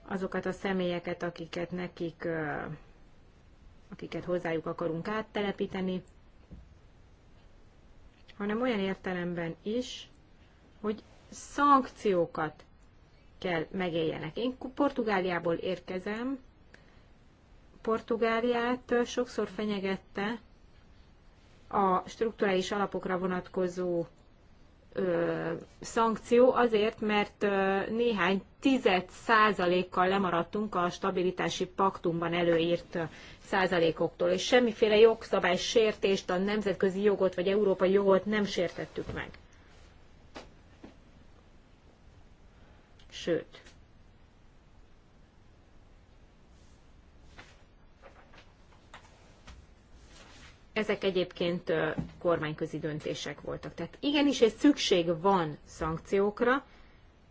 azokat a személyeket, akiket nekik, akiket hozzájuk akarunk áttelepíteni, hanem olyan értelemben is, hogy szankciókat kell megéljenek. Én Portugáliából érkezem, Portugáliát sokszor fenyegette a strukturális alapokra vonatkozó ö, szankció azért, mert ö, néhány tized százalékkal lemaradtunk a stabilitási paktumban előírt százalékoktól, és semmiféle jogszabály sértést, a nemzetközi jogot vagy európai jogot nem sértettük meg. Sőt, ezek egyébként kormányközi döntések voltak. Tehát igenis egy szükség van szankciókra,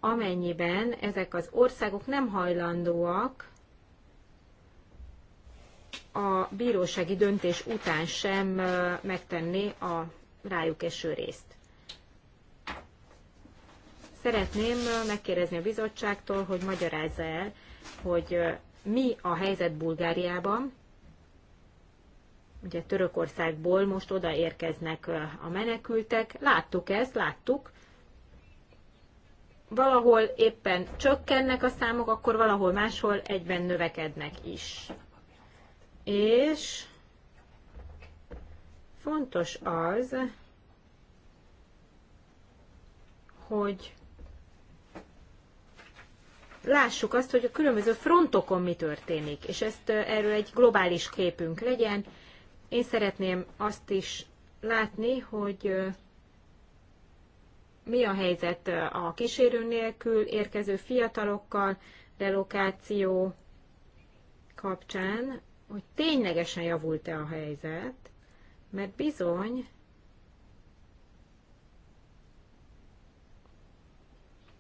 amennyiben ezek az országok nem hajlandóak a bírósági döntés után sem megtenni a rájuk eső részt. Szeretném megkérdezni a bizottságtól, hogy magyarázza el, hogy mi a helyzet Bulgáriában, ugye Törökországból most odaérkeznek a menekültek. Láttuk ezt, láttuk. Valahol éppen csökkennek a számok, akkor valahol máshol egyben növekednek is. És fontos az, hogy lássuk azt, hogy a különböző frontokon mi történik, és ezt erről egy globális képünk legyen, én szeretném azt is látni, hogy mi a helyzet a kísérő nélkül érkező fiatalokkal, relokáció kapcsán, hogy ténylegesen javult-e a helyzet, mert bizony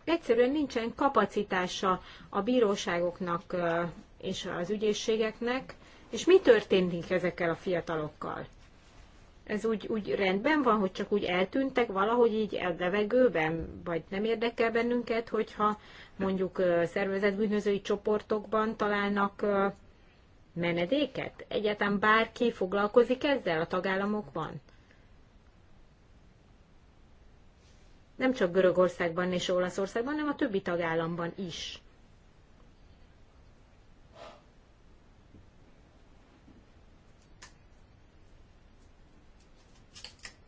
egyszerűen nincsen kapacitása a bíróságoknak és az ügyészségeknek és mi történik ezekkel a fiatalokkal? Ez úgy, úgy rendben van, hogy csak úgy eltűntek valahogy így a levegőben, vagy nem érdekel bennünket, hogyha mondjuk szervezetbűnözői csoportokban találnak menedéket? Egyáltalán bárki foglalkozik ezzel a tagállamokban? Nem csak Görögországban és Olaszországban, hanem a többi tagállamban is.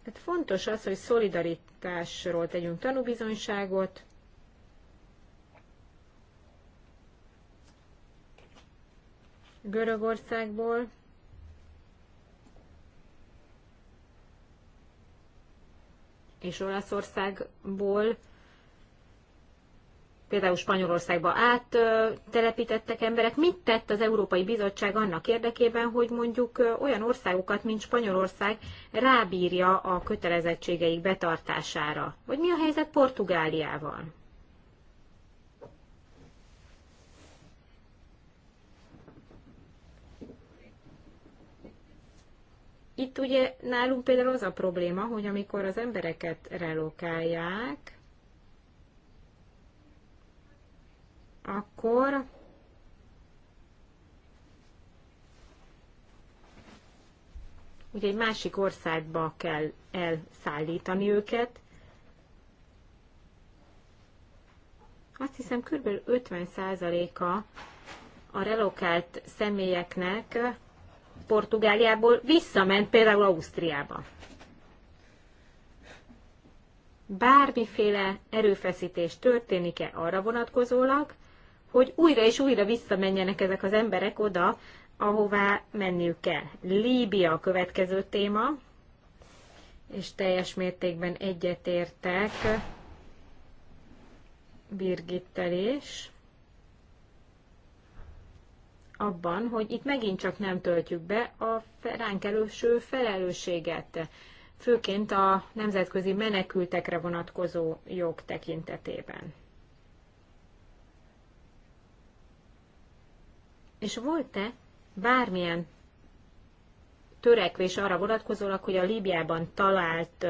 Tehát fontos az, hogy szolidaritásról tegyünk tanúbizonyságot, Görögországból, és Olaszországból például Spanyolországba áttelepítettek emberek. Mit tett az Európai Bizottság annak érdekében, hogy mondjuk olyan országokat, mint Spanyolország rábírja a kötelezettségeik betartására? Vagy mi a helyzet Portugáliával? Itt ugye nálunk például az a probléma, hogy amikor az embereket relokálják, akkor ugye egy másik országba kell elszállítani őket. Azt hiszem kb. 50%-a a relokált személyeknek Portugáliából visszament például Ausztriába. Bármiféle erőfeszítés történik-e arra vonatkozólag, hogy újra és újra visszamenjenek ezek az emberek oda, ahová menniük kell. Líbia a következő téma, és teljes mértékben egyetértek Birgittel is abban, hogy itt megint csak nem töltjük be a ránk előső felelősséget, főként a nemzetközi menekültekre vonatkozó jog tekintetében. És volt-e bármilyen törekvés arra vonatkozólag, hogy a Líbiában talált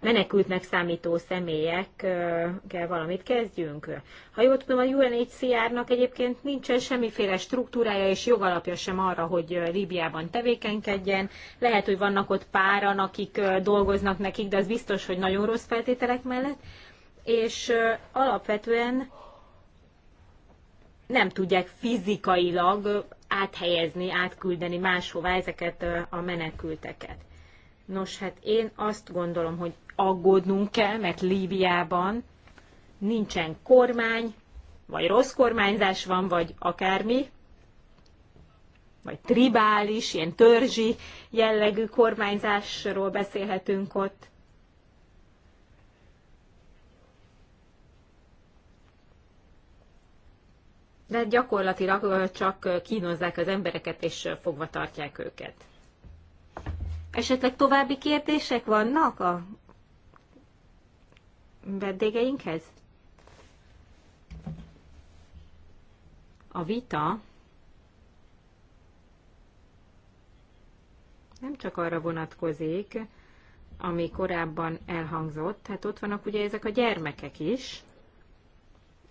menekültnek számító személyekkel valamit kezdjünk. Ha jól tudom, a UNHCR-nak egyébként nincsen semmiféle struktúrája és jogalapja sem arra, hogy Líbiában tevékenykedjen. Lehet, hogy vannak ott páran, akik dolgoznak nekik, de az biztos, hogy nagyon rossz feltételek mellett. És alapvetően nem tudják fizikailag áthelyezni, átküldeni máshova ezeket a menekülteket. Nos, hát én azt gondolom, hogy aggódnunk kell, mert Líbiában nincsen kormány, vagy rossz kormányzás van, vagy akármi, vagy tribális, ilyen törzsi jellegű kormányzásról beszélhetünk ott. de gyakorlatilag csak kínozzák az embereket és fogva tartják őket. Esetleg további kérdések vannak a vendégeinkhez? A vita nem csak arra vonatkozik, ami korábban elhangzott, hát ott vannak ugye ezek a gyermekek is,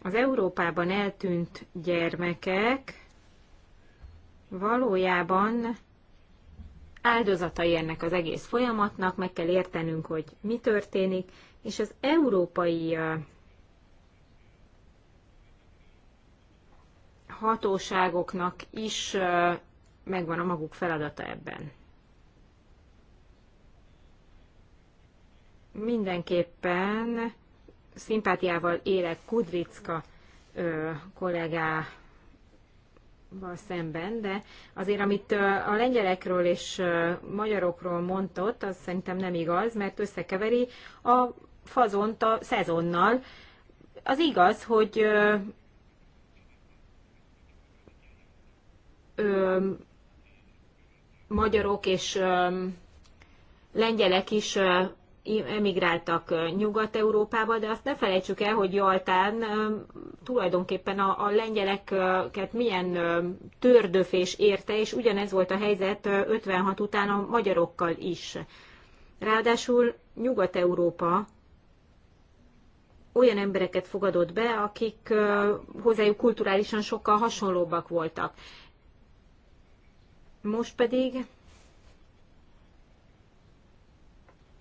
az Európában eltűnt gyermekek valójában áldozatai ennek az egész folyamatnak, meg kell értenünk, hogy mi történik, és az európai hatóságoknak is megvan a maguk feladata ebben. Mindenképpen szimpátiával élek Kudricka kollégával szemben, de azért, amit a lengyelekről és magyarokról mondott, az szerintem nem igaz, mert összekeveri a fazont a szezonnal. Az igaz, hogy ö, ö, magyarok és ö, lengyelek is emigráltak Nyugat-Európába, de azt ne felejtsük el, hogy Jaltán tulajdonképpen a, a lengyeleket milyen tördöfés érte, és ugyanez volt a helyzet 56 után a magyarokkal is. Ráadásul Nyugat-Európa olyan embereket fogadott be, akik hozzájuk kulturálisan sokkal hasonlóbbak voltak. Most pedig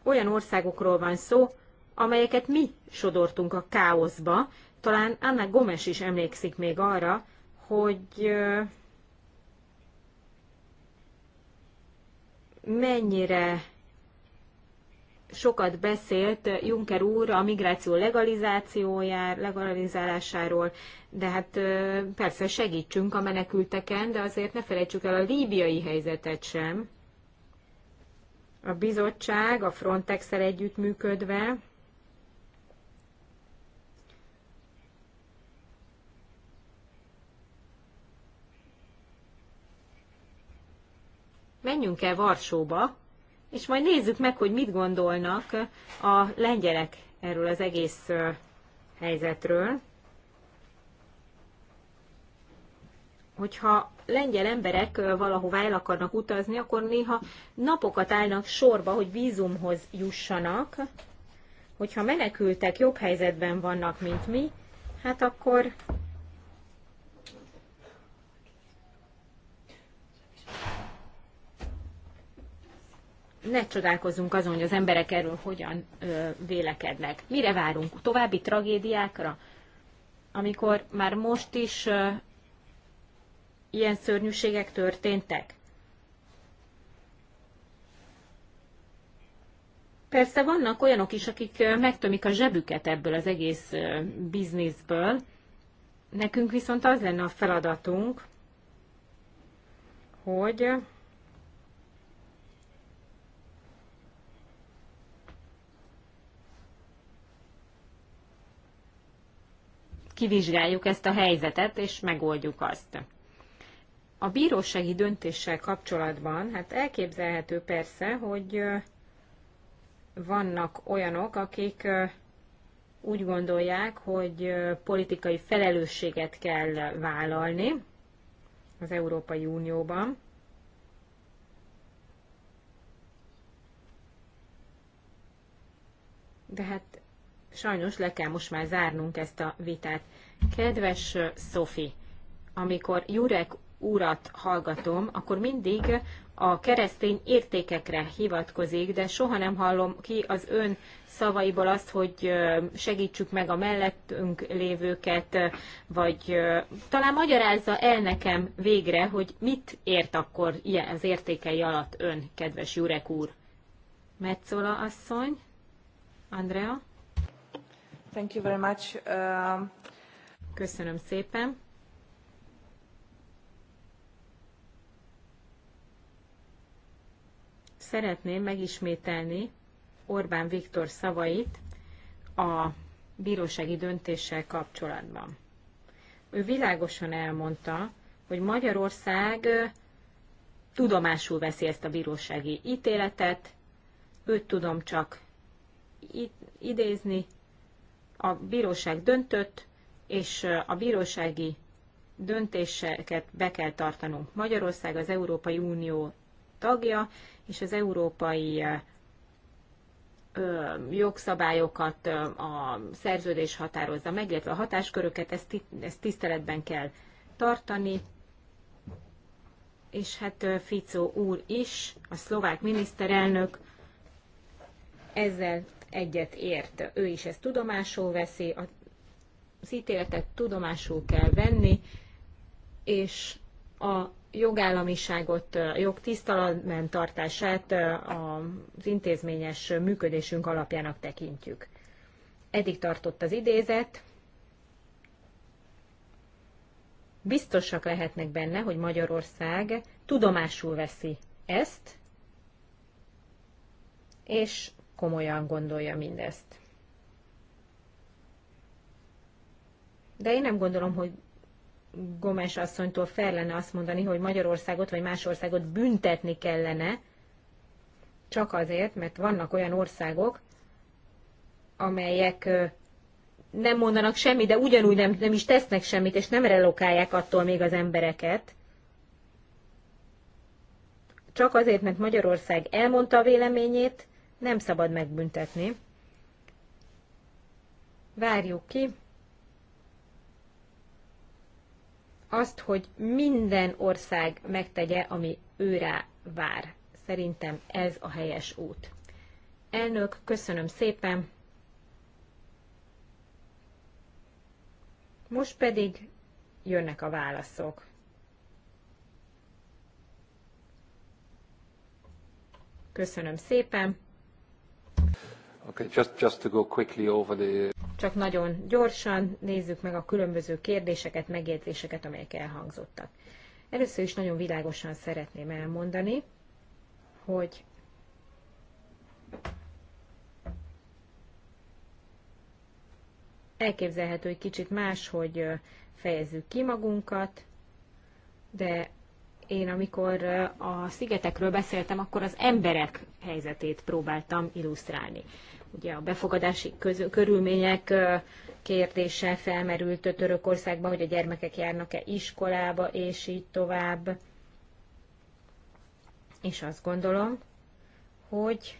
olyan országokról van szó, amelyeket mi sodortunk a káoszba. Talán Anna Gomes is emlékszik még arra, hogy mennyire sokat beszélt Juncker úr a migráció legalizációjáról, legalizálásáról, de hát persze segítsünk a menekülteken, de azért ne felejtsük el a líbiai helyzetet sem, a bizottság a Frontex-el együttműködve menjünk el Varsóba, és majd nézzük meg, hogy mit gondolnak a lengyelek erről az egész helyzetről. hogyha lengyel emberek valahová el akarnak utazni, akkor néha napokat állnak sorba, hogy vízumhoz jussanak. Hogyha menekültek jobb helyzetben vannak, mint mi, hát akkor ne csodálkozzunk azon, hogy az emberek erről hogyan ö, vélekednek. Mire várunk? További tragédiákra? Amikor már most is ö, ilyen szörnyűségek történtek? Persze vannak olyanok is, akik megtömik a zsebüket ebből az egész bizniszből. Nekünk viszont az lenne a feladatunk, hogy kivizsgáljuk ezt a helyzetet, és megoldjuk azt. A bírósági döntéssel kapcsolatban, hát elképzelhető persze, hogy vannak olyanok, akik úgy gondolják, hogy politikai felelősséget kell vállalni az Európai Unióban. De hát sajnos le kell most már zárnunk ezt a vitát. Kedves Szofi, amikor Jurek úrat hallgatom, akkor mindig a keresztény értékekre hivatkozik, de soha nem hallom ki az ön szavaiból azt, hogy segítsük meg a mellettünk lévőket, vagy talán magyarázza el nekem végre, hogy mit ért akkor az értékei alatt ön, kedves Jurek úr. Metzola asszony, Andrea. Thank you very much. Uh... Köszönöm szépen. szeretném megismételni Orbán Viktor szavait a bírósági döntéssel kapcsolatban. Ő világosan elmondta, hogy Magyarország tudomásul veszi ezt a bírósági ítéletet, őt tudom csak idézni, a bíróság döntött, és a bírósági döntéseket be kell tartanunk. Magyarország az Európai Unió tagja, és az európai jogszabályokat a szerződés határozza meg, illetve a hatásköröket, ezt tiszteletben kell tartani. És hát Fico úr is, a szlovák miniszterelnök ezzel egyet ért. Ő is ezt tudomásul veszi, az ítéletet tudomásul kell venni, és a jogállamiságot, jogtisztalatmen tartását az intézményes működésünk alapjának tekintjük. Eddig tartott az idézet. Biztosak lehetnek benne, hogy Magyarország tudomásul veszi ezt, és komolyan gondolja mindezt. De én nem gondolom, hogy Gomes asszonytól fel lenne azt mondani, hogy Magyarországot vagy más országot büntetni kellene, csak azért, mert vannak olyan országok, amelyek nem mondanak semmit, de ugyanúgy nem, nem is tesznek semmit, és nem relokálják attól még az embereket. Csak azért, mert Magyarország elmondta a véleményét, nem szabad megbüntetni. Várjuk ki azt, hogy minden ország megtegye, ami őrá vár. Szerintem ez a helyes út. Elnök, köszönöm szépen! Most pedig jönnek a válaszok. Köszönöm szépen! Okay, just, just to go quickly over the csak nagyon gyorsan nézzük meg a különböző kérdéseket, megjegyzéseket, amelyek elhangzottak. Először is nagyon világosan szeretném elmondani, hogy elképzelhető, hogy kicsit más, hogy fejezzük ki magunkat, de én amikor a szigetekről beszéltem, akkor az emberek helyzetét próbáltam illusztrálni. Ugye a befogadási közül, körülmények kérdése felmerült Törökországban, hogy a gyermekek járnak-e iskolába, és így tovább. És azt gondolom, hogy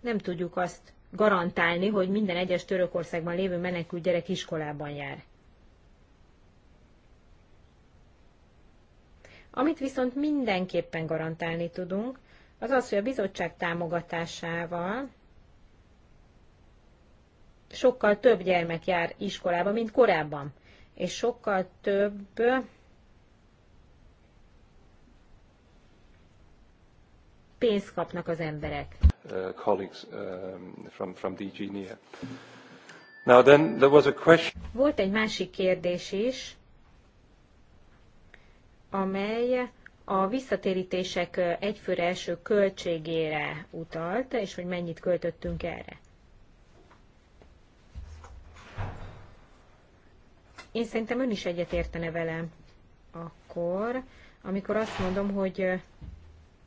nem tudjuk azt garantálni, hogy minden egyes Törökországban lévő menekült gyerek iskolában jár. Amit viszont mindenképpen garantálni tudunk, az az, hogy a bizottság támogatásával sokkal több gyermek jár iskolába, mint korábban, és sokkal több pénzt kapnak az emberek. Uh, colleagues um, from, from DG Now then, there was a question. Volt egy másik kérdés is amely a visszatérítések egyfőre első költségére utalt, és hogy mennyit költöttünk erre. Én szerintem ön is egyetértene velem akkor, amikor azt mondom, hogy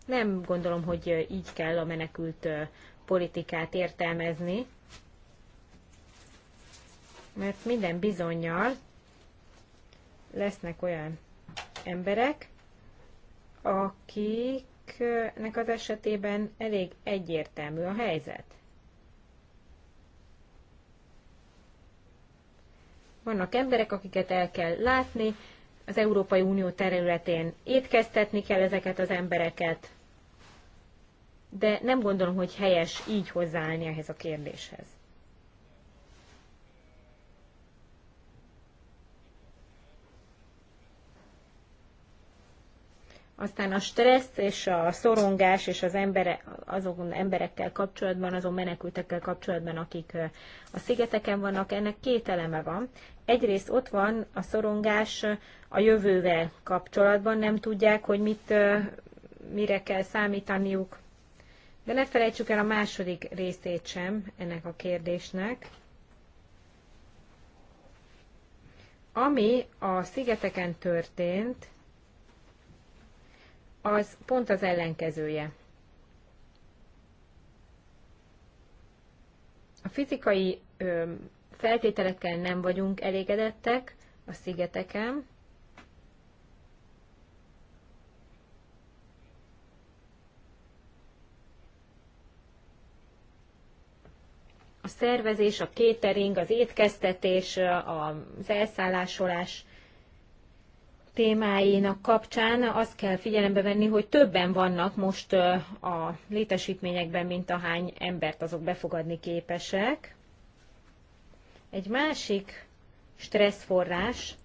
nem gondolom, hogy így kell a menekült politikát értelmezni, mert minden bizonyal lesznek olyan emberek, akiknek az esetében elég egyértelmű a helyzet. Vannak emberek, akiket el kell látni, az Európai Unió területén étkeztetni kell ezeket az embereket, de nem gondolom, hogy helyes így hozzáállni ehhez a kérdéshez. Aztán a stressz és a szorongás és az embere, azon emberekkel kapcsolatban, azon menekültekkel kapcsolatban, akik a szigeteken vannak, ennek két eleme van. Egyrészt ott van a szorongás a jövővel kapcsolatban, nem tudják, hogy mit, mire kell számítaniuk. De ne felejtsük el a második részét sem ennek a kérdésnek, ami a szigeteken történt, az pont az ellenkezője. A fizikai feltételekkel nem vagyunk elégedettek a szigeteken, a szervezés, a kétering, az étkeztetés, az elszállásolás témáinak kapcsán azt kell figyelembe venni, hogy többen vannak most a létesítményekben, mint ahány embert azok befogadni képesek. Egy másik stresszforrás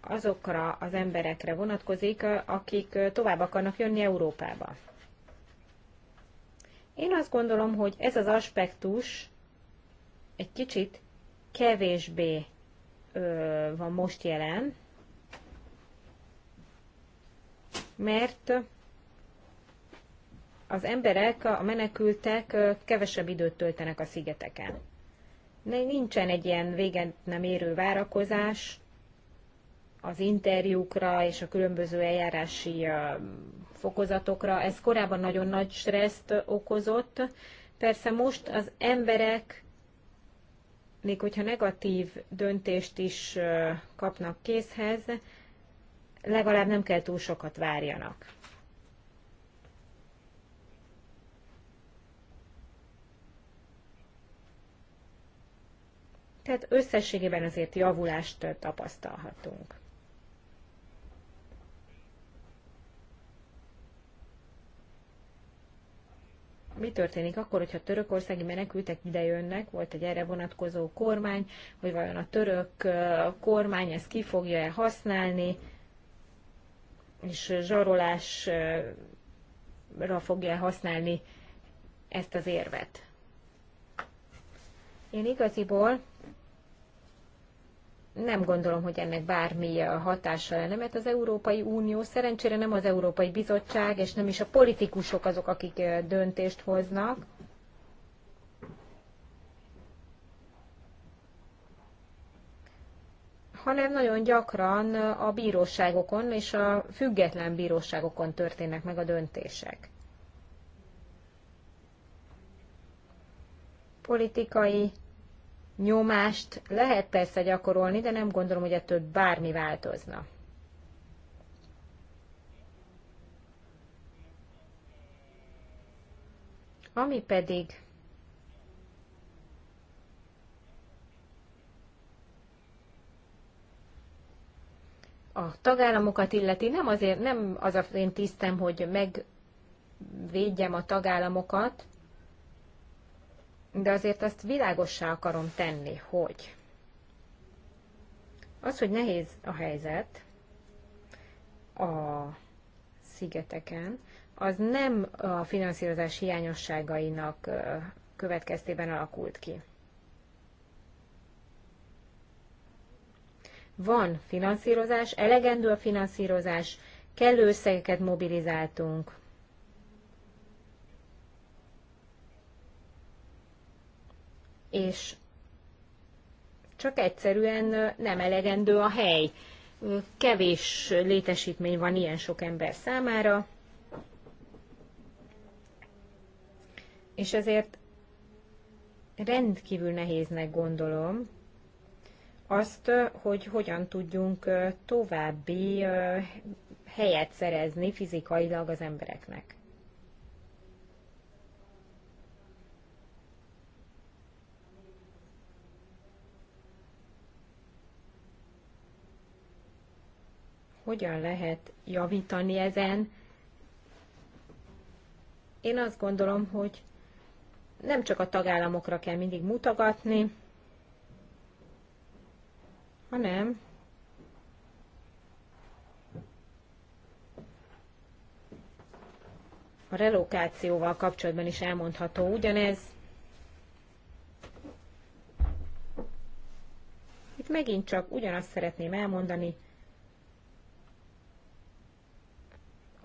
azokra az emberekre vonatkozik, akik tovább akarnak jönni Európába. Én azt gondolom, hogy ez az aspektus egy kicsit kevésbé van most jelen, mert az emberek, a menekültek kevesebb időt töltenek a szigeteken. Nincsen egy ilyen véget nem érő várakozás az interjúkra és a különböző eljárási fokozatokra. Ez korábban nagyon nagy stresszt okozott. Persze most az emberek még hogyha negatív döntést is kapnak készhez, legalább nem kell túl sokat várjanak. Tehát összességében azért javulást tapasztalhatunk. mi történik akkor, hogyha törökországi menekültek jönnek, volt egy erre vonatkozó kormány, hogy vajon a török kormány ezt ki fogja-e használni, és zsarolásra fogja használni ezt az érvet. Én igaziból nem gondolom, hogy ennek bármi hatása lenne, mert az Európai Unió szerencsére nem az Európai Bizottság, és nem is a politikusok azok, akik döntést hoznak. hanem nagyon gyakran a bíróságokon és a független bíróságokon történnek meg a döntések. Politikai nyomást lehet persze gyakorolni, de nem gondolom, hogy ettől bármi változna. Ami pedig a tagállamokat illeti, nem azért, nem az a én tisztem, hogy megvédjem a tagállamokat, de azért azt világossá akarom tenni, hogy az, hogy nehéz a helyzet a szigeteken, az nem a finanszírozás hiányosságainak következtében alakult ki. Van finanszírozás, elegendő a finanszírozás, kellő összegeket mobilizáltunk, és csak egyszerűen nem elegendő a hely. Kevés létesítmény van ilyen sok ember számára, és ezért rendkívül nehéznek gondolom azt, hogy hogyan tudjunk további helyet szerezni fizikailag az embereknek. hogyan lehet javítani ezen. Én azt gondolom, hogy nem csak a tagállamokra kell mindig mutogatni, hanem a relokációval kapcsolatban is elmondható ugyanez. Itt megint csak ugyanazt szeretném elmondani,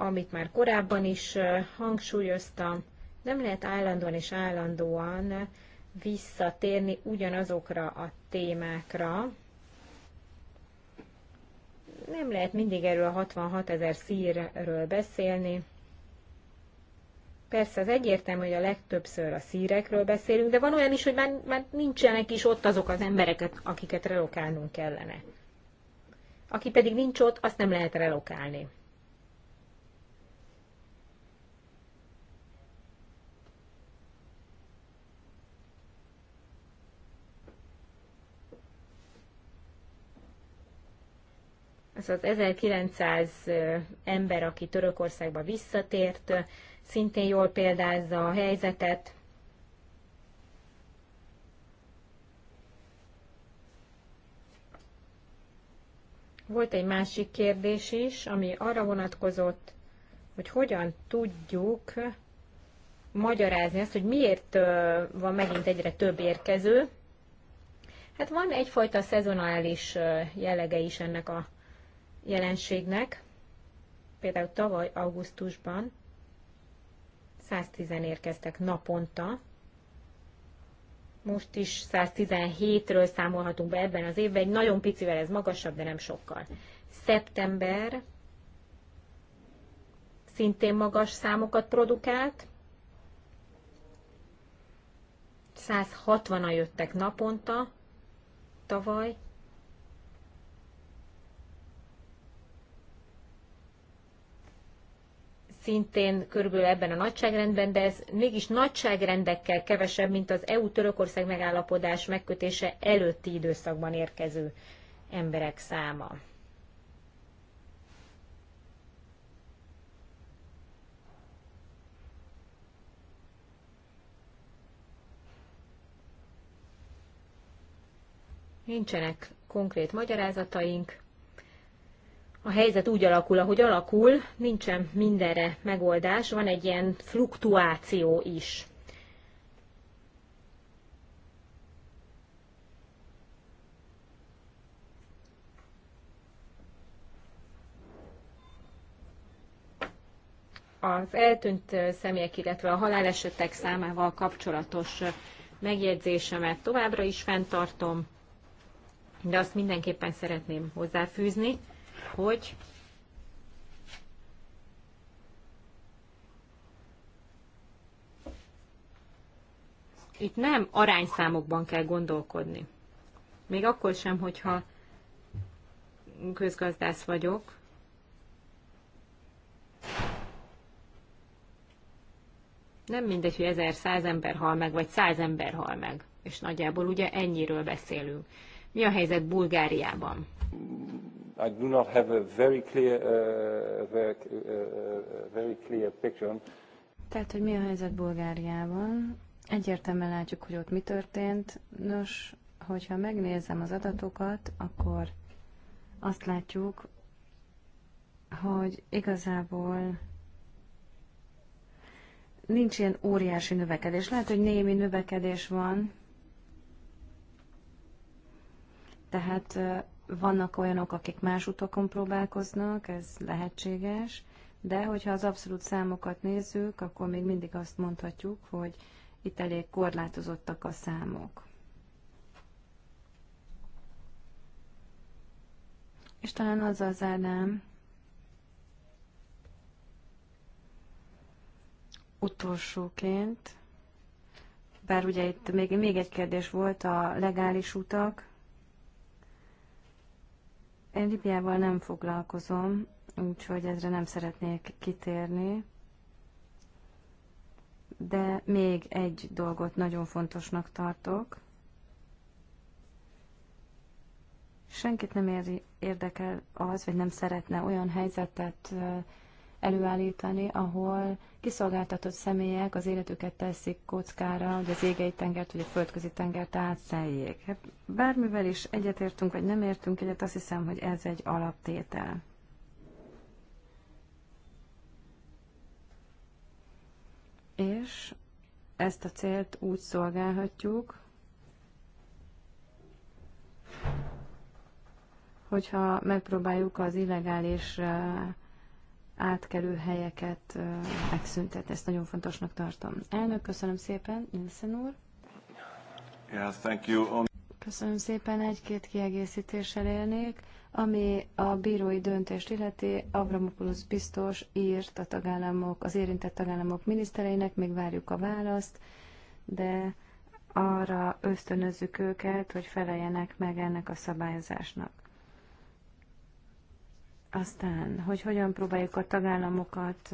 amit már korábban is hangsúlyoztam, nem lehet állandóan és állandóan visszatérni ugyanazokra a témákra. Nem lehet mindig erről a 66 ezer szírről beszélni. Persze az egyértelmű, hogy a legtöbbször a szírekről beszélünk, de van olyan is, hogy már, már nincsenek is ott azok az embereket, akiket relokálnunk kellene. Aki pedig nincs ott, azt nem lehet relokálni. az az 1900 ember, aki Törökországba visszatért, szintén jól példázza a helyzetet. Volt egy másik kérdés is, ami arra vonatkozott, hogy hogyan tudjuk magyarázni azt, hogy miért van megint egyre több érkező. Hát van egyfajta szezonális jellege is ennek a jelenségnek. Például tavaly augusztusban 110 érkeztek naponta, most is 117-ről számolhatunk be ebben az évben, egy nagyon picivel ez magasabb, de nem sokkal. Szeptember szintén magas számokat produkált, 160-an jöttek naponta tavaly, szintén körülbelül ebben a nagyságrendben, de ez mégis nagyságrendekkel kevesebb, mint az EU-Törökország megállapodás megkötése előtti időszakban érkező emberek száma. Nincsenek konkrét magyarázataink a helyzet úgy alakul, ahogy alakul, nincsen mindenre megoldás, van egy ilyen fluktuáció is. az eltűnt személyek, illetve a halálesetek számával kapcsolatos megjegyzésemet továbbra is fenntartom, de azt mindenképpen szeretném hozzáfűzni, hogy itt nem arányszámokban kell gondolkodni. Még akkor sem, hogyha közgazdász vagyok. Nem mindegy, hogy ezer száz ember hal meg, vagy száz ember hal meg. És nagyjából ugye ennyiről beszélünk. Mi a helyzet Bulgáriában? I do not have a very clear, uh, very, uh, very clear picture. Tehát, hogy mi a helyzet Bulgáriában? Egyértelműen látjuk, hogy ott mi történt. Nos, hogyha megnézem az adatokat, akkor azt látjuk, hogy igazából nincs ilyen óriási növekedés. Lehet, hogy némi növekedés van, tehát vannak olyanok, akik más utakon próbálkoznak, ez lehetséges, de hogyha az abszolút számokat nézzük, akkor még mindig azt mondhatjuk, hogy itt elég korlátozottak a számok. És talán azzal zárnám, utolsóként, bár ugye itt még, még egy kérdés volt, a legális utak. Én Libiával nem foglalkozom, úgyhogy ezre nem szeretnék kitérni. De még egy dolgot nagyon fontosnak tartok. Senkit nem érdekel az, vagy nem szeretne olyan helyzetet előállítani, ahol kiszolgáltatott személyek az életüket teszik kockára, hogy az égei tengert vagy a földközi tengert átszeljék. Hát bármivel is egyetértünk vagy nem értünk egyet, azt hiszem, hogy ez egy alaptétel. És ezt a célt úgy szolgálhatjuk, hogyha megpróbáljuk az illegális eh, átkelő helyeket megszüntet. Ezt nagyon fontosnak tartom. Elnök, köszönöm szépen, Nielsen úr. Yeah, thank you. Um, köszönöm szépen, egy-két kiegészítéssel élnék. Ami a bírói döntést illeti, Avramopoulos biztos írt a tagállamok, az érintett tagállamok minisztereinek, még várjuk a választ, de arra ösztönözzük őket, hogy feleljenek meg ennek a szabályozásnak. Aztán, hogy hogyan próbáljuk a tagállamokat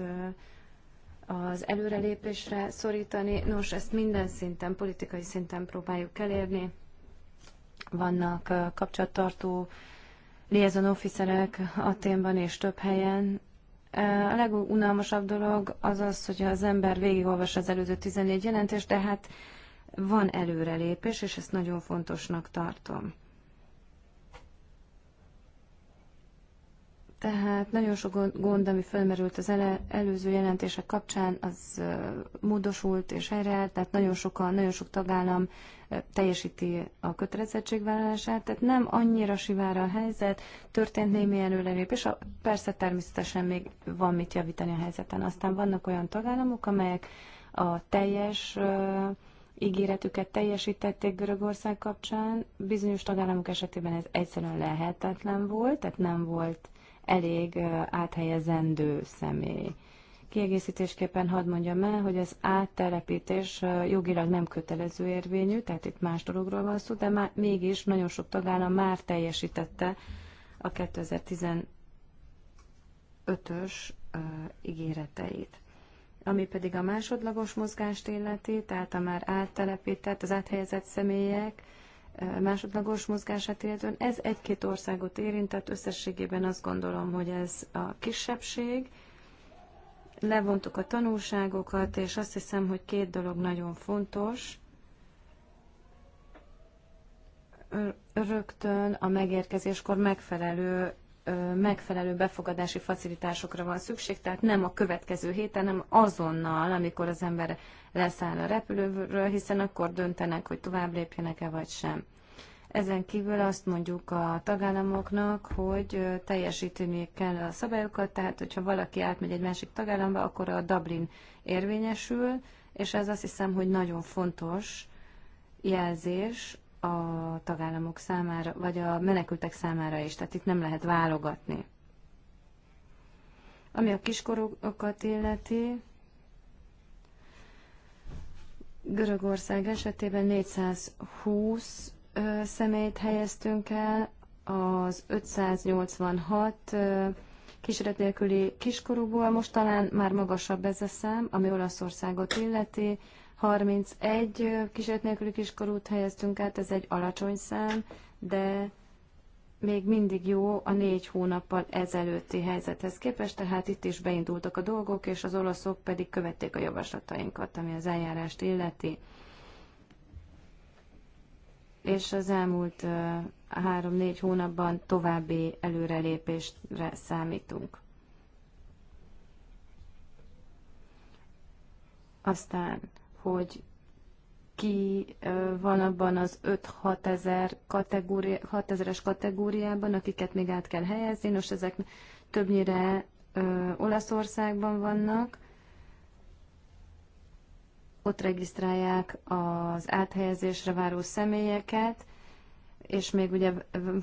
az előrelépésre szorítani. Nos, ezt minden szinten, politikai szinten próbáljuk elérni. Vannak kapcsolattartó liaison officerek Aténban és több helyen. A legunalmasabb dolog az az, hogy az ember végigolvas az előző 14 jelentést, de hát van előrelépés, és ezt nagyon fontosnak tartom. Tehát nagyon sok gond, ami felmerült az ele, előző jelentések kapcsán, az módosult és helyreállt, tehát nagyon, sokan, nagyon sok tagállam teljesíti a kötelezettségvállalását, tehát nem annyira sivára a helyzet, történt némi előrelépés, persze természetesen még van mit javítani a helyzeten. Aztán vannak olyan tagállamok, amelyek a teljes ígéretüket teljesítették Görögország kapcsán. Bizonyos tagállamok esetében ez egyszerűen lehetetlen volt, tehát nem volt elég áthelyezendő személy. Kiegészítésképpen hadd mondjam el, hogy az áttelepítés jogilag nem kötelező érvényű, tehát itt más dologról van szó, de már, mégis nagyon sok tagállam már teljesítette a 2015-ös ígéreteit. Ami pedig a másodlagos mozgást illeti, tehát a már áttelepített, az áthelyezett személyek, másodlagos mozgását illetően. Ez egy-két országot érintett, összességében azt gondolom, hogy ez a kisebbség. Levontuk a tanulságokat, és azt hiszem, hogy két dolog nagyon fontos. Rögtön a megérkezéskor megfelelő megfelelő befogadási facilitásokra van szükség, tehát nem a következő héten, hanem azonnal, amikor az ember leszáll a repülőről, hiszen akkor döntenek, hogy tovább lépjenek-e vagy sem. Ezen kívül azt mondjuk a tagállamoknak, hogy teljesíteni kell a szabályokat, tehát hogyha valaki átmegy egy másik tagállamba, akkor a Dublin érvényesül, és ez azt hiszem, hogy nagyon fontos jelzés a tagállamok számára, vagy a menekültek számára is, tehát itt nem lehet válogatni. Ami a kiskorokat illeti, Görögország esetében 420 személyt helyeztünk el, az 586 kísérlet nélküli kiskorúból, most talán már magasabb ez a szám, ami Olaszországot illeti, 31 kísérlet nélküli kiskorút helyeztünk át, ez egy alacsony szám, de még mindig jó a négy hónappal ezelőtti helyzethez képest, tehát itt is beindultak a dolgok, és az olaszok pedig követték a javaslatainkat, ami az eljárást illeti és az elmúlt három-négy hónapban további előrelépésre számítunk. Aztán, hogy ki van abban az 5-6 ezer kategóri, ezeres kategóriában, akiket még át kell helyezni. Nos, ezek többnyire uh, Olaszországban vannak, ott regisztrálják az áthelyezésre váró személyeket, és még ugye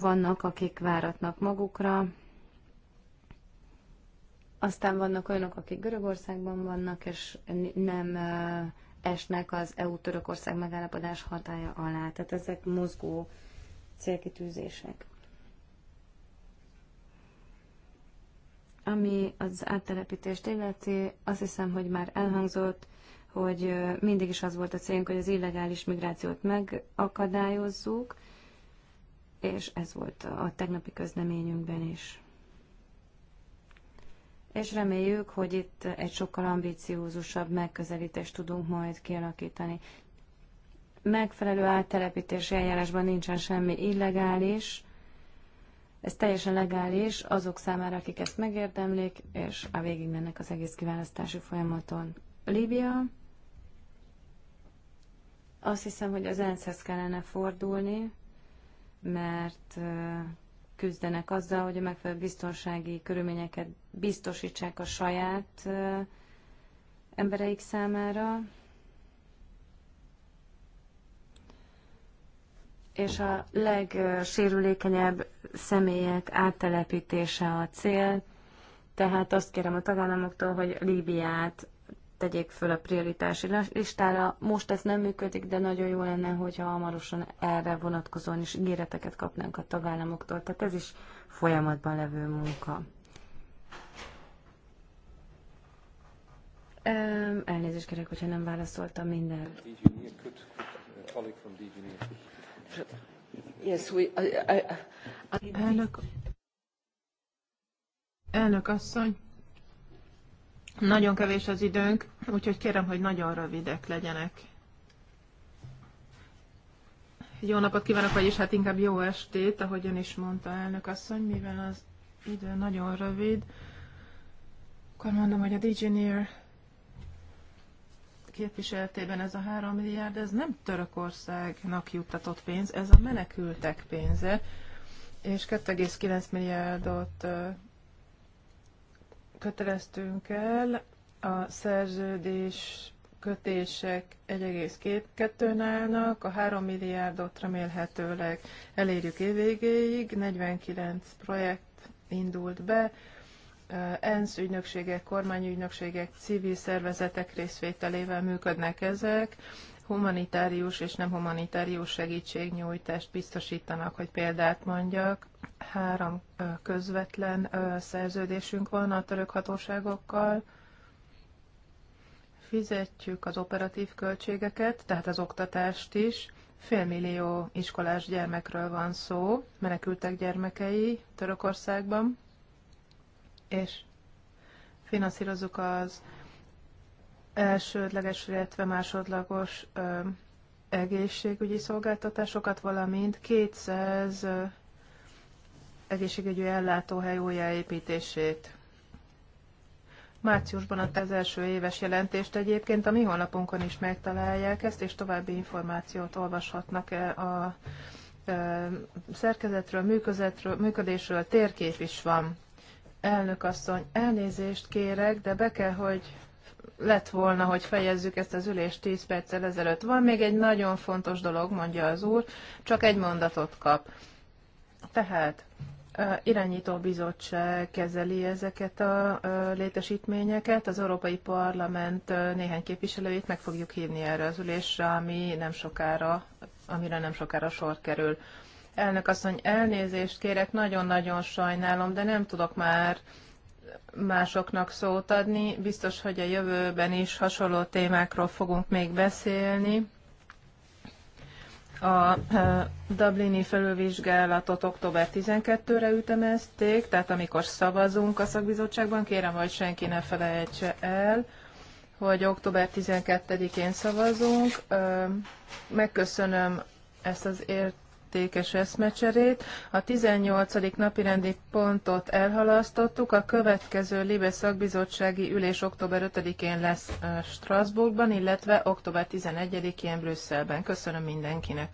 vannak, akik váratnak magukra. Aztán vannak olyanok, akik Görögországban vannak, és nem esnek az EU-Törökország megállapodás hatája alá. Tehát ezek mozgó célkitűzések. Ami az áttelepítést illeti, azt hiszem, hogy már elhangzott, hogy mindig is az volt a célunk, hogy az illegális migrációt megakadályozzuk, és ez volt a tegnapi közleményünkben is. És reméljük, hogy itt egy sokkal ambiciózusabb megközelítést tudunk majd kialakítani. Megfelelő áttelepítési eljárásban nincsen semmi illegális, ez teljesen legális azok számára, akik ezt megérdemlik, és a végig mennek az egész kiválasztási folyamaton. Líbia azt hiszem, hogy az ENSZ-hez kellene fordulni, mert küzdenek azzal, hogy a megfelelő biztonsági körülményeket biztosítsák a saját embereik számára. És a legsérülékenyebb személyek áttelepítése a cél, tehát azt kérem a tagállamoktól, hogy Líbiát tegyék föl a prioritási listára. Most ez nem működik, de nagyon jó lenne, hogyha hamarosan erre vonatkozóan is ígéreteket kapnánk a tagállamoktól. Tehát ez is folyamatban levő munka. Elnézést kérek, hogyha nem válaszoltam minden. Yes, we, I, I, I... Elnök, elnök asszony, nagyon kevés az időnk, úgyhogy kérem, hogy nagyon rövidek legyenek. Jó napot kívánok, vagyis hát inkább jó estét, ahogy ön is mondta elnök asszony, mivel az idő nagyon rövid. Akkor mondom, hogy a Digineer képviseletében ez a 3 milliárd, ez nem Törökországnak juttatott pénz, ez a menekültek pénze, és 2,9 milliárdot köteleztünk el a szerződés kötések 1,2-n állnak, a 3 milliárdot remélhetőleg elérjük évvégéig, 49 projekt indult be, ENSZ ügynökségek, kormányügynökségek, civil szervezetek részvételével működnek ezek humanitárius és nem humanitárius segítségnyújtást biztosítanak, hogy példát mondjak. Három közvetlen szerződésünk van a török hatóságokkal, fizetjük az operatív költségeket, tehát az oktatást is. Félmillió iskolás gyermekről van szó, menekültek gyermekei Törökországban, és finanszírozzuk az elsődleges, illetve másodlagos egészségügyi szolgáltatásokat, valamint 200 egészségügyi ellátóhely újjáépítését. Márciusban adta az első éves jelentést egyébként, a mi honlapunkon is megtalálják ezt, és további információt olvashatnak -e a szerkezetről, működésről, működésről, térkép is van. Elnök asszony, elnézést kérek, de be kell, hogy lett volna, hogy fejezzük ezt az ülést 10 perccel ezelőtt. Van még egy nagyon fontos dolog, mondja az úr, csak egy mondatot kap. Tehát irányító bizottság kezeli ezeket a létesítményeket. Az Európai Parlament néhány képviselőjét meg fogjuk hívni erre az ülésre, ami nem sokára, amire nem sokára sor kerül. Elnök asszony, elnézést kérek, nagyon-nagyon sajnálom, de nem tudok már másoknak szót adni. Biztos, hogy a jövőben is hasonló témákról fogunk még beszélni. A e, Dublini felülvizsgálatot október 12-re ütemezték, tehát amikor szavazunk a szakbizottságban, kérem, hogy senki ne felejtse el, hogy október 12-én szavazunk. E, megköszönöm ezt az ért értékes eszmecserét. A 18. napirendi pontot elhalasztottuk, a következő Libe szakbizottsági ülés október 5-én lesz Strasbourgban, illetve október 11-én Brüsszelben. Köszönöm mindenkinek!